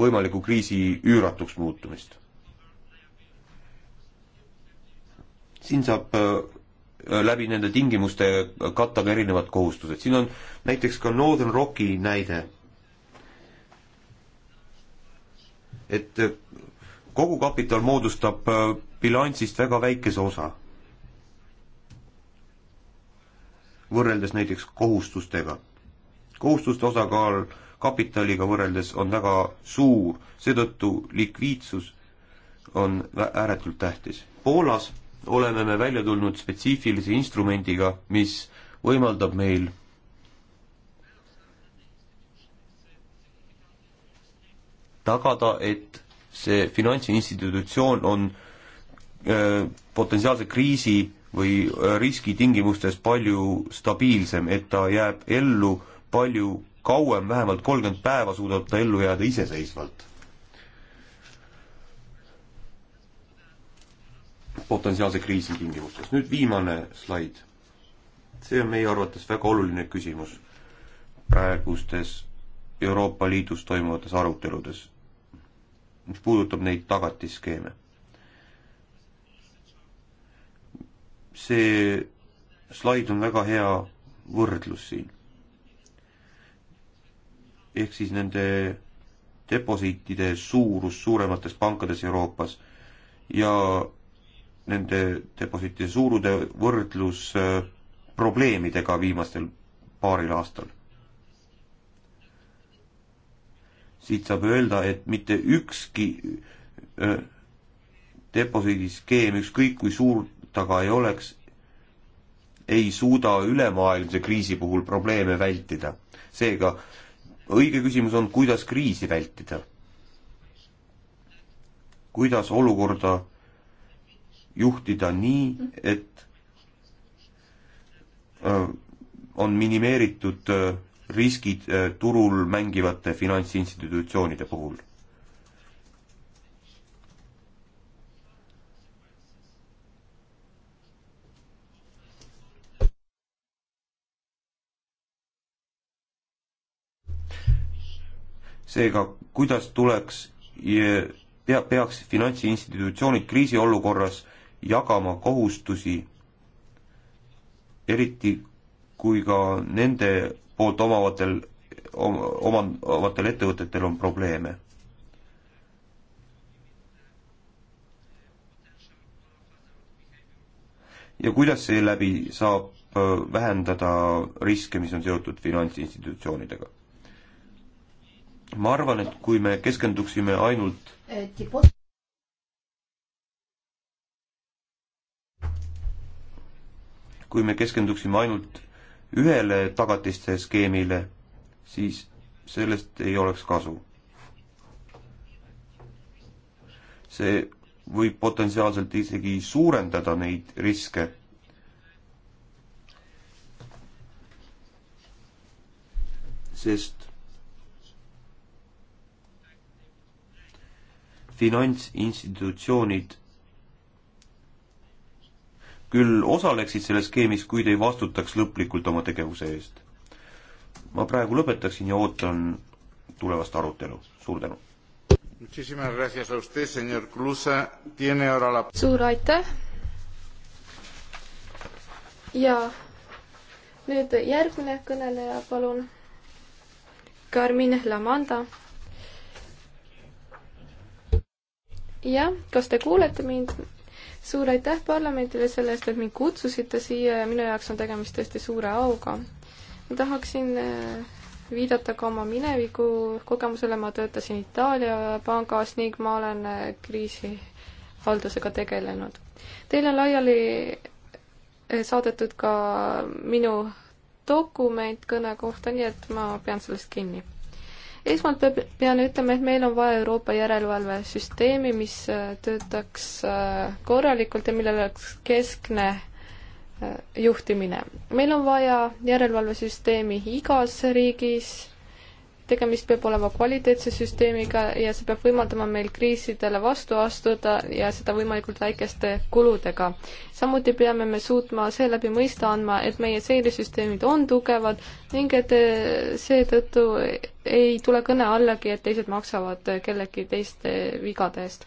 S4: võimaliku kriisi üüratuks muutumist. siin saab läbi nende tingimuste katta ka erinevad kohustused, siin on näiteks ka Northern Rocki näide. et kogukapital moodustab bilansist väga väikese osa võrreldes näiteks kohustustega. kohustuste osakaal kapitaliga võrreldes on väga suur, seetõttu likviidsus on ääretult tähtis. Poolas oleme me välja tulnud spetsiifilise instrumendiga, mis võimaldab meil tagada, et see finantsinstitutsioon on öö, äh, potentsiaalse kriisi või äh, riskitingimustes palju stabiilsem, et ta jääb ellu palju kauem, vähemalt kolmkümmend päeva suudab ta ellu jääda iseseisvalt. potentsiaalse kriisi tingimustes. nüüd viimane slaid. see on meie arvates väga oluline küsimus praegustes Euroopa Liidus toimuvates aruteludes, mis puudutab neid tagatisskeeme see slaid on väga hea võrdlus siin. ehk siis nende deposiitide suurus suuremates pankades Euroopas ja nende deposiitide suurude võrdlus äh, probleemidega viimastel paaril aastal. siit saab öelda, et mitte ükski äh, deposiidiskeem, ükskõik kui suurt taga ei oleks, ei suuda ülemaailmse kriisi puhul probleeme vältida. seega õige küsimus on, kuidas kriisi vältida. kuidas olukorda juhtida nii, et äh, on minimeeritud äh, riskid äh, turul mängivate finantsinstitutsioonide puhul seega, kuidas tuleks, pea, peaks finantsinstitutsioonid kriisiolukorras jagama kohustusi, eriti kui ka nende poolt omavatel, omavatel ettevõtetel on probleeme ja kuidas seeläbi saab äh, vähendada riske, mis on seotud finantsinstitutsioonidega? ma arvan, et kui me keskenduksime ainult kui me keskenduksime ainult ühele tagatiste skeemile, siis sellest ei oleks kasu. see võib potentsiaalselt isegi suurendada neid riske sest finantsinstitutsioonid küll osaleksid selles skeemis, kuid ei vastutaks lõplikult oma tegevuse eest. ma praegu lõpetaksin ja ootan tulevast arutelu, suur tänu.
S2: suur
S1: aitäh ja nüüd järgmine kõneleja, palun. Carmen Lamanda jah, kas te kuulete mind? suur aitäh parlamendile selle eest, et mind kutsusite siia ja minu jaoks on tegemist tõesti suure auga. ma tahaksin äh, viidata ka oma mineviku kogemusele, ma töötasin Itaalia pangas ning ma olen äh, kriisihaldusega tegelenud. Teile on laiali äh, saadetud ka minu dokument kõne kohta, nii et ma pean sellest kinni esmalt peab, pean ütlema, et meil on vaja Euroopa järelevalvesüsteemi, mis äh, töötaks äh, korralikult ja millel oleks keskne äh, juhtimine. meil on vaja järelevalvesüsteemi igas riigis tegemist peab olema kvaliteetse süsteemiga ja see peab võimaldama meil kriisidele vastu astuda ja seda võimalikult väikeste kuludega. samuti peame me suutma seeläbi mõista andma, et meie seiresüsteemid on tugevad ning et eh, seetõttu ei tule kõne allagi, et teised maksavad kellegi teiste vigade eest.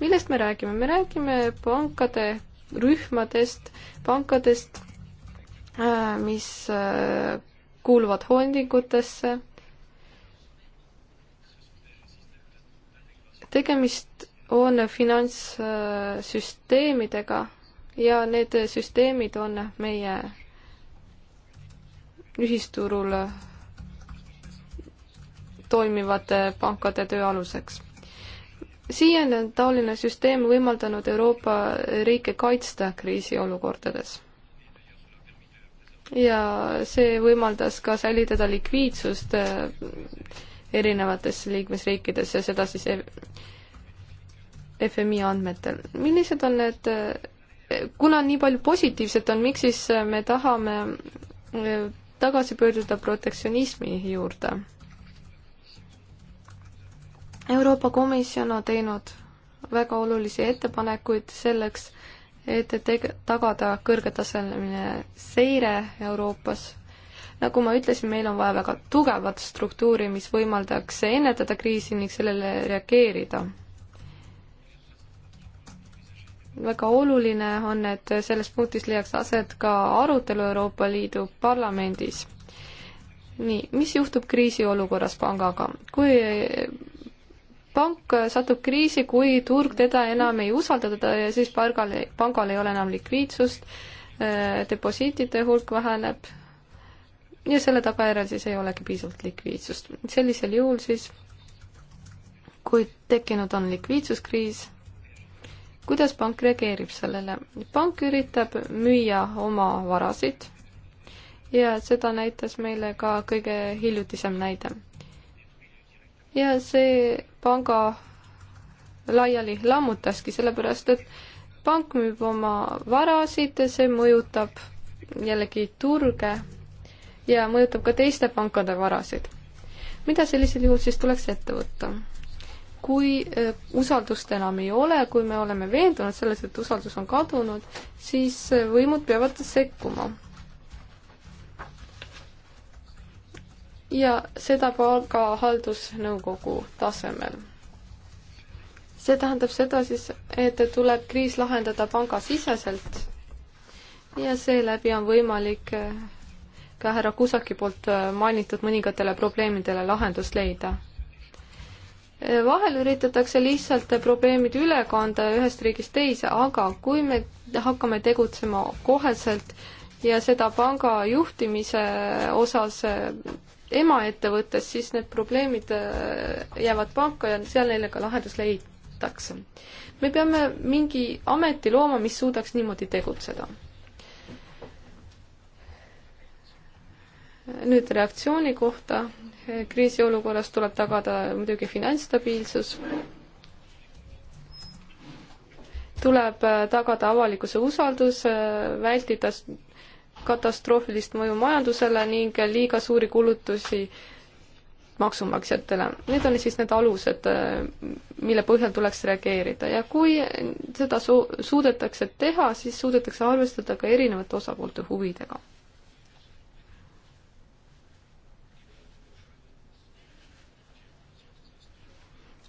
S1: millest me räägime? me räägime pankade rühmadest, pankadest, äh, mis äh, kuuluvad holdingutesse tegemist on finantssüsteemidega ja need süsteemid on meie ühisturul toimivate pankade töö aluseks siiani on taoline süsteem võimaldanud Euroopa riike kaitsta kriisiolukordades. ja see võimaldas ka säilitada likviidsust erinevates liikmesriikides ja seda siis FMI andmetel. millised on need, kuna nii palju positiivset on, miks siis me tahame eh, tagasi pöörduda protektsionismi juurde? Euroopa Komisjon on teinud väga olulisi ettepanekuid selleks, et teg-, tagada kõrgetasemeline seire Euroopas nagu ma ütlesin, meil on vaja väga tugevat struktuuri, mis võimaldaks ennetada kriisi ning sellele reageerida. väga oluline on, et selles punktis leiaks aset ka arutelu Euroopa Liidu Parlamendis. nii, mis juhtub kriisiolukorras pangaga? kui pank satub kriisi, kui turg teda enam ei usalda teda ja siis pargal, pangal ei ole enam likviidsust, deposiitide hulk väheneb ja selle tagajärjel siis ei olegi piisavalt likviidsust. sellisel juhul siis, kui tekkinud on likviidsuskriis, kuidas pank reageerib sellele? pank üritab müüa oma varasid ja seda näitas meile ka kõige hiljutisem näide. ja see panga laiali lammutaski, sellepärast et pank müüb oma varasid ja see mõjutab jällegi turge ja mõjutab ka teiste pankade varasid. mida sellisel juhul siis tuleks ette võtta? kui äh, usaldust enam ei ole, kui me oleme veendunud selles, et usaldus on kadunud, siis äh, võimud peavad sekkuma. ja seda ka haldusnõukogu tasemel. see tähendab seda siis, et tuleb kriis lahendada pangasiseselt ja seeläbi on võimalik äh, ka härra Kusaki poolt äh, mainitud mõningatele probleemidele lahendust leida. Äh, vahel üritatakse lihtsalt äh, probleemid üle kanda ühest riigist teise, aga kui me hakkame tegutsema koheselt ja seda panga juhtimise osas emaettevõttes, siis need probleemid jäävad panka ja seal neile ka lahendus leitakse. me peame mingi ameti looma, mis suudaks niimoodi tegutseda nüüd reaktsiooni kohta. kriisiolukorras tuleb tagada muidugi finantsstabiilsus. tuleb äh, tagada avalikkuse usaldus, äh, vältida katastroofilist mõju majandusele ning liiga suuri kulutusi maksumaksjatele. Need on siis need alused, äh, mille põhjal tuleks reageerida ja kui seda su-, suudetakse teha, siis suudetakse arvestada ka erinevate osapoolte huvidega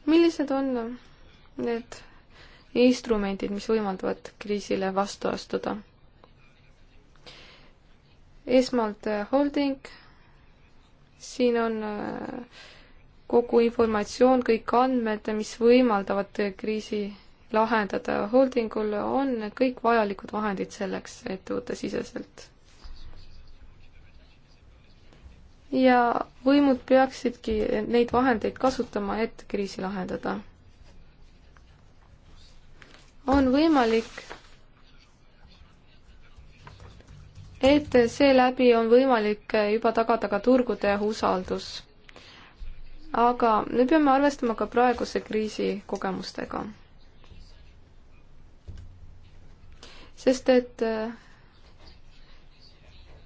S1: millised on need instrumendid, mis võimaldavad kriisile vastu astuda? esmalt äh, holding, siin on äh, kogu informatsioon, kõik andmed, mis võimaldavad äh, kriisi lahendada. holdingul on kõik vajalikud vahendid selleks ettevõttesiseselt ja võimud peaksidki neid vahendeid kasutama, et kriisi lahendada. on võimalik, et seeläbi on võimalik juba tagada ka turgude usaldus. aga me peame arvestama ka praeguse kriisi kogemustega. sest et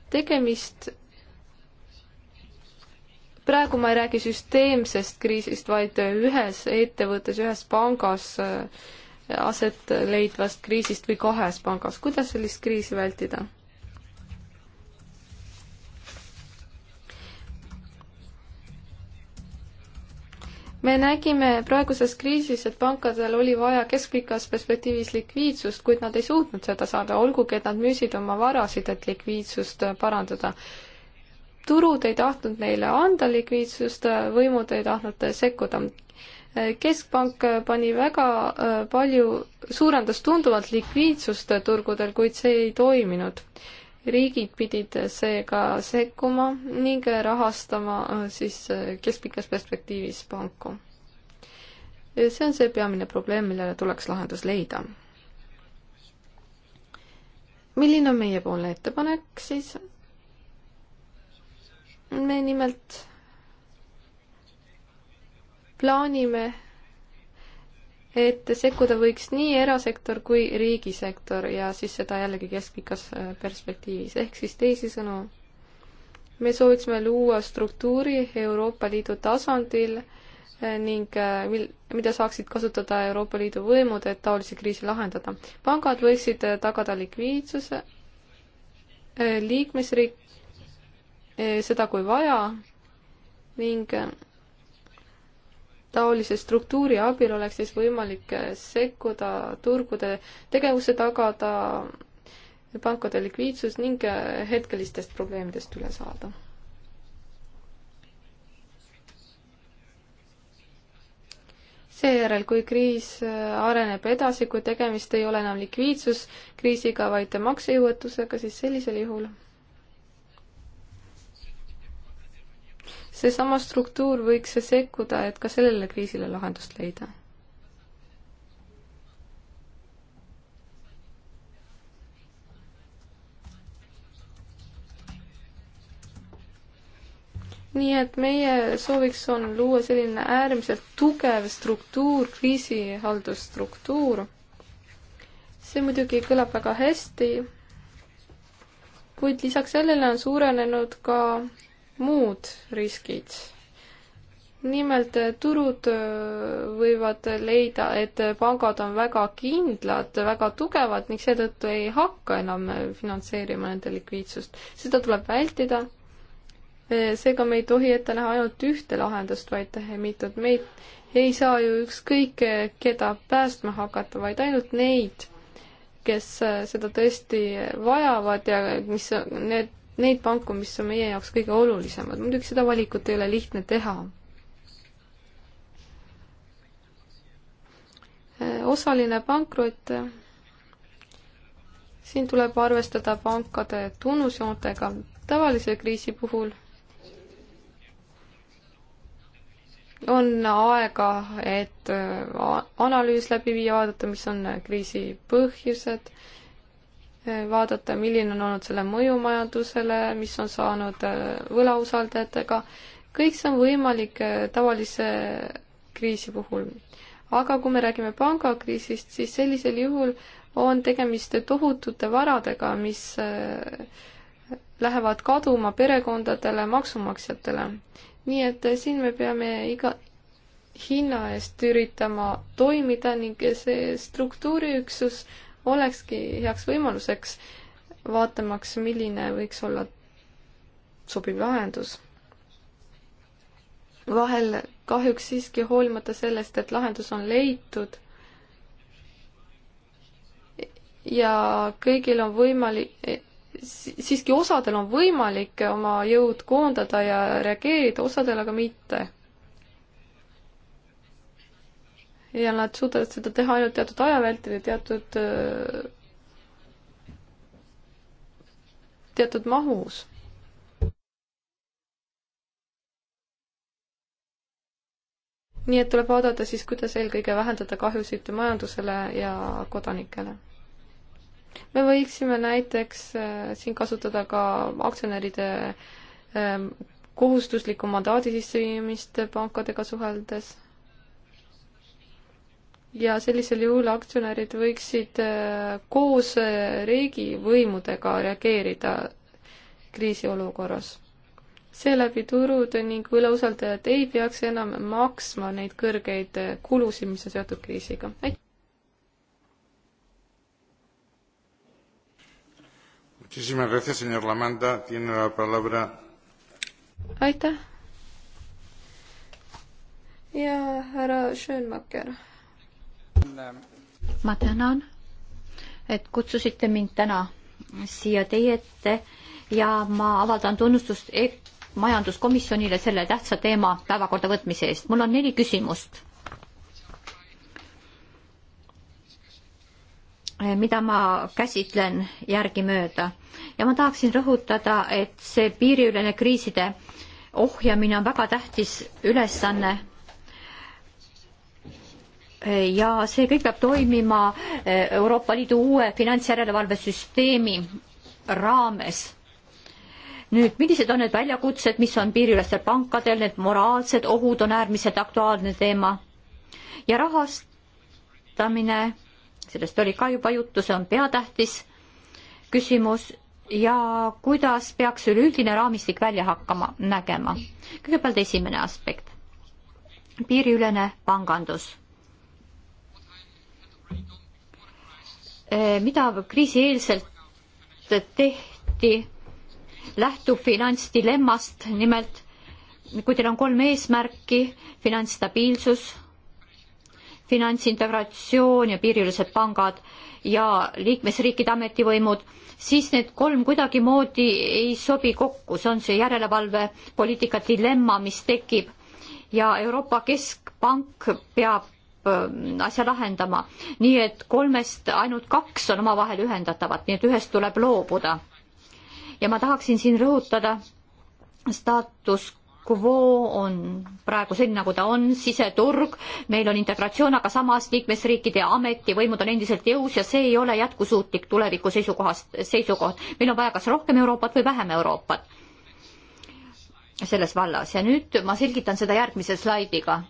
S1: tegemist praegu ma ei räägi süsteemsest kriisist, vaid ühes ettevõttes, ühes pangas äh, aset leidvast kriisist või kahes pangas. kuidas sellist kriisi vältida? me nägime praeguses kriisis, et pankadel oli vaja keskpikas perspektiivis likviidsust, kuid nad ei suutnud seda saada, olgugi et nad müüsid oma varasid, et likviidsust parandada turud ei tahtnud neile anda likviidsust, võimud ei tahtnud sekkuda. keskpank pani väga äh, palju, suurendas tunduvalt likviidsust turgudel, kuid see ei toiminud. riigid pidid seega sekkuma ning rahastama äh, siis äh, keskpikas perspektiivis panku. see on see peamine probleem, millele tuleks lahendus leida milline on meiepoolne ettepanek siis? me nimelt plaanime, et sekkuda võiks nii erasektor kui riigisektor ja siis seda jällegi keskpikas äh, perspektiivis, ehk siis teisisõnu, me sooviksime luua struktuuri Euroopa Liidu tasandil äh, ning äh, mil, mida saaksid kasutada Euroopa Liidu võimud, et taolisi kriise lahendada. pangad võiksid tagada likviidsuse, liikmesriik Eh, seda kui vaja ning eh, taolise struktuuri abil oleks siis võimalik eh, sekkuda turgude tegevuse tagada, pankade likviidsus ning hetkelistest probleemidest üle saada. seejärel, kui kriis areneb edasi, kui tegemist ei ole enam likviidsuskriisiga, vaid maksejõuetusega, siis sellisel juhul seesama struktuur võiks sekkuda, et ka sellele kriisile lahendust leida. nii et meie sooviks on luua selline äärmiselt tugev struktuur, kriisihaldusstruktuur. see muidugi kõlab väga hästi, kuid lisaks sellele on suurenenud ka muud riskid. nimelt eh, turud eh, võivad leida, et pangad on väga kindlad, väga tugevad ning seetõttu ei hakka enam eh, finantseerima nende likviidsust. seda tuleb vältida. seega me ei tohi ette näha ainult ühte lahendust, vaid mitut. me ei, ei saa ju ükskõik keda päästma hakata, vaid ainult neid kes seda tõesti vajavad ja mis need neid panku, mis on meie jaoks kõige olulisemad. muidugi seda valikut ei ole lihtne teha. Äh, osaline pankrot, siin tuleb arvestada pankade tunnusjoontega tavalise kriisi puhul on aega, et äh, analüüs läbi viia, vaadata, mis on äh, kriisi põhjused vaadata, milline on olnud selle mõju majandusele, mis on saanud äh, võlausaldajatega, kõik see on võimalik äh, tavalise kriisi puhul. aga kui me räägime pangakriisist, siis sellisel juhul on tegemist tohutute varadega, mis äh, lähevad kaduma perekondadele, maksumaksjatele. nii et siin me peame iga hinna eest üritama toimida ning see struktuuriüksus olekski heaks võimaluseks vaatamaks, milline võiks olla sobiv lahendus. vahel kahjuks siiski hoolimata sellest, et lahendus on leitud ja kõigil on võimalik, siiski osadel on võimalik oma jõud koondada ja reageerida, osadel aga mitte. ja nad suudavad seda teha ainult teatud aja vältel ja teatud, teatud mahus. nii et tuleb vaadata siis, kuidas eelkõige vähendada kahjusid majandusele ja kodanikele. me võiksime näiteks äh, siin kasutada ka aktsionäride ähm, kohustusliku mandaadi sisseviimist pankadega suheldes ja sellisel juhul aktsionärid võiksid äh, koos äh, riigivõimudega reageerida kriisiolukorras. seeläbi turud ning võlausaldajad ei peaks enam maksma neid kõrgeid äh, kulusid, mis on seotud kriisiga. aitäh. ja härra
S5: Schönmacher ma tänan, et kutsusite mind täna siia teie ette ja ma avaldan tunnustust e majanduskomisjonile selle tähtsa teema päevakorda võtmise eest. mul on neli küsimust, mida ma käsitlen järgimööda ja ma tahaksin rõhutada, et see piiriülene kriiside ohjamine on väga tähtis ülesanne ja see kõik peab toimima eh, Euroopa Liidu uue finantsjärelevalvesüsteemi raames. nüüd, millised on need väljakutsed, mis on piiriülestel pankadel, need moraalsed ohud on äärmiselt aktuaalne teema ja rahastamine, sellest oli ka juba juttu, see on peatähtis küsimus ja kuidas peaks üleüldine raamistik välja hakkama nägema. kõigepealt esimene aspekt, piiriülene pangandus Eh, mida kriisieelselt tehti, lähtub finantsdilemmast, nimelt kui teil on kolm eesmärki, finantsstabiilsus, finantsintegratsioon ja piirilised pangad ja liikmesriikide ametivõimud, siis need kolm kuidagimoodi ei sobi kokku, see on see järelevalvepoliitika dilemma, mis tekib ja Euroopa Keskpank peab Äh, asja lahendama. nii et kolmest ainult kaks on omavahel ühendatavad, nii et ühest tuleb loobuda. ja ma tahaksin siin rõhutada, staatus quo on praegu selline, nagu ta on, siseturg, meil on integratsioon, aga samas liikmesriikide ametivõimud on endiselt jõus ja see ei ole jätkusuutlik tuleviku seisukohast, seisukoht. meil on vaja kas rohkem Euroopat või vähem Euroopat selles vallas ja nüüd ma selgitan seda järgmise slaidiga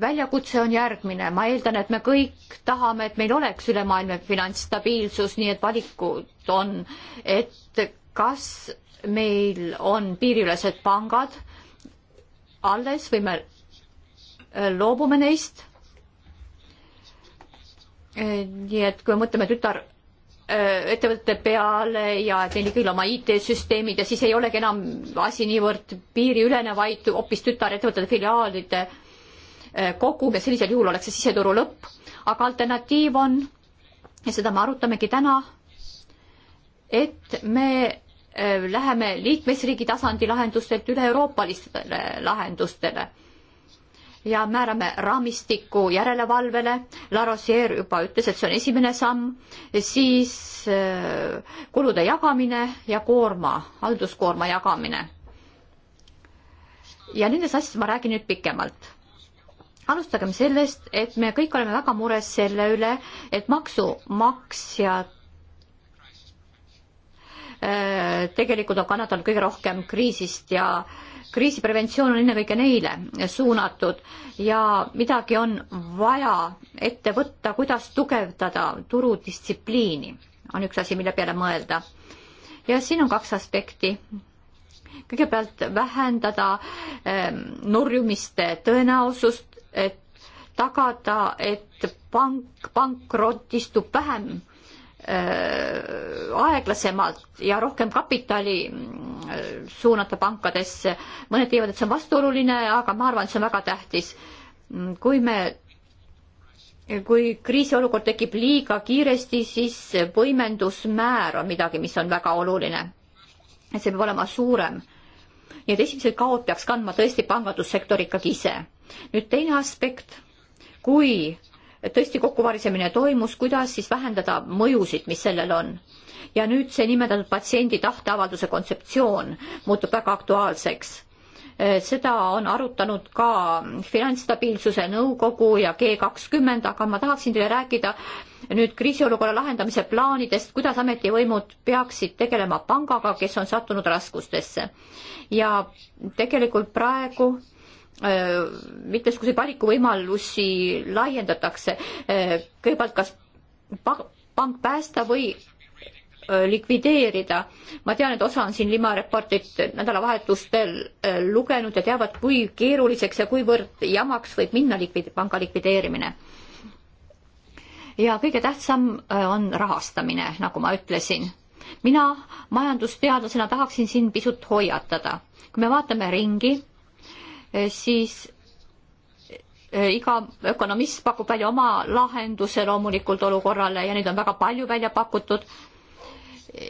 S5: väljakutse on järgmine, ma eeldan, et me kõik tahame, et meil oleks ülemaailmne finantsstabiilsus, nii et valikud on, et kas meil on piiriülesed pangad alles või me loobume neist. nii et kui mõtleme tütar äh, ettevõtete peale ja et neil ikkagi oma IT-süsteemid ja siis ei olegi enam asi niivõrd piiriülene, vaid hoopis tütarettevõtete filiaalide äh, Äh, kogum ja sellisel juhul oleks see siseturu lõpp. aga alternatiiv on, ja seda me arutamegi täna, et me äh, läheme liikmesriigi tasandi lahendustelt üle-euroopalistele lahendustele ja määrame raamistiku järelevalvele. La Rosier juba ütles, et see on esimene samm, siis äh, kulude jagamine ja koorma, halduskoorma jagamine. ja nendest asjadest ma räägin nüüd pikemalt alustagem sellest, et me kõik oleme väga mures selle üle, et maksumaksjad äh, tegelikult on kannatanud kõige rohkem kriisist ja kriisipreventsioon on ennekõike neile suunatud ja midagi on vaja ette võtta, kuidas tugevdada turudistsipliini, on üks asi, mille peale mõelda. ja siin on kaks aspekti kõigepealt vähendada ähm, nurjumiste tõenäosust et tagada, et pank pankrotistub vähem äh, aeglasemalt ja rohkem kapitali äh, suunata pankadesse. mõned teevad, et see on vastuoluline, aga ma arvan, et see on väga tähtis. kui me, kui kriisiolukord tekib liiga kiiresti, siis võimendusmäär on midagi, mis on väga oluline. see peab olema suurem nii et esimesed kaod peaks kandma tõesti pangandussektor ikkagi ise. nüüd teine aspekt, kui tõesti kokkuvarisemine toimus, kuidas siis vähendada mõjusid, mis sellel on? ja nüüd see nimetatud patsiendi tahteavalduse kontseptsioon muutub väga aktuaalseks äh, seda on arutanud ka Finantsstabiilsuse Nõukogu ja G kakskümmend, aga ma tahaksin teile rääkida äh, nüüd kriisiolukorra lahendamise plaanidest, kuidas ametivõimud peaksid tegelema pangaga, kes on sattunud raskustesse. ja tegelikult praegu äh, mitmesuguseid valikuvõimalusi laiendatakse. Äh, kõigepealt, kas pank päästa või äh, likvideerida. ma tean, et osa on siin Lima raportit nädalavahetustel lugenud ja teavad, kui keeruliseks ja kuivõrd jamaks võib minna likvid-, panga likvideerimine ja kõige tähtsam äh, on rahastamine, nagu ma ütlesin. mina majandusteadlasena tahaksin siin pisut hoiatada. kui me vaatame ringi, äh, siis äh, iga ökonomist pakub välja oma lahenduse loomulikult olukorrale ja neid on väga palju välja pakutud.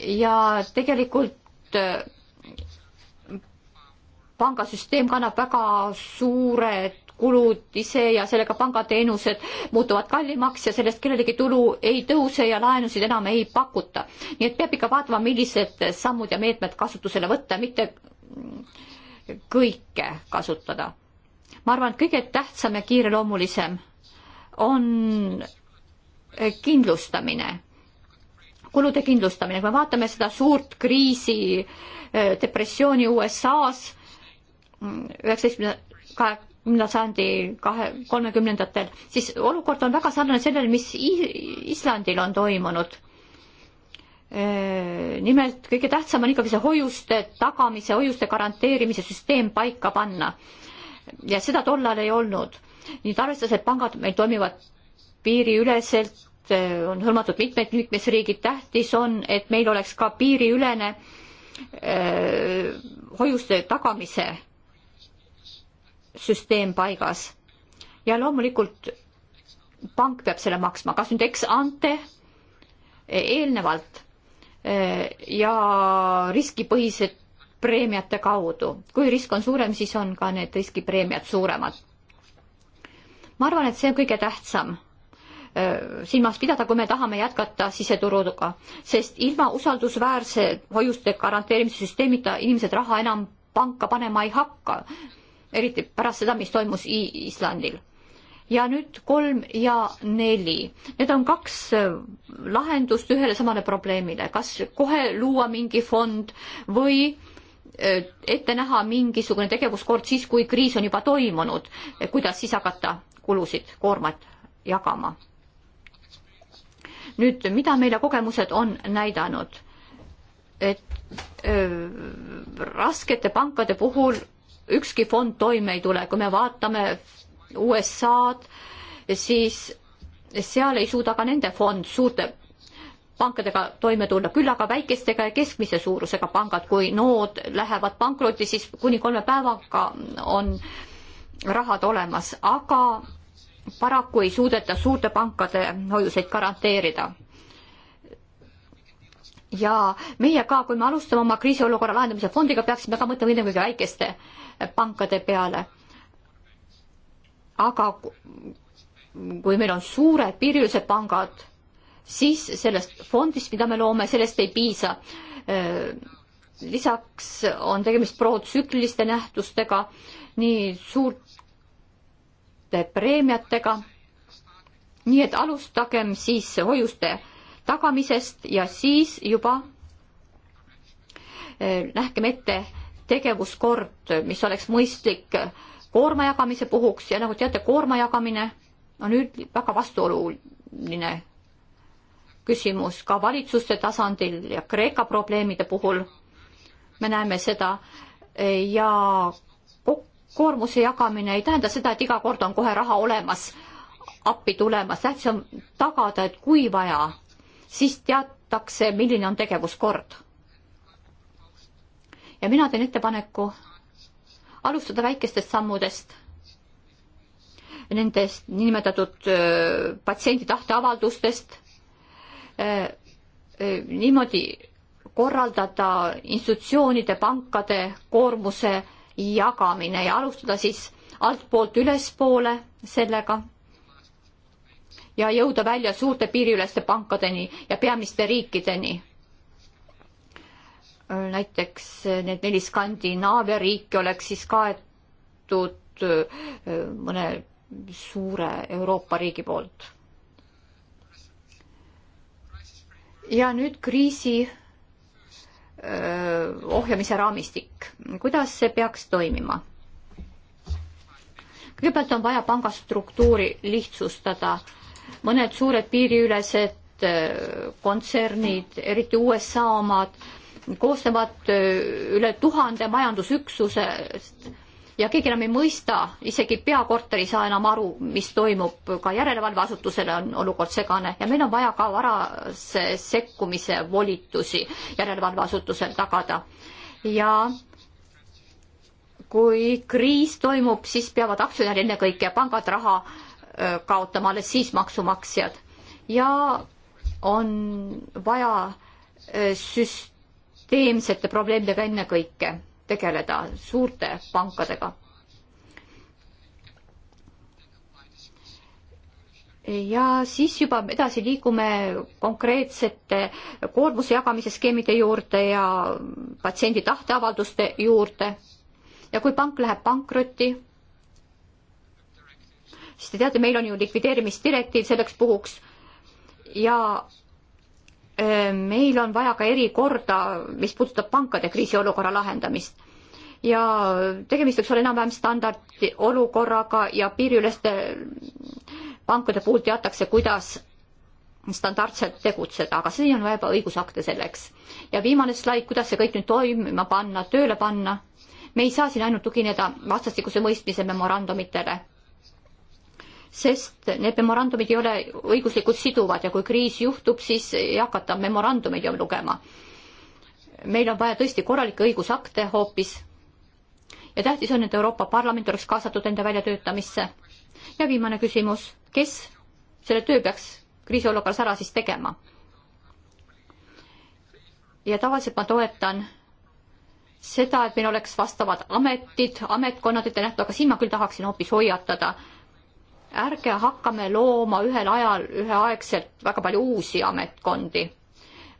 S5: ja tegelikult pangasüsteem kannab väga suure kulud ise ja sellega pangateenused muutuvad kallimaks ja sellest kellelegi tulu ei tõuse ja laenusid enam ei pakuta. nii et peab ikka vaatama, millised sammud ja meetmed kasutusele võtta, mitte kõike kasutada. ma arvan, et kõige tähtsam ja kiireloomulisem on kindlustamine, kulude kindlustamine, kui me vaatame seda suurt kriisi, eh, depressiooni USA-s mm, üheksateistkümne, kahe, kümnenda sajandi kahe, kolmekümnendatel, siis olukord on väga sarnane sellele, mis Islandil on toimunud. Äh, nimelt kõige tähtsam on ikkagi see hoiuste tagamise, hoiuste garanteerimise süsteem paika panna. ja seda tollal ei olnud. nii et arvestades, et pangad meil toimivad piiriüleselt, äh, on hõlmatud mitmed liikmesriigid, tähtis on, et meil oleks ka piiriülene öö, äh, hoiuste tagamise süsteem paigas. ja loomulikult pank peab selle maksma, kas nüüd ex ante e, eelnevalt e, ja riskipõhised preemiate kaudu. kui risk on suurem, siis on ka need riskipreemiad suuremad. ma arvan, et see on kõige tähtsam e, silmas pidada, kui me tahame jätkata siseturuga, sest ilma usaldusväärse hoiuste garanteerimise süsteemita inimesed raha enam panka panema ei hakka eriti pärast seda, mis toimus Islandil. ja nüüd kolm ja neli. Need on kaks äh, lahendust ühele samale probleemile, kas kohe luua mingi fond või äh, ette näha mingisugune tegevuskord siis, kui kriis on juba toimunud, kuidas siis hakata kulusid, koormat jagama. nüüd, mida meile kogemused on näidanud? et öö, äh, raskete pankade puhul ükski fond toime ei tule, kui me vaatame USA-d, siis seal ei suuda ka nende fond suurte pankadega toime tulla, küll aga väikestega ja keskmise suurusega pangad, kui nood lähevad pankrotti, siis kuni kolme päevaga on rahad olemas, aga paraku ei suudeta suurte pankade hoiuseid garanteerida. ja meie ka, kui me alustame oma kriisiolukorra lahendamise fondiga, peaksime ka mõtlema ennekõike väikeste äh, pankade peale. aga kui meil on suured piirilised pangad, siis sellest fondist, mida me loome, sellest ei piisa. Äh, lisaks on tegemist protsükliliste nähtustega, nii suurte preemiatega. nii et alustagem siis hoiuste tagamisest ja siis juba äh, nähkem ette tegevuskord, mis oleks mõistlik koorma jagamise puhuks ja nagu teate, koorma jagamine on üld-, väga vastuoluline küsimus ka valitsuste tasandil ja Kreeka probleemide puhul me näeme seda ja koormuse jagamine ei tähenda seda, et iga kord on kohe raha olemas, appi tulemas, tähtis on tagada, et kui vaja, siis teatakse, milline on tegevuskord ja mina teen ettepaneku alustada väikestest sammudest, nendest niinimetatud patsiendi tahteavaldustest, niimoodi korraldada institutsioonide, pankade koormuse jagamine ja alustada siis altpoolt ülespoole sellega ja jõuda välja suurte piiriüleste pankadeni ja peamiste riikideni näiteks need neli Skandinaavia riiki oleks siis kaetud äh, mõne suure Euroopa riigi poolt. ja nüüd kriisi äh, ohjamise raamistik, kuidas see peaks toimima? kõigepealt on vaja panga struktuuri lihtsustada, mõned suured piiriülesed äh, kontsernid, eriti USA omad, koosnevad üle tuhande majandusüksusest ja keegi enam ei mõista, isegi peakorter ei saa enam aru, mis toimub, ka järelevalveasutusele on olukord segane ja meil on vaja ka varase sekkumise volitusi järelevalveasutusel tagada. ja kui kriis toimub, siis peavad aktsionärid ennekõike ja pangad raha kaotama, alles siis maksumaksjad. ja on vaja süst-, süsteemsete probleemidega ennekõike tegeleda, suurte pankadega. ja siis juba edasi liigume konkreetsete koormuse jagamise skeemide juurde ja patsiendi tahteavalduste juurde. ja kui pank läheb pankrotti, siis te teate, meil on ju likvideerimisdirektiiv selleks puhuks ja meil on vaja ka erikorda, mis puudutab pankade kriisiolukorra lahendamist. ja tegemist võiks olla enam-vähem standardi olukorraga ja piiriüleste pankade puhul teatakse, kuidas standardselt tegutseda, aga siin on vaja juba õigusakte selleks. ja viimane slaid, kuidas see kõik nüüd toimima panna, tööle panna. me ei saa siin ainult tugineda vastastikuse mõistmise memorandumitele sest need memorandumid ei ole õiguslikult siduvad ja kui kriis juhtub, siis ei hakata memorandumeid ju lugema. meil on vaja tõesti korralikke õigusakte hoopis. ja tähtis on, et Euroopa Parlament oleks kaasatud enda väljatöötamisse. ja viimane küsimus, kes selle töö peaks kriisiolukorras ära siis tegema? ja tavaliselt ma toetan seda, et meil oleks vastavad ametid, ametkonnad ette nähtud, aga siin ma küll tahaksin hoopis hoiatada ärge hakkame looma ühel ajal üheaegselt väga palju uusi ametkondi.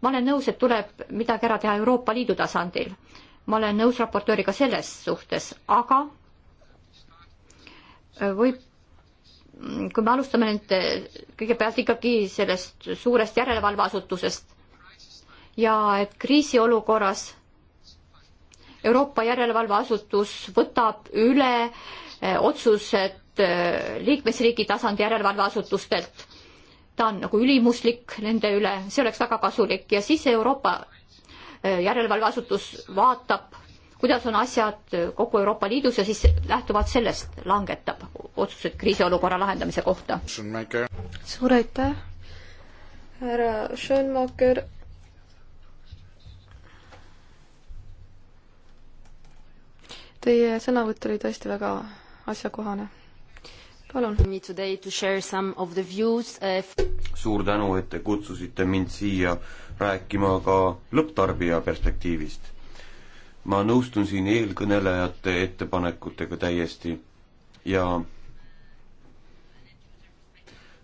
S5: ma olen nõus, et tuleb midagi ära teha Euroopa Liidu tasandil. ma olen nõus raportööriga selles suhtes, aga võib, kui me alustame nende, kõigepealt ikkagi sellest suurest järelevalveasutusest ja et kriisiolukorras Euroopa järelevalveasutus võtab üle eh, otsused Äh, liikmesriigi tasandi järelevalveasutustelt. ta on nagu ülimuslik nende üle, see oleks väga kasulik ja siis Euroopa äh, järelevalveasutus vaatab, kuidas on asjad kogu Euroopa Liidus ja siis lähtuvalt sellest langetab otsused kriisiolukorra
S1: lahendamise kohta. suur aitäh, härra Schönmacher. Teie sõnavõtt oli tõesti väga asjakohane palun. Uh,
S4: suur tänu, et te kutsusite mind siia rääkima ka lõpptarbija perspektiivist. ma nõustun siin eelkõnelejate ettepanekutega täiesti ja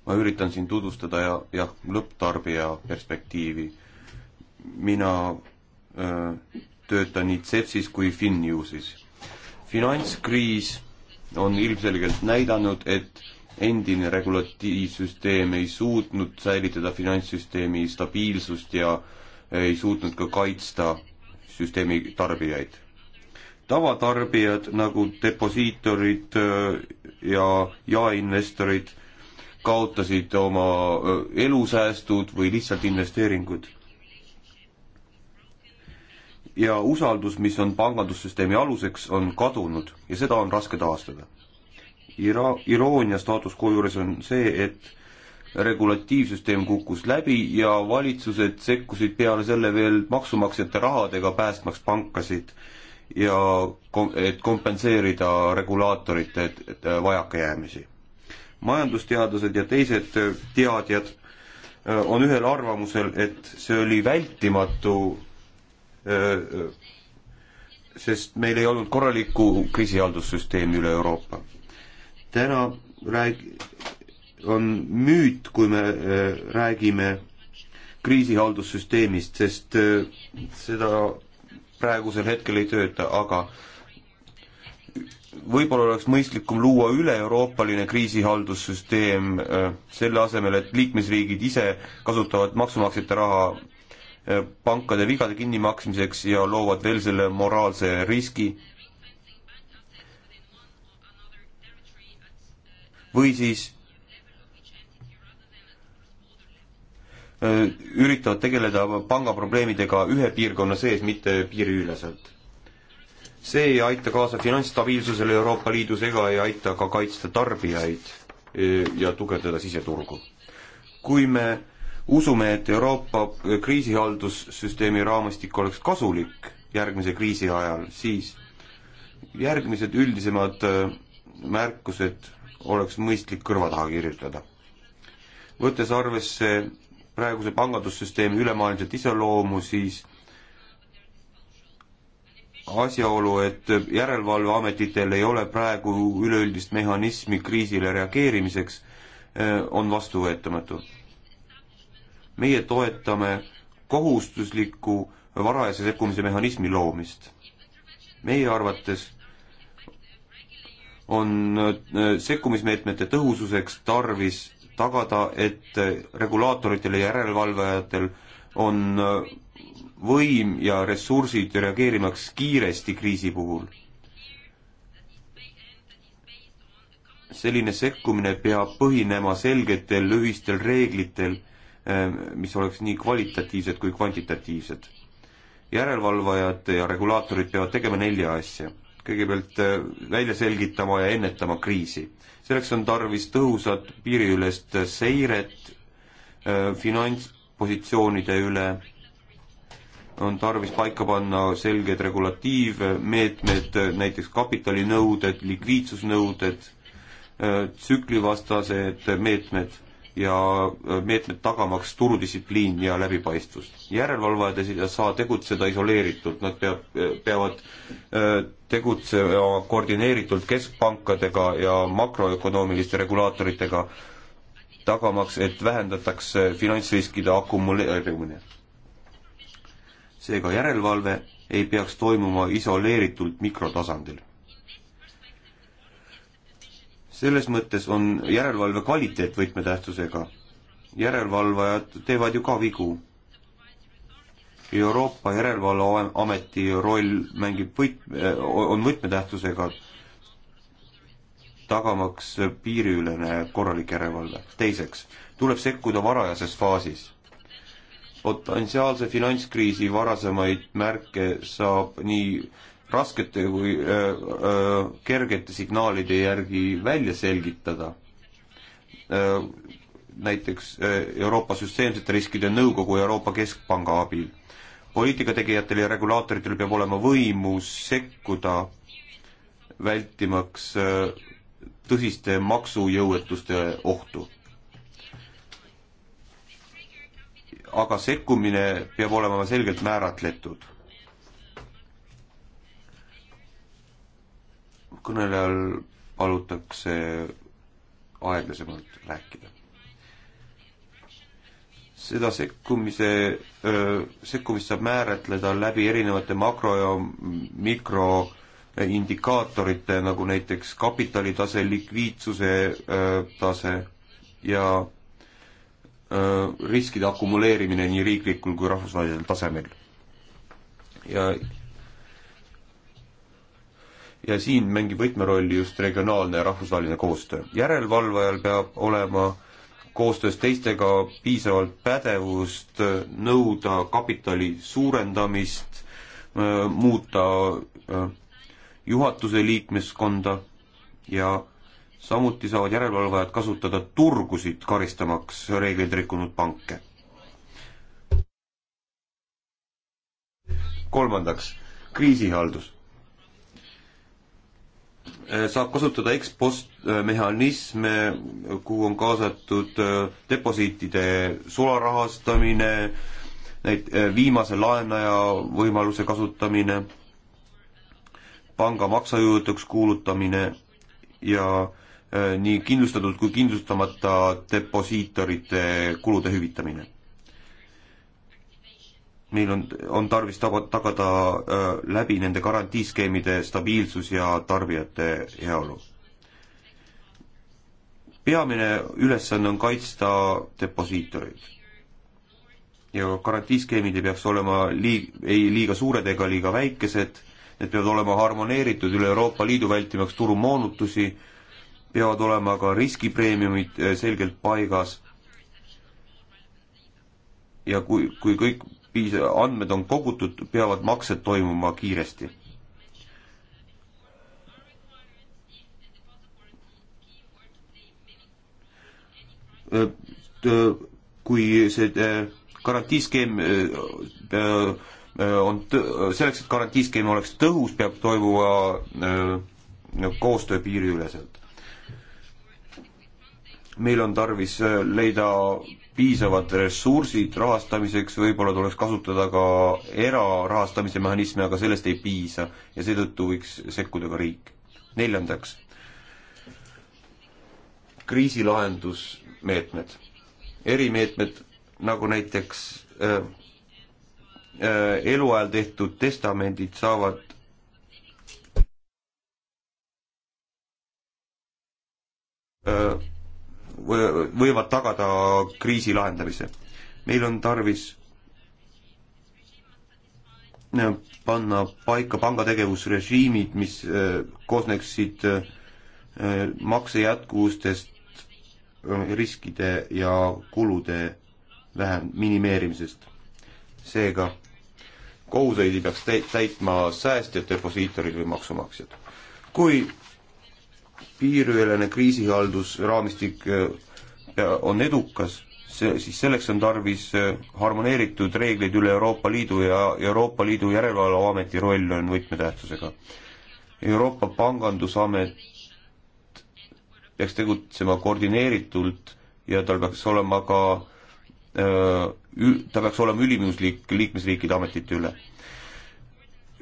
S4: ma üritan siin tutvustada ja jah, lõpptarbija perspektiivi. mina öö, äh, töötan nii CEPSis kui FinNewsis. finantskriis on ilmselgelt näidanud, et endine regulatiivsüsteem ei suutnud säilitada finantssüsteemi stabiilsust ja ei suutnud ka kaitsta süsteemi tarbijaid. tavatarbijad nagu deposiitorid äh, ja jaeinvestorid kaotasid oma äh, elusäästud või lihtsalt investeeringud ja usaldus, mis on pangandussüsteemi aluseks, on kadunud ja seda on raske taastada. Ira-, iroonia staatus quo juures on see, et regulatiivsüsteem kukkus läbi ja valitsused sekkusid peale selle veel maksumaksjate rahadega, päästmaks pankasid ja kom-, et kompenseerida regulaatorite äh, vajakajäämisi. majandusteadlased ja teised äh, teadjad äh, on ühel arvamusel, et see oli vältimatu Äh, äh, sest meil ei olnud korralikku kriisihaldussüsteemi üle Euroopa. täna rääg-, on müüt, kui me äh, räägime kriisihaldussüsteemist, sest seda praegusel hetkel ei tööta, aga võib-olla oleks mõistlikum luua üle-euroopaline kriisihaldussüsteem selle asemel, et liikmesriigid ise kasutavad maksumaksjate raha Äh, pankade vigade kinnimaksmiseks ja loovad veel selle moraalse riski. või siis äh, üritavad tegeleda pangaprobleemidega ühe piirkonna sees, mitte piiriüleselt. see ei aita kaasa finantsstabiilsusele Euroopa Liidus ega ei aita ka kaitsta tarbijaid äh, ja tugevdada siseturgu. kui me usume, et Euroopa kriisihaldussüsteemi raamistik oleks kasulik järgmise kriisi ajal, siis järgmised üldisemad äh, märkused oleks mõistlik kõrva taha kirjutada. võttes arvesse praeguse pangandussüsteemi ülemaailmset iseloomu, siis asjaolu, et järelevalveametitel ei ole praegu üleüldist mehhanismi kriisile reageerimiseks, äh, on vastuvõetamatu meie toetame kohustusliku varajase sekkumise mehhanismi loomist. meie arvates on äh, sekkumismeetmete tõhususeks tarvis tagada, et regulaatoritel ja järelevalvajatel on äh, võim ja ressursid reageerimaks kiiresti kriisi puhul. selline sekkumine peab põhinema selgetel ühistel reeglitel Äh, mis oleks nii kvalitatiivsed kui kvantitatiivsed. järelevalvajad ja regulaatorid peavad tegema nelja asja. kõigepealt äh, välja selgitama ja ennetama kriisi. selleks on tarvis tõhusat piiriülest seiret äh, finantspositsioonide üle, on tarvis paika panna selged regulatiivmeetmed, näiteks kapitalinõuded, likviidsusnõuded, tsüklivastased meetmed ja äh, meetmed tagamaks turudistsipliin ja läbipaistvust. järelevalvajad ei saa tegutseda isoleeritult, nad peab, äh, peavad äh, tegutsema koordineeritult keskpankadega ja makroökonoomiliste regulaatoritega, tagamaks, et vähendatakse finantsriskide akumuleerimine. seega järelevalve ei peaks toimuma isoleeritult mikrotasandil selles mõttes on järelevalve kvaliteet võtmetähtsusega. järelevalvajad teevad ju ka vigu. Euroopa Järelevalveameti roll mängib võt-, äh, on võtmetähtsusega, tagamaks piiriülene korralik järelevalve. teiseks, tuleb sekkuda varajases faasis. potentsiaalse finantskriisi varasemaid märke saab nii raskete või äh, äh, kergete signaalide järgi välja selgitada äh,. näiteks Euroopa Süsteemsete Riskide Nõukogu Euroopa Keskpanga abil. poliitikategijatel ja regulaatoritel peab olema võimus sekkuda, vältimaks tõsiste maksujõuetuste ohtu aga sekkumine peab olema selgelt määratletud. kõnelejal palutakse aeglasemalt rääkida. seda sekkumise, sekkumist saab määratleda läbi erinevate makro- ja mikroindikaatorite, nagu näiteks kapitalitase, likviidsuse tase ja riskide akumuleerimine nii riiklikul kui rahvusvahelisel tasemel. ja ja siin mängib võtmerolli just regionaalne ja rahvusvaheline koostöö. järelevalvajal peab olema koostöös teistega piisavalt pädevust äh, nõuda kapitali suurendamist, äh, muuta äh, juhatuse liikmeskonda ja samuti saavad järelevalvajad kasutada turgusid, karistamaks reegleid rikkunud panke. kolmandaks, kriisihaldus Eh, saab kasutada ekspost eh, mehhanisme, kuhu on kaasatud eh, deposiitide sularahastamine, näit-, viimase laenaja võimaluse kasutamine, panga maksejõuetuks kuulutamine ja nii kindlustatud kui kindlustamata deposiitorite kulude hüvitamine meil on, on tarvis taba, tagada äh, läbi nende garantiiskeemide stabiilsus ja tarbijate heaolu. peamine ülesanne on kaitsta deposiitoreid. ja garantiiskeemid ei peaks olema lii-, ei liiga suured ega liiga väikesed, need peavad olema harmoneeritud üle Euroopa Liidu, vältimaks turumoonutusi, peavad olema ka riskipreemiumid äh, selgelt paigas ja kui, kui kõik piis-, andmed on kogutud, peavad maksed toimuma kiiresti. Äh, äh, kui see äh, garantiiskeem on, selleks, et garantiiskeem oleks tõhus, peab toimuma koostöö piiriüleselt. meil on tarvis leida piisavad ressursid rahastamiseks, võib-olla tuleks kasutada ka erarahastamise mehhanisme, aga sellest ei piisa ja seetõttu võiks sekkuda ka riik. neljandaks, kriisilahendusmeetmed, erimeetmed nagu näiteks äh, äh, eluajal tehtud testamendid saavad äh, võivad tagada kriisi lahendamise. meil on tarvis äh, panna paika pangategevusrežiimid, mis äh, koosneksid äh, makse jätkuvustest, riskide ja kulude vähem minimeerimisest. seega kohuseid ei peaks täitma säästjad, deposiitorid või maksumaksjad. kui piiriülene kriisihaldusraamistik äh, on edukas, see, siis selleks on tarvis äh, harmoneeritud reegleid üle Euroopa Liidu ja Euroopa Liidu Järelevalveameti roll on võtmetähtsusega. Euroopa Pangandusamet peaks tegutsema koordineeritult ja tal peaks olema ka, äh, ta peaks olema ülimuslik liikmesriikide ametite üle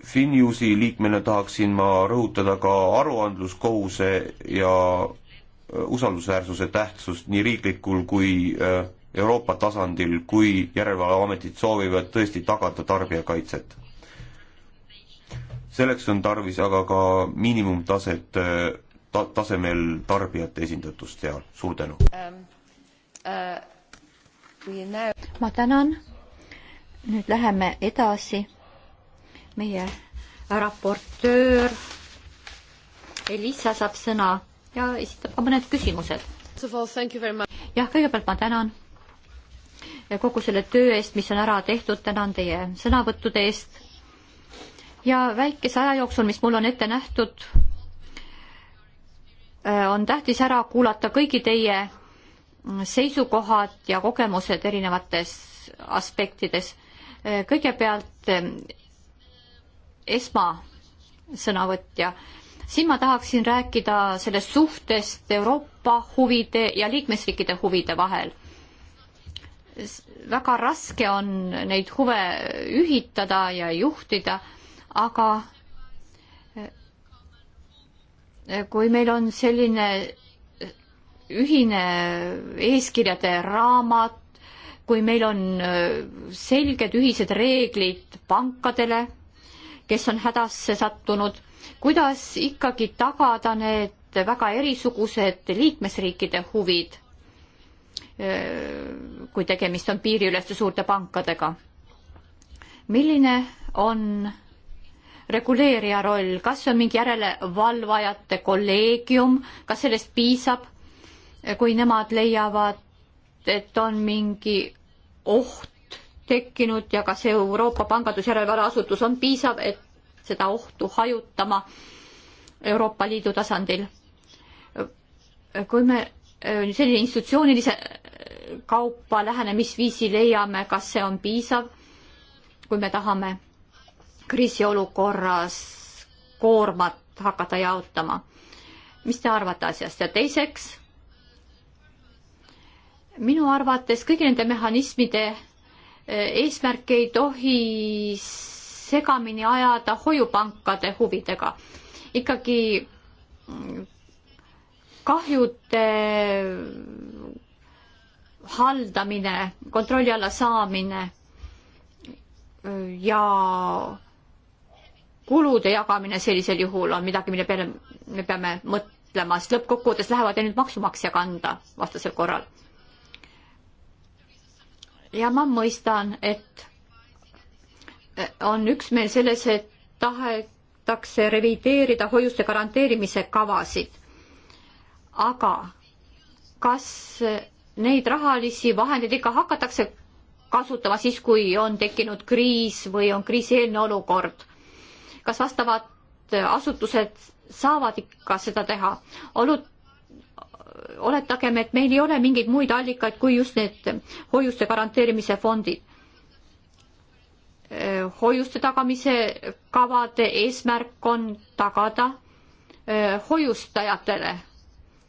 S4: FinUSi liikmena tahaksin ma rõhutada ka aruandluskohuse ja äh, usaldusväärsuse tähtsust nii riiklikul kui äh, Euroopa tasandil, kui järelevalveametid soovivad tõesti tagada tarbijakaitset. selleks on tarvis aga ka miinimumtaset, äh, ta-, tasemel tarbijate esindatust seal, suur tänu
S5: um,! Uh, now... ma tänan, nüüd läheme edasi meie raportöör Elisa saab sõna ja esitab ka mõned küsimused. jah, kõigepealt ma tänan ja kogu selle töö eest, mis on ära tehtud, tänan teie sõnavõttude eest. ja väikese aja jooksul, mis mul on ette nähtud, äh, on tähtis ära kuulata kõigi teie seisukohad ja kogemused erinevates aspektides. Äh, kõigepealt esmasõnavõtja. siin ma tahaksin rääkida sellest suhtest Euroopa huvide ja liikmesriikide huvide vahel. väga raske on neid huve ühitada ja juhtida, aga eh, kui meil on selline eh, ühine eeskirjade raamat, kui meil on eh, selged ühised reeglid pankadele kes on hädasse sattunud. kuidas ikkagi tagada need väga erisugused liikmesriikide huvid, kui tegemist on piiriüleste suurte pankadega? milline on reguleerija roll, kas on mingi järelevalvajate kolleegium, kas sellest piisab, kui nemad leiavad, et on mingi oht tekkinud ja kas Euroopa Pangandusjärelevalve Asutus on piisav, et seda ohtu hajutama Euroopa Liidu tasandil. kui me äh, selline institutsioonilise äh, kaupa lähenemisviisi leiame, kas see on piisav, kui me tahame kriisiolukorras koormat hakata jaotama. mis te arvate asjast ja teiseks, minu arvates kõigi nende mehhanismide eesmärk ei tohi segamini ajada hoiupankade huvidega. ikkagi kahjude haldamine, kontrolli alla saamine ja kulude jagamine sellisel juhul on midagi, mille peale me peame mõtlema, sest lõppkokkuvõttes lähevad ainult maksumaksja kanda vastasel korral ja ma mõistan, et eh, on üksmeel selles, et tahetakse revideerida hoiuste garanteerimise kavasid. aga kas neid rahalisi vahendeid ikka hakatakse kasutama siis, kui on tekkinud kriis või on kriisieelne olukord? kas vastavad asutused saavad ikka seda teha? olud oletagem, et meil ei ole mingeid muid allikaid kui just need hoiuste garanteerimise fondid. hoiuste tagamise kavade eesmärk on tagada eh, hoiustajatele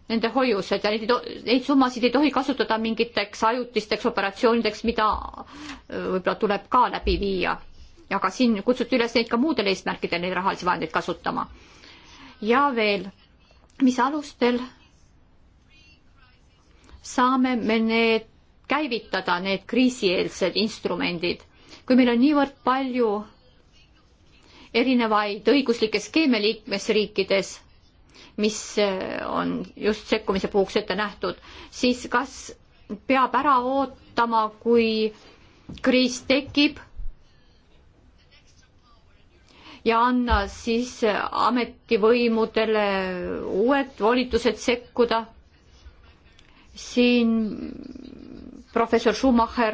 S5: nende hoiused ja neid, neid summasid ei tohi kasutada mingiteks ajutisteks operatsioonideks, mida eh, võib-olla tuleb ka läbi viia. aga siin kutsuti üles neid ka muudel eesmärkidel, neid rahalisi vahendeid kasutama. ja veel, mis alustel saame me need käivitada, need kriisieelsed instrumendid. kui meil on niivõrd palju erinevaid õiguslikke skeeme liikmesriikides, mis eh, on just sekkumise puhuks ette nähtud, siis kas peab ära ootama, kui kriis tekib ja anna siis ametivõimudele uued volitused sekkuda siin professor Schumacher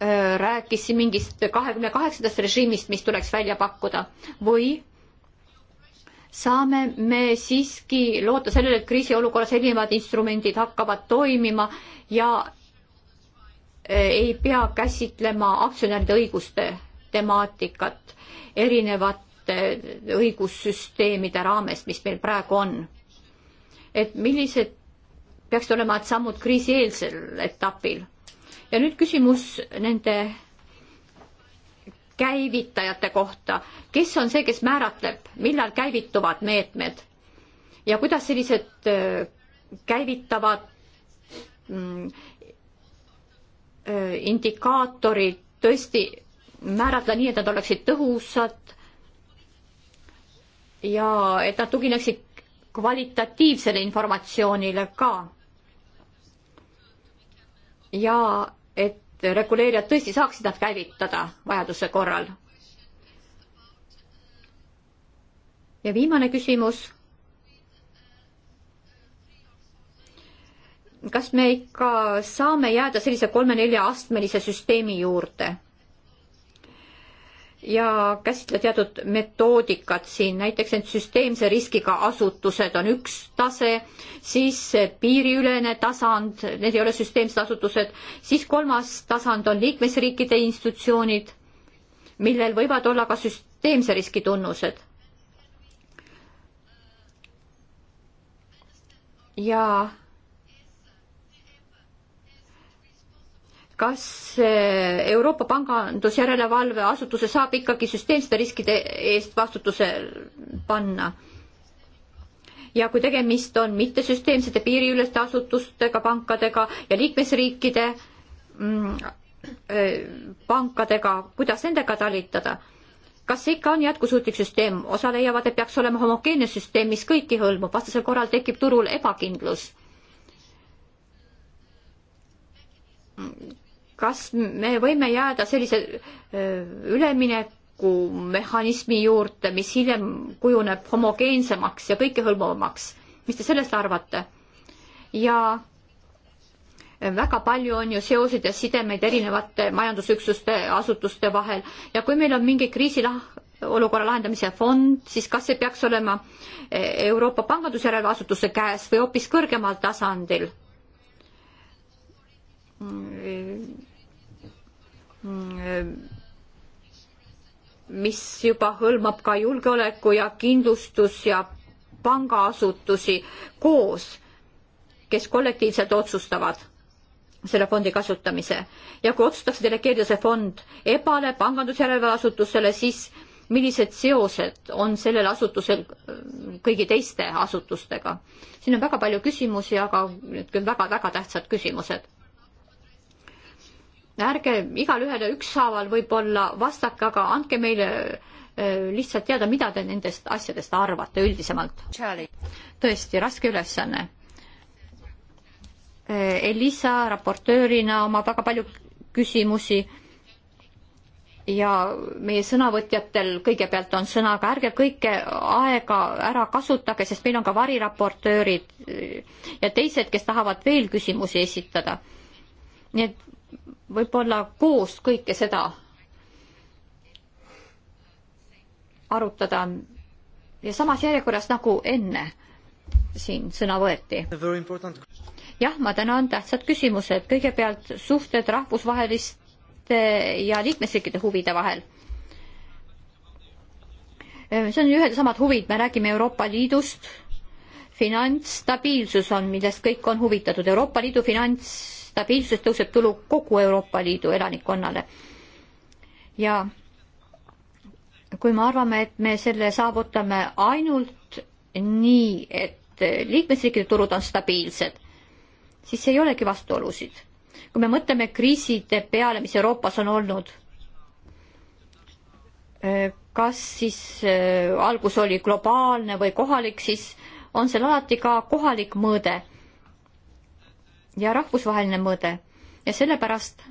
S5: äh, rääkis siin mingist kahekümne kaheksandast režiimist, mis tuleks välja pakkuda või saame me siiski loota sellele, et kriisiolukorras erinevad instrumendid hakkavad toimima ja äh, ei pea käsitlema aktsionäride õiguste temaatikat erinevate õigussüsteemide raames, mis meil praegu on. et millised peaksid olema sammud kriisieelsel etapil. ja nüüd küsimus nende käivitajate kohta, kes on see, kes määratleb, millal käivituvad meetmed ja kuidas sellised äh, käivitavad mm, äh, indikaatorid tõesti määrata nii, et nad oleksid tõhusad ja et nad tugineksid kvalitatiivsele informatsioonile ka. ja et reguleerijad tõesti saaksid nad käivitada vajaduse korral. ja viimane küsimus. kas me ikka saame jääda sellise kolme-nelja astmelise süsteemi juurde? ja käsitleda teatud metoodikat siin, näiteks need süsteemse riskiga asutused on üks tase, siis piiriülene tasand, need ei ole süsteemsed asutused, siis kolmas tasand on liikmesriikide institutsioonid, millel võivad olla ka süsteemse riski tunnused. ja kas eh, Euroopa pangandusjärelevalve asutuse saab ikkagi süsteemsete riskide eest vastutuse panna? ja kui tegemist on mittesüsteemsete piiriüleste asutustega, pankadega ja liikmesriikide mm, eh, pankadega, kuidas nendega talitada? kas see ikka on jätkusuutlik süsteem, osa leiavad, et peaks olema homogeenne süsteem, mis kõiki hõlmab, vastasel korral tekib turul ebakindlus kas me võime jääda sellise üleminekumehhanismi juurde, mis hiljem kujuneb homogeensemaks ja kõikehõlmavamaks? mis te sellest arvate? ja väga palju on ju seoseid ja sidemeid erinevate majandusüksuste, asutuste vahel ja kui meil on mingi kriisi lah-, olukorra lahendamise fond, siis kas see peaks olema Euroopa Pangandusjärelevalve Asutuse käes või hoopis kõrgemal tasandil?
S2: Mm,
S5: mis juba hõlmab ka julgeoleku ja kindlustus ja pangaasutusi koos, kes kollektiivselt otsustavad selle fondi kasutamise. ja kui otsustatakse delegeerida see fond EBA-le, pangandusjärelevalveasutusele, siis millised seosed on sellel asutusel äh, kõigi teiste asutustega? siin on väga palju küsimusi, aga need küll väga-väga tähtsad küsimused ärge igalühele ükshaaval võib-olla vastake, aga andke meile äh, lihtsalt teada, mida te nendest asjadest arvate üldisemalt. tõesti raske ülesanne. Äh, Elisa raportöörina omab väga palju küsimusi ja meie sõnavõtjatel kõigepealt on sõna, aga ärge kõike aega ära kasutage, sest meil on ka variraportöörid äh, ja teised, kes tahavad veel küsimusi esitada. nii et võib-olla koos kõike seda arutada ja samas järjekorras nagu enne siin sõna võeti. jah, ma tänan, tähtsad küsimused. kõigepealt suhted rahvusvaheliste ja liikmesriikide huvide vahel. see on ühed ja samad huvid, me räägime Euroopa Liidust, finantsstabiilsus on, millest kõik on huvitatud, Euroopa Liidu finants stabiilsusest tõuseb tulu kogu Euroopa Liidu elanikkonnale. ja kui me arvame, et me selle saavutame ainult nii, et liikmesriikide turud on stabiilsed, siis ei olegi vastuolusid. kui me mõtleme kriiside peale, mis Euroopas on olnud, kas siis äh, algus oli globaalne või kohalik, siis on seal alati ka kohalik mõõde ja rahvusvaheline mõõde ja sellepärast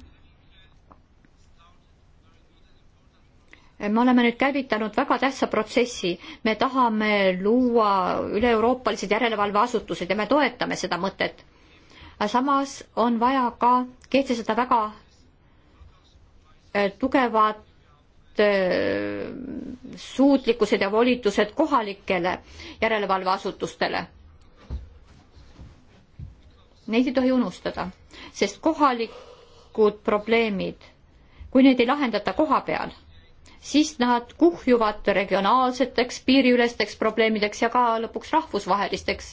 S5: me oleme nüüd käivitanud väga tähtsa protsessi, me tahame luua üle-euroopalised järelevalveasutused ja me toetame seda mõtet. samas on vaja ka kehtestada väga äh, tugevad äh, suutlikkused ja volitused kohalikele järelevalveasutustele neid ei tohi unustada, sest kohalikud probleemid, kui neid ei lahendata koha peal, siis nad kuhjuvad regionaalseteks, piiriülesteks probleemideks ja ka lõpuks rahvusvahelisteks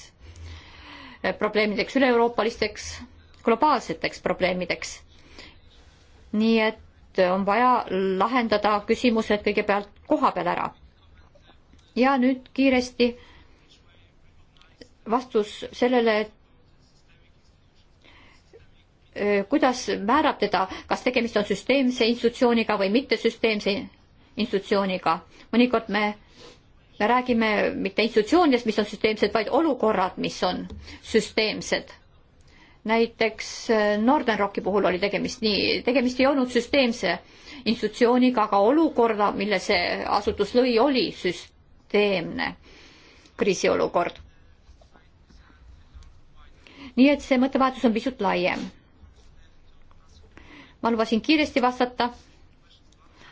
S5: eh, probleemideks, üle-euroopalisteks, globaalseteks probleemideks. nii et on vaja lahendada küsimused kõigepealt koha peal ära. ja nüüd kiiresti vastus sellele, et kuidas määrab teda, kas tegemist on süsteemse institutsiooniga või mittesüsteemse institutsiooniga. mõnikord me, me räägime mitte institutsioonidest, mis on süsteemsed, vaid olukorrad, mis on süsteemsed. näiteks Northern Rocki puhul oli tegemist nii, tegemist ei olnud süsteemse institutsiooniga, aga olukorda, mille see asutus lõi, oli süsteemne kriisiolukord. nii et see mõttevahetus on pisut laiem ma lubasin kiiresti vastata.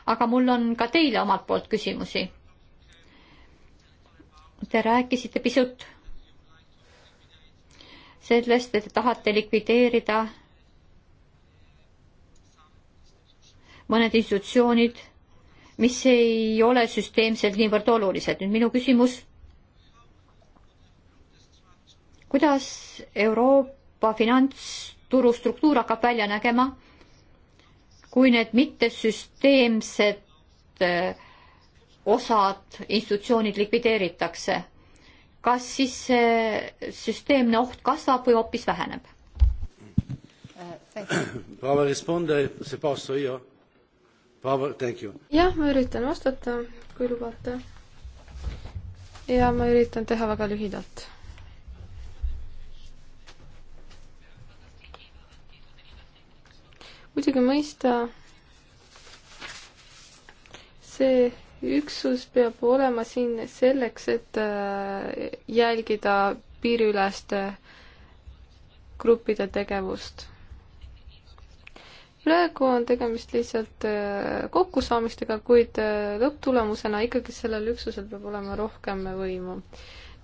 S5: aga mul on ka teile omalt poolt küsimusi. Te rääkisite pisut sellest, et te tahate likvideerida mõned institutsioonid, mis ei ole süsteemselt niivõrd olulised. nüüd minu küsimus. kuidas Euroopa finantsturu struktuur hakkab välja nägema? kui need mittesüsteemsed äh, osad, institutsioonid likvideeritakse, kas siis see süsteemne oht kasvab või hoopis väheneb?
S1: jah, ma üritan vastata, kui lubate. ja ma üritan teha väga lühidalt muidugi mõista, see üksus peab olema siin selleks, et äh, jälgida piiriüleste gruppide tegevust. praegu on tegemist lihtsalt äh, kokkusaamistega, kuid äh, lõpptulemusena ikkagi sellel üksusel peab olema rohkem võimu.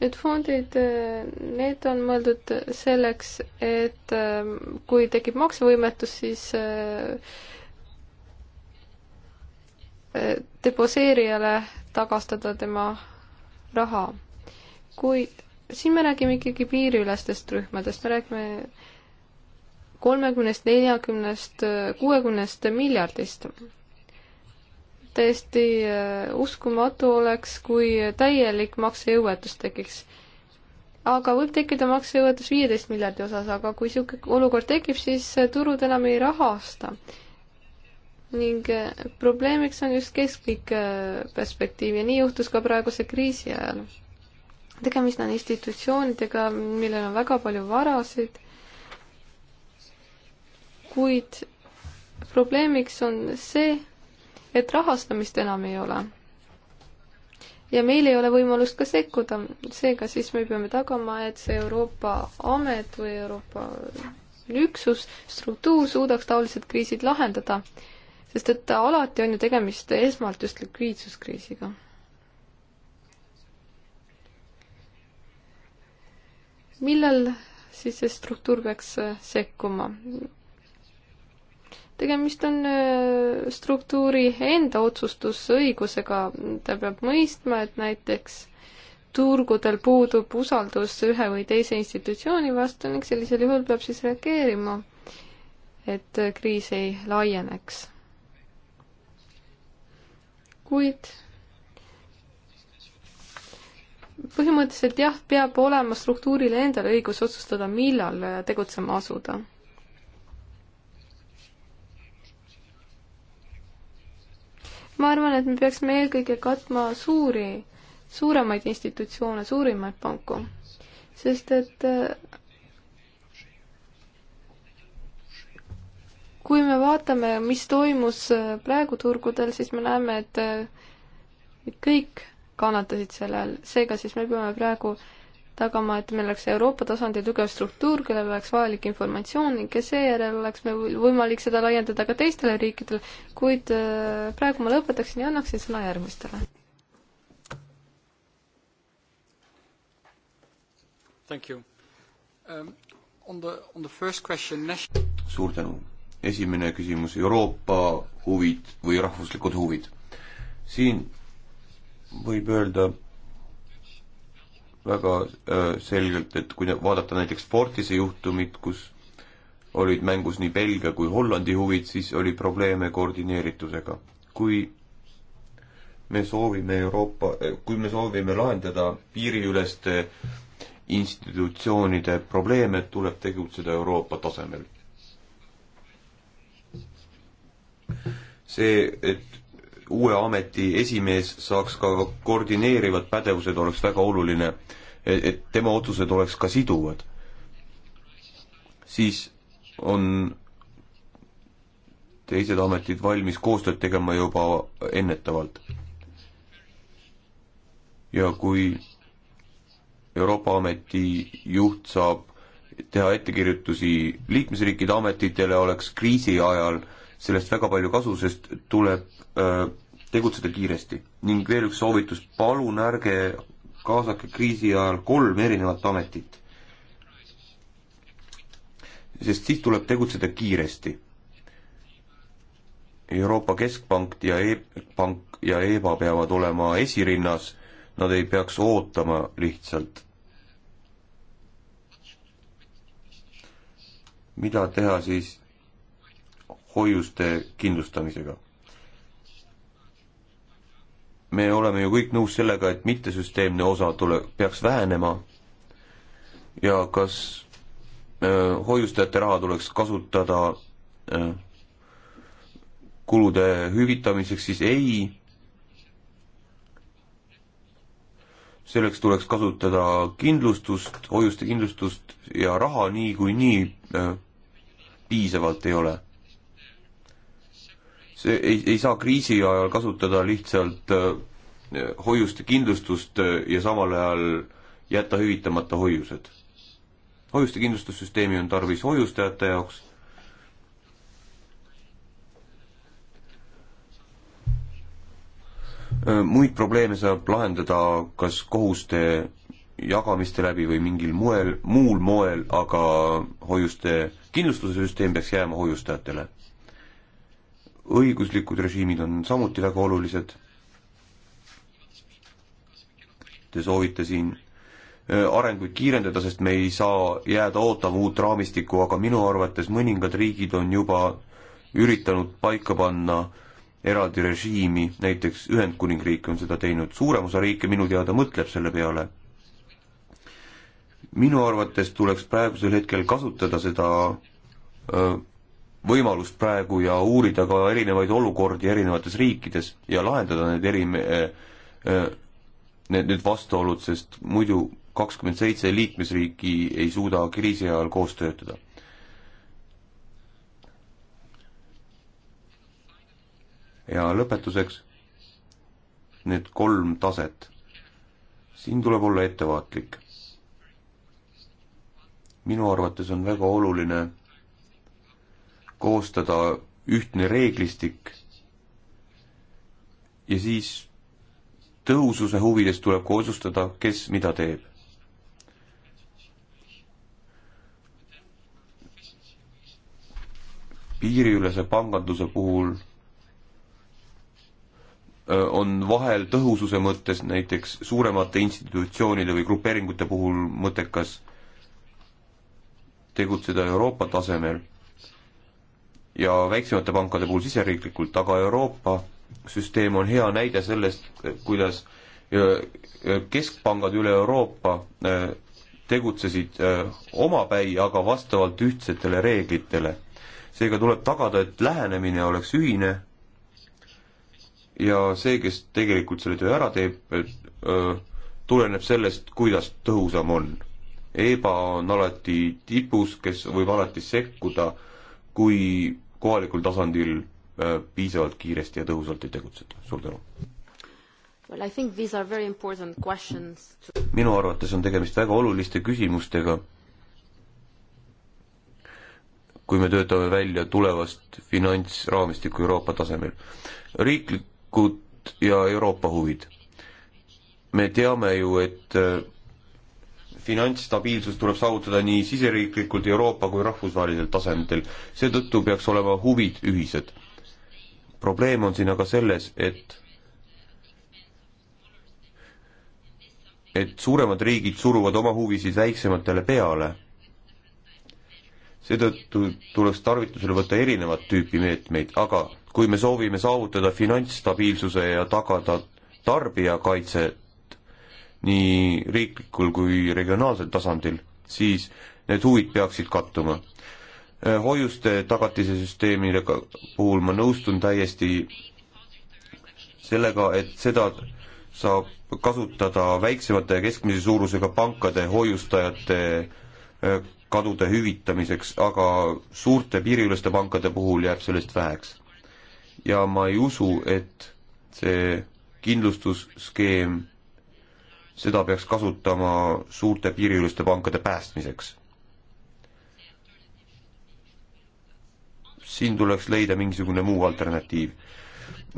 S1: Need fondid, äh, need on mõeldud selleks, et äh, kui tekib maksevõimetus, siis äh, deposeerijale tagastada tema raha. kuid siin me räägime ikkagi piiriülestest rühmadest, me räägime kolmekümnest, neljakümnest, kuuekümnest miljardist täiesti äh, uskumatu oleks, kui täielik maksejõuetus tekiks. aga võib tekkida maksejõuetus viieteist miljardi osas, aga kui niisugune olukord tekib, siis äh, turud enam ei rahasta. ning äh, probleemiks on just keskpikk perspektiiv ja nii juhtus ka praeguse kriisi ajal. tegemist on institutsioonidega, millel on väga palju varasid, kuid probleemiks on see, et rahastamist enam ei ole. ja meil ei ole võimalust ka sekkuda, seega siis me peame tagama, et see Euroopa amet või Euroopa üksus, struktuur suudaks taolised kriisid lahendada, sest et alati on ju tegemist esmalt just likviidsuskriisiga. millal siis see struktuur peaks sekkuma? tegemist on struktuuri enda otsustusõigusega, ta peab mõistma, et näiteks turgudel puudub usaldus ühe või teise institutsiooni vastu ning sellisel juhul peab siis reageerima, et kriis ei laieneks. kuid põhimõtteliselt jah, peab olema struktuurile endale õigus otsustada, millal tegutsema asuda ma arvan, et me peaksime eelkõige katma suuri, suuremaid institutsioone, suurimaid panku, sest et äh, kui me vaatame, mis toimus äh, praegu turgudel, siis me näeme, et äh, kõik kannatasid selle all, seega siis me peame praegu äh, tagama, et meil oleks Euroopa tasandi tugev struktuur, kellel oleks vajalik informatsioon ning seejärel oleks meil võimalik seda laiendada ka teistele riikidele, kuid äh, praegu ma lõpetaksin ja annaksin sõna järgmistele.
S2: Thank you um,. On the, on the first question
S4: suur tänu. esimene küsimus, Euroopa huvid või rahvuslikud huvid. siin võib öelda väga äh, selgelt, et kui vaadata näiteks Fortise juhtumit, kus olid mängus nii Belgia kui Hollandi huvid, siis oli probleeme koordineeritusega. kui me soovime Euroopa, kui me soovime lahendada piiriüleste institutsioonide probleeme, tuleb tegutseda Euroopa tasemel. see, et uue ameti esimees saaks ka koordineerivad pädevused, oleks väga oluline, et tema otsused oleks ka siduvad. siis on teised ametid valmis koostööd tegema juba ennetavalt. ja kui Euroopa Ameti juht saab teha ettekirjutusi liikmesriikide ametitele, oleks kriisi ajal äh, sellest väga palju kasu, sest tuleb öö, äh, tegutseda kiiresti. ning veel üks soovitus, palun ärge kaasake kriisi ajal kolm erinevat ametit. sest siis tuleb tegutseda kiiresti. Euroopa Keskpank ja E-pank ja EBA peavad olema esirinnas, nad ei peaks ootama lihtsalt. mida teha siis hoiuste kindlustamisega. me oleme ju kõik nõus sellega, et mittesüsteemne osa tule-, peaks vähenema ja kas öö, äh, hoiustajate raha tuleks kasutada öö, äh, kulude hüvitamiseks, siis ei. selleks tuleks kasutada kindlustust, hoiuste kindlustust ja raha niikuinii nii, äh, piisavalt ei ole see ei, ei saa kriisi ajal kasutada lihtsalt äh, hoiuste kindlustust äh, ja samal ajal jätta hüvitamata hoiused. hoiuste kindlustussüsteemi on tarvis hoiustajate jaoks äh, muid probleeme saab lahendada kas kohuste jagamiste läbi või mingil moel, muul moel, aga hoiuste kindlustuse süsteem peaks jääma hoiustajatele õiguslikud režiimid on samuti väga olulised. Te soovite siin äh, arenguid kiirendada, sest me ei saa jääda ootama uut raamistikku, aga minu arvates mõningad riigid on juba üritanud paika panna eraldi režiimi, näiteks Ühendkuningriik on seda teinud, suurem osa riike minu teada mõtleb selle peale. minu arvates tuleks praegusel hetkel kasutada seda öö, äh, võimalust praegu ja uurida ka erinevaid olukordi erinevates riikides ja lahendada need eri, äh, äh, need, need vastuolud, sest muidu kakskümmend seitse liikmesriiki ei suuda kriisi ajal koos töötada. ja lõpetuseks need kolm taset. siin tuleb olla ettevaatlik. minu arvates on väga oluline koostada ühtne reeglistik ja siis tõhususe huvides tuleb ka otsustada, kes mida teeb. piiriülese panganduse puhul on vahel tõhususe mõttes näiteks suuremate institutsioonide või grupeeringute puhul mõttekas tegutseda Euroopa tasemel ja väiksemate pankade puhul siseriiklikult, aga Euroopa süsteem on hea näide sellest, kuidas äh, äh, keskpangad üle Euroopa äh, tegutsesid omapäi, aga vastavalt ühtsetele reeglitele. seega tuleb tagada, et lähenemine oleks ühine ja see, kes tegelikult selle töö ära teeb, tuleneb sellest, kuidas tõhusam on. EBA on alati tipus, kes võib alati sekkuda, kui kohalikul tasandil äh, piisavalt kiiresti ja tõhusalt ei tegutseta. suur tänu!
S5: Well, I think these are very important questions to...
S4: minu arvates on tegemist väga oluliste küsimustega, kui me töötame välja tulevast finantsraamistikku Euroopa tasemel. riiklikud ja Euroopa huvid. me teame ju, et äh, finantsstabiilsus tuleb saavutada nii siseriiklikult Euroopa kui rahvusvahelisel tasandil, seetõttu peaks olema huvid ühised. probleem on siin aga selles, et et suuremad riigid suruvad oma huvisid väiksematele peale. seetõttu tuleks tarvitusele võtta erinevat tüüpi meetmeid, aga kui me soovime saavutada finantsstabiilsuse ja tagada tarbijakaitse nii riiklikul kui regionaalsel tasandil, siis need huvid peaksid kattuma. Äh, hoiuste tagatise süsteemile puhul ma nõustun täiesti sellega, et seda saab kasutada väiksemate ja keskmise suurusega pankade hoiustajate äh, kadude hüvitamiseks, aga suurte piiriüleste pankade puhul jääb sellest väheks. ja ma ei usu, et see kindlustusskeem seda peaks kasutama suurte piiriüleste pankade päästmiseks. siin tuleks leida mingisugune muu alternatiiv.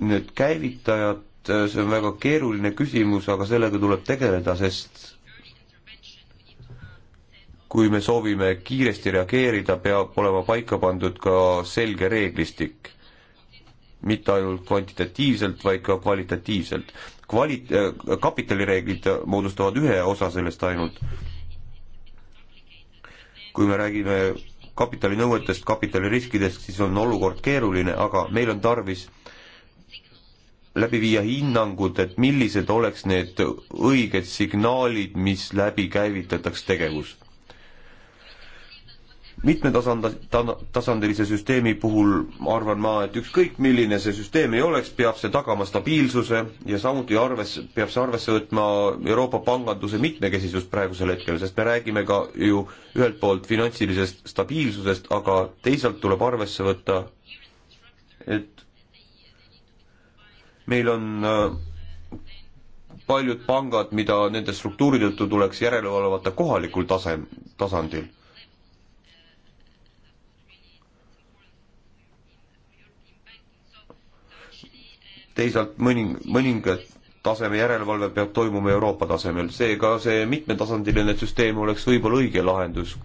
S4: Need käivitajad, see on väga keeruline küsimus, aga sellega tuleb tegeleda, sest kui me soovime kiiresti reageerida, peab olema paika pandud ka selge reeglistik mitte ainult kvantitatiivselt, vaid ka kvalitatiivselt. Kvali-, äh, kapitalireeglid moodustavad ühe osa sellest ainult. kui me räägime kapitalinõuetest, kapitaliriskidest, siis on olukord keeruline, aga meil on tarvis läbi viia hinnangud, et millised oleks need õiged signaalid, mis läbi käivitataks tegevus mitmetasandilise süsteemi puhul arvan ma, et ükskõik, milline see süsteem ei oleks, peab see tagama stabiilsuse ja samuti arves, peab see arvesse võtma Euroopa panganduse mitmekesisust praegusel hetkel, sest me räägime ka ju ühelt poolt finantsilisest stabiilsusest, aga teisalt tuleb arvesse võtta, et meil on äh, paljud pangad, mida nende struktuuri tõttu tuleks järele valvata kohalikul tasem, tasandil teisalt mõning-, mõningad taseme järelevalve peab toimuma Euroopa tasemel, seega see mitmetasandiline süsteem oleks võib-olla õige lahendus.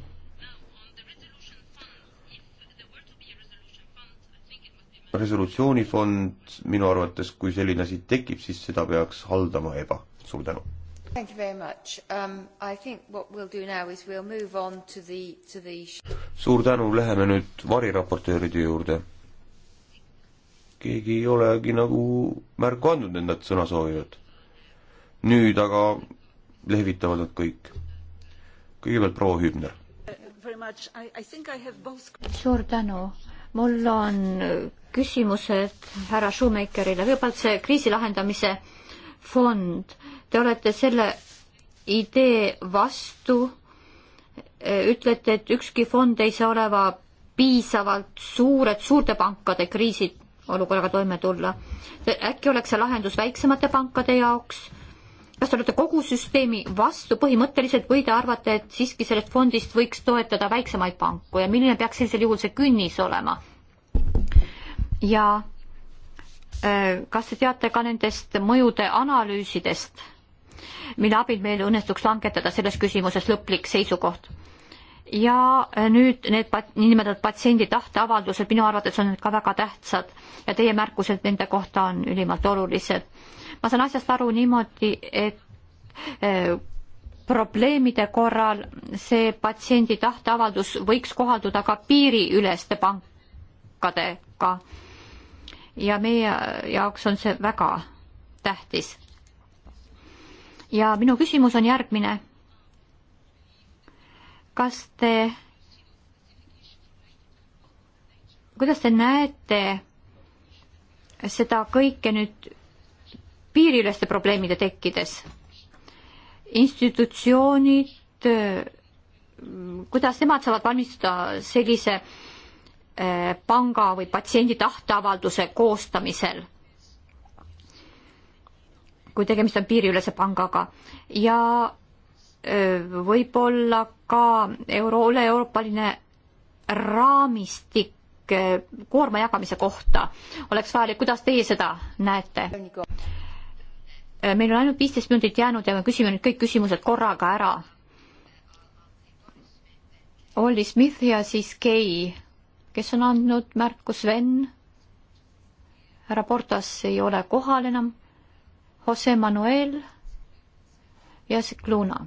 S4: resolutsioonifond minu arvates, kui selline asi tekib, siis seda peaks haldama EBA. suur tänu.
S3: Thank you very much um,. I think what we will do now is we will move on to the, to the
S4: suur tänu, läheme nüüd variraportööride juurde keegi ei olegi nagu märku andnud, et nad sõna soovivad. nüüd aga lehvitavad nad kõik. kõigepealt proua Hübner.
S2: suur
S5: tänu. mul on küsimused härra Schumacherile. kõigepealt see kriisi lahendamise fond. Te olete selle idee vastu, ütlete, et ükski fond ei saa olema piisavalt suur, et suurte pankade kriisid olukorraga toime tulla. äkki oleks see lahendus väiksemate pankade jaoks? kas te olete kogu süsteemi vastu põhimõtteliselt või te arvate, et siiski sellest fondist võiks toetada väiksemaid panku ja milline peaks sellisel juhul see künnis olema? ja äh, kas te teate ka nendest mõjude analüüsidest, mille abil meil õnnestuks langetada selles küsimuses lõplik seisukoht? ja äh, nüüd need pat-, niinimetatud patsiendi tahteavaldused minu arvates on ka väga tähtsad ja teie märkused nende kohta on ülimalt olulised. ma saan asjast aru niimoodi, et eh, probleemide korral see patsiendi tahteavaldus võiks kohalduda ka piiriüleste pankadega. ja meie jaoks on see väga tähtis. ja minu küsimus on järgmine kas te, kuidas te näete seda kõike nüüd piiriüleste probleemide tekkides? institutsioonid, kuidas nemad saavad valmistuda sellise eh, panga või patsiendi tahteavalduse koostamisel, kui tegemist on piiriülese pangaga ja võib-olla ka euro, üle-euroopaline raamistik koorma jagamise kohta oleks vajalik, kuidas teie seda näete? meil on ainult viisteist minutit jäänud ja me küsime nüüd kõik küsimused korraga ära. Olli Smith ja siis Kei, kes on andnud märku Sven. härra Portas ei ole kohal enam. Jose Manuel ja Cicluna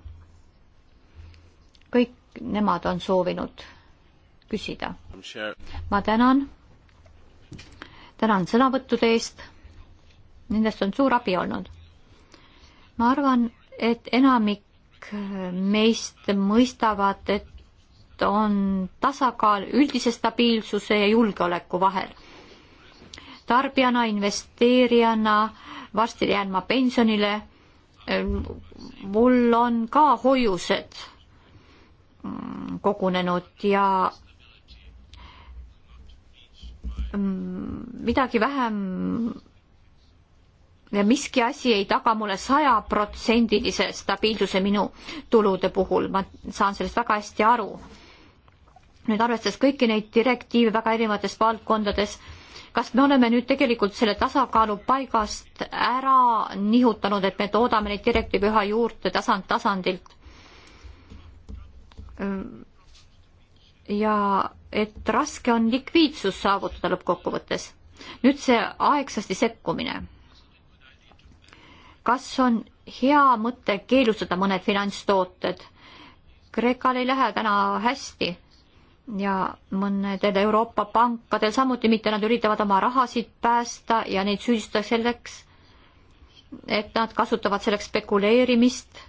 S5: kõik nemad on soovinud küsida. ma tänan, tänan sõnavõttude eest. Nendest on suur abi olnud. ma arvan, et enamik meist mõistavad, et on tasakaal üldise stabiilsuse ja julgeoleku vahel. tarbijana, investeerijana, varsti jään ma pensionile. mul on ka hoiused kogunenud ja mm, midagi vähem ja miski asi ei taga mulle sajaprotsendilise stabiilsuse minu tulude puhul, ma saan sellest väga hästi aru. nüüd arvestades kõiki neid direktiive väga erinevates valdkondades, kas me oleme nüüd tegelikult selle tasakaalu paigast ära nihutanud, et me toodame neid direktiive üha juurde tasand tasandilt? ja et raske on likviidsus saavutada lõppkokkuvõttes. nüüd see aegsasti sekkumine. kas on hea mõte keelustada mõned finantstooted? Kreekal ei lähe täna hästi ja mõnedel Euroopa pankadel samuti mitte, nad üritavad oma rahasid päästa ja neid süüdistatakse selleks, et nad kasutavad selleks spekuleerimist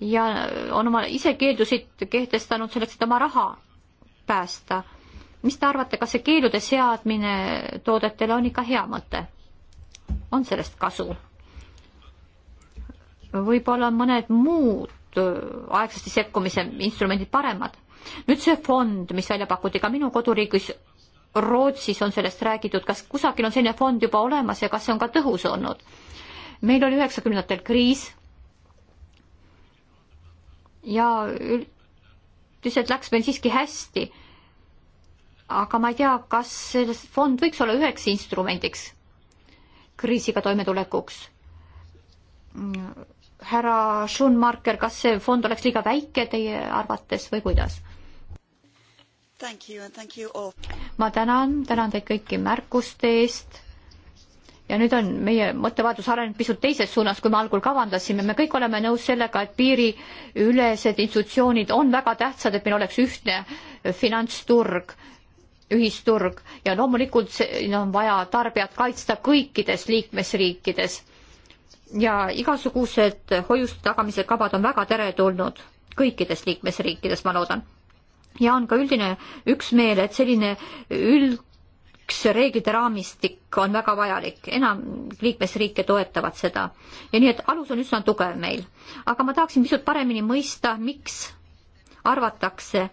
S5: ja on oma ise keeldusid kehtestanud selleks, et oma raha päästa. mis te arvate, kas see keelude seadmine toodetele on ikka hea mõte? on sellest kasu? võib-olla mõned muud äh, aegsasti sekkumise instrumendid paremad. nüüd see fond, mis välja pakuti ka minu koduriigis Rootsis on sellest räägitud, kas kusagil on selline fond juba olemas ja kas see on ka tõhus olnud? meil oli üheksakümnendatel kriis ja üldiselt läks meil siiski hästi. aga ma ei tea, kas selles fond võiks olla üheks instrumendiks kriisiga toimetulekuks. härra Schunmarker, kas see fond oleks liiga väike teie arvates või kuidas? ma tänan, tänan teid kõiki märkuste eest ja nüüd on meie mõttevahetus arenenud pisut teises suunas, kui me algul kavandasime, me kõik oleme nõus sellega, et piiriülesed institutsioonid on väga tähtsad, et meil oleks ühtne finantsturg, ühisturg ja loomulikult siin on vaja tarbijat kaitsta kõikides liikmesriikides. ja igasugused hoiuste tagamise kavad on väga teretulnud kõikides liikmesriikides, ma loodan ja on ka üldine üksmeel, et selline üld üks reeglite raamistik on väga vajalik, enam liikmesriike toetavad seda. ja nii, et alus on üsna tugev meil. aga ma tahaksin pisut paremini mõista, miks arvatakse,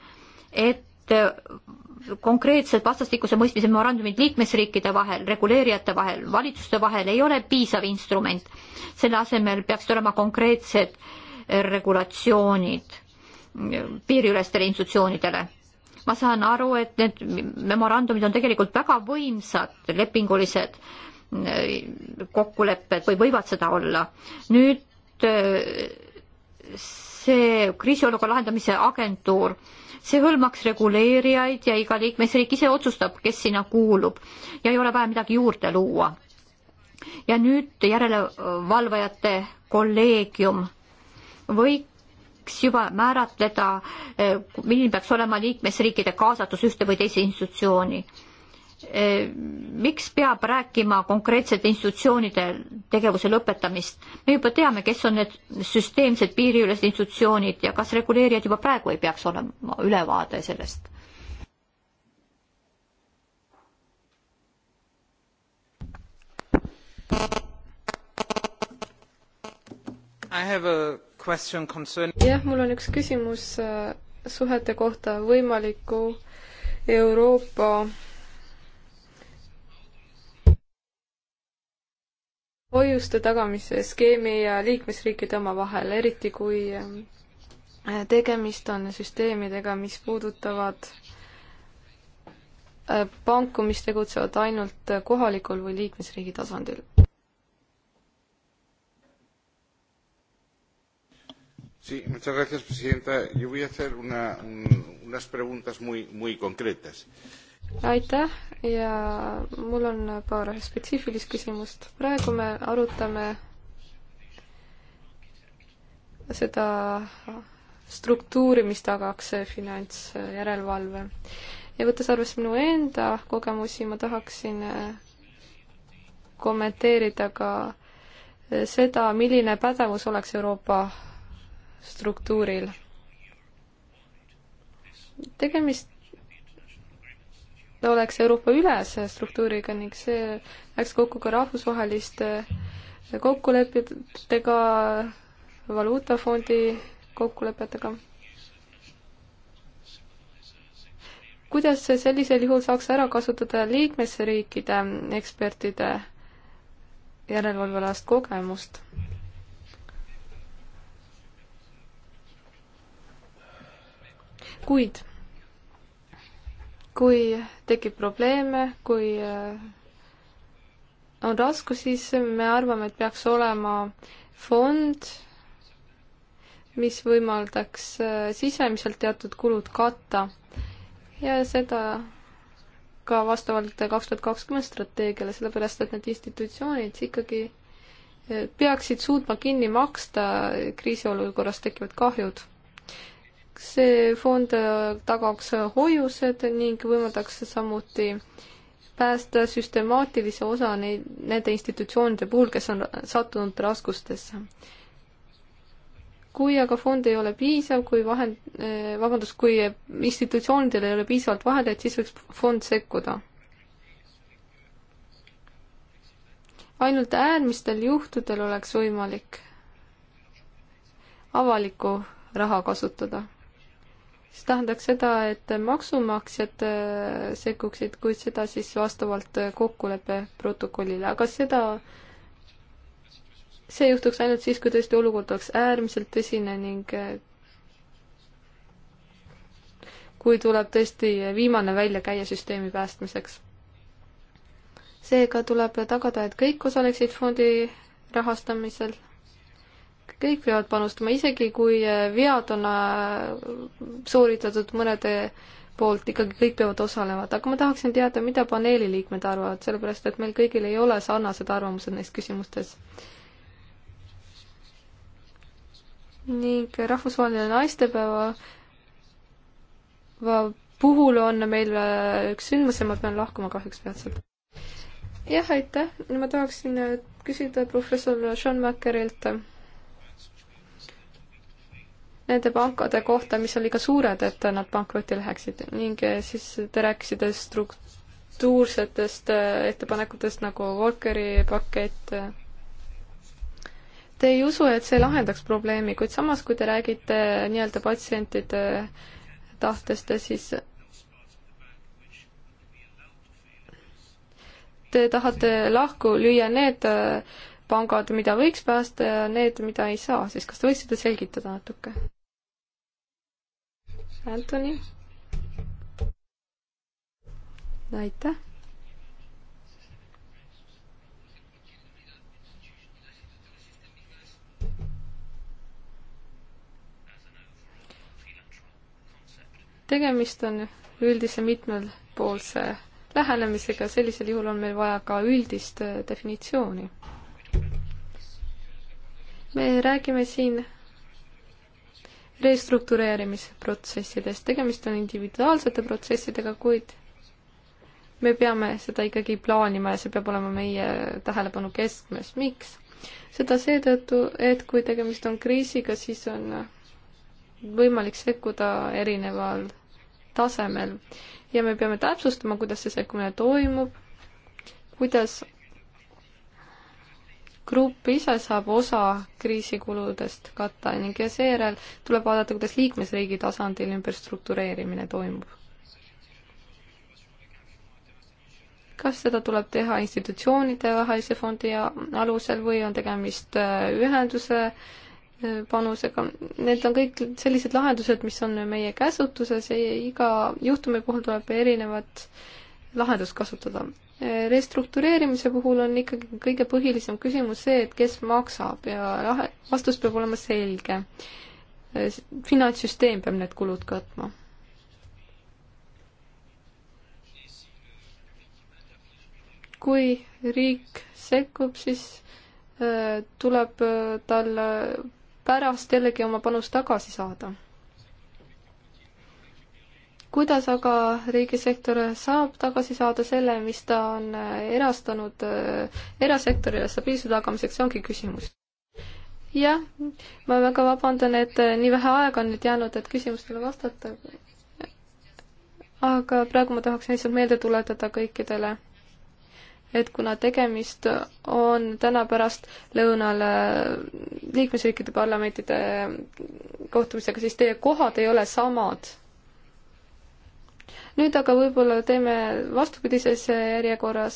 S5: et konkreetsed vastastikuse mõistmise memorandumid liikmesriikide vahel, reguleerijate vahel, valitsuste vahel ei ole piisav instrument. selle asemel peaksid olema konkreetsed regulatsioonid piiriülestele institutsioonidele ma saan aru, et need memorandumid on tegelikult väga võimsad lepingulised äh, kokkulepped või võivad seda olla. nüüd äh, see kriisiolukorra lahendamise agentuur, see hõlmaks reguleerijaid ja iga liikmesriik ise otsustab, kes sinna kuulub ja ei ole vaja midagi juurde luua. ja nüüd järelevalvajate kolleegium võiks võiks juba määratleda, milline peaks olema liikmesriikide kaasatus ühte või teise institutsiooni. miks peab rääkima konkreetsete institutsioonide tegevuse lõpetamist? me juba teame, kes on need süsteemsed piiriülesed institutsioonid ja kas reguleerijad juba praegu ei peaks olema ülevaade sellest?
S2: I have a jah,
S1: mul on üks küsimus äh, suhete kohta võimaliku Euroopa hoiuste tagamise skeemi ja liikmesriikide oma vahel, eriti kui äh, tegemist on süsteemidega, mis puudutavad äh, panku, mis tegutsevad ainult kohalikul või liikmesriigi tasandil.
S4: Sí, muchas gracias, presidenta. Yo voy a hacer una, un, unas preguntas muy, muy concretas.
S1: aitäh ja mul on paar spetsiifilist küsimust. praegu me arutame seda struktuuri, mis tagaks finantsjärelevalve. ja võttes arvesse minu enda kogemusi, ma tahaksin kommenteerida ka seda, milline pädevus oleks Euroopa struktuuril. tegemist oleks Euroopa-ülese struktuuriga ning see läks kokku ka rahvusvaheliste kokkulepetega, valuutafondi kokkulepetega. kuidas sellisel juhul saaks ära kasutada liikmesriikide ekspertide järelevalvealast kogemust? kuid kui tekib probleeme, kui äh, on raskusi, siis me arvame, et peaks olema fond, mis võimaldaks äh, sisemiselt teatud kulud katta ja seda ka vastavalt kaks tuhat kakskümmend strateegiale, sellepärast et need institutsioonid ikkagi äh, peaksid suutma kinni maksta kriisiolukorras tekkivad kahjud see fond äh, tagaks hoiused ning võimaldaks samuti päästa süstemaatilise osa neid, nende institutsioonide puhul, kes on sattunud raskustesse. kui aga fond ei ole piisav, kui vahend, äh, vabandust, kui institutsioonidel ei ole piisavalt vahendeid, siis võiks fond sekkuda. ainult äärmistel juhtudel oleks võimalik avalikku raha kasutada siis tähendaks seda, et maksumaksjad äh, sekkuksid, kuid seda siis vastavalt äh, kokkuleppe protokollile, aga seda, see juhtuks ainult siis, kui tõesti olukord oleks äärmiselt tõsine ning äh, kui tuleb tõesti viimane välja käia süsteemi päästmiseks. seega tuleb tagada, et kõik osaleksid fondi rahastamisel kõik peavad panustama, isegi kui äh, vead on äh, sooritatud mõnede poolt, ikkagi kõik peavad osalema, aga ma tahaksin teada, mida paneeli liikmed arvavad, sellepärast et meil kõigil ei ole sarnased arvamused neis küsimustes. ning rahvusvaheline naistepäeva puhul on meil äh, üks sündmus ja ma pean lahkuma kahjuks peatselt. jah, aitäh, ma tahaksin küsida professor Sean Mackerilt nende pankade kohta, mis on liiga suured, et nad pankrotti läheksid ning eh, siis te rääkisite struktuursetest eh, ettepanekutest nagu Walkeri pakett. Te ei usu, et see lahendaks probleemi, kuid samas, kui te räägite eh, nii-öelda patsientide tahtest, siis te tahate lahku lüüa need pangad, mida võiks päästa ja need, mida ei saa, siis kas te võiksite selgitada natuke? Antoni. aitäh. tegemist on üldise mitmepoolse lähenemisega, sellisel juhul on meil vaja ka üldist definitsiooni. me räägime siin restruktureerimisprotsessidest, tegemist on individuaalsete protsessidega, kuid me peame seda ikkagi plaanima ja see peab olema meie tähelepanu keskmes, miks? seda seetõttu, et kui tegemist on kriisiga, siis on võimalik sekkuda erineval tasemel ja me peame täpsustama, kuidas see sekkumine toimub, kuidas grupp ise saab osa kriisikuludest katta ning ja seejärel tuleb vaadata, kuidas liikmesriigi tasandil ümberstruktureerimine toimub. kas seda tuleb teha institutsioonide vahelise fondi alusel või on tegemist äh, ühenduse äh, panusega, need on kõik sellised lahendused, mis on meie käsutuses ja iga juhtumi puhul tuleb erinevat lahendust kasutada restruktureerimise puhul on ikkagi kõige põhilisem küsimus see, et kes maksab ja vastus peab olema selge. finantssüsteem peab need kulud katma. kui riik sekkub, siis äh, tuleb äh, tal pärast jällegi oma panus tagasi saada kuidas aga riigisektor saab tagasi saada selle, mis ta on erastanud äh, erasektorile stabiilsuse tagamiseks, see ongi küsimus. jah, ma väga vabandan, et äh, nii vähe aega on nüüd jäänud, et küsimustele vastata. aga praegu ma tahaks lihtsalt meelde tuletada kõikidele, et kuna tegemist on täna pärast lõunal äh, liikmesriikide parlamentide kohtumisega, siis teie kohad ei ole samad nüüd aga võib-olla teeme vastupidises järjekorras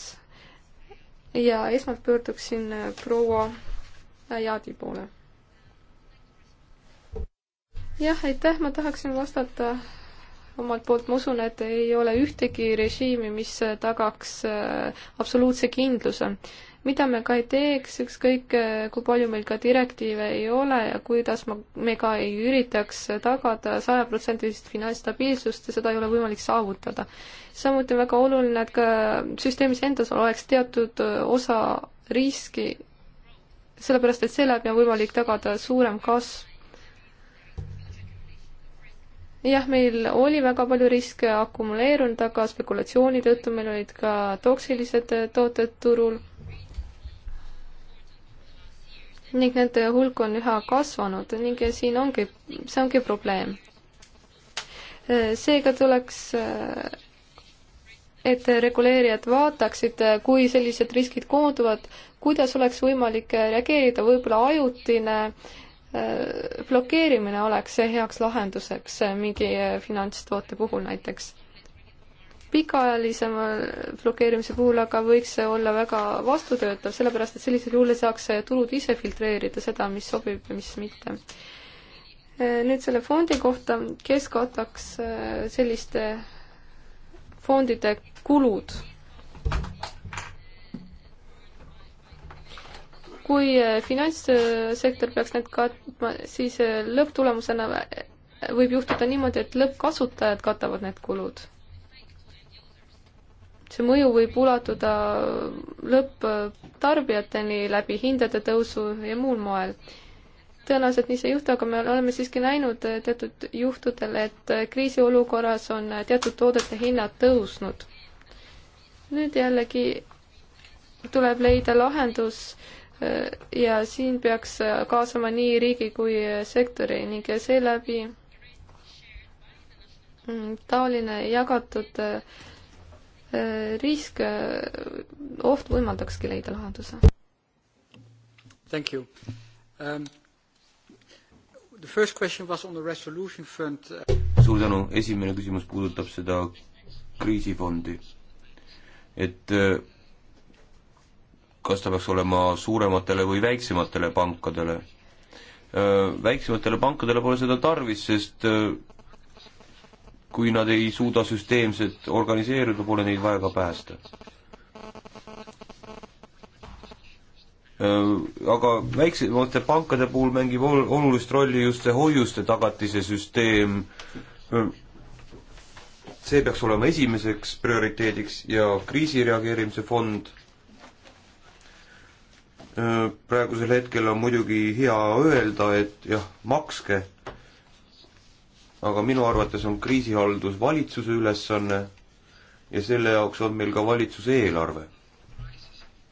S1: ja esmalt pöörduksin äh, proua Jaadi poole. jah, aitäh, ma tahaksin vastata omalt poolt ma usun, et ei ole ühtegi režiimi, mis tagaks äh, absoluutse kindluse mida me ka ei teeks, ükskõik äh, kui palju meil ka direktiive ei ole ja kuidas ma, me ka ei üritaks tagada sajaprotsendilist finantsstabiilsust ja seda ei ole võimalik saavutada. samuti on väga oluline, et ka süsteemis endas oleks teatud äh, osa riski, sellepärast et seeläbi on võimalik tagada suurem kasv jah, meil oli väga palju riske akumuleerunud, aga spekulatsiooni tõttu meil olid ka toksilised äh, tooted turul ning nende hulk on üha kasvanud ning siin ongi, see ongi probleem. seega tuleks, et reguleerijad vaataksid, kui sellised riskid koonduvad, kuidas oleks võimalik reageerida, võib-olla ajutine äh, blokeerimine oleks heaks lahenduseks mingi finantstoote puhul näiteks pikaajalisema blokeerimise puhul aga võiks see olla väga vastutöötav, sellepärast et sellisel juhul saaks turud ise filtreerida seda, mis sobib ja mis mitte. nüüd selle fondi kohta, kes kataks äh, selliste fondide kulud? kui äh, finantssektor peaks need katma, siis äh, lõpptulemusena võib juhtuda niimoodi, et lõppkasutajad katavad need kulud see mõju võib ulatuda lõpptarbijateni läbi hindade tõusu ja muul moel. tõenäoliselt nii see ei juhtu, aga me oleme siiski näinud teatud juhtudel, et kriisiolukorras on teatud toodete hinnad tõusnud. nüüd jällegi tuleb leida lahendus eh, ja siin peaks kaasama nii riigi kui sektori ning seeläbi mm, taoline jagatud äh, risk, oht võimaldakski leida lahenduse.
S2: Thank you um,. The first question was on the resolution fund.
S4: suur tänu, esimene küsimus puudutab seda kriisifondi. et eh, kas ta peaks olema suurematele või väiksematele pankadele? Eh, väiksematele pankadele pole seda tarvis, sest eh, kui nad ei suuda süsteemselt organiseeruda, pole neid vaja ka päästa. Äh, aga väiksemate pankade puhul mängib ol olulist rolli just see hoiuste tagatise süsteem. Äh, see peaks olema esimeseks prioriteediks ja kriisireageerimise fond. Äh, praegusel hetkel on muidugi hea öelda, et jah, makske aga minu arvates on kriisihaldus valitsuse ülesanne ja selle jaoks on meil ka valitsuse eelarve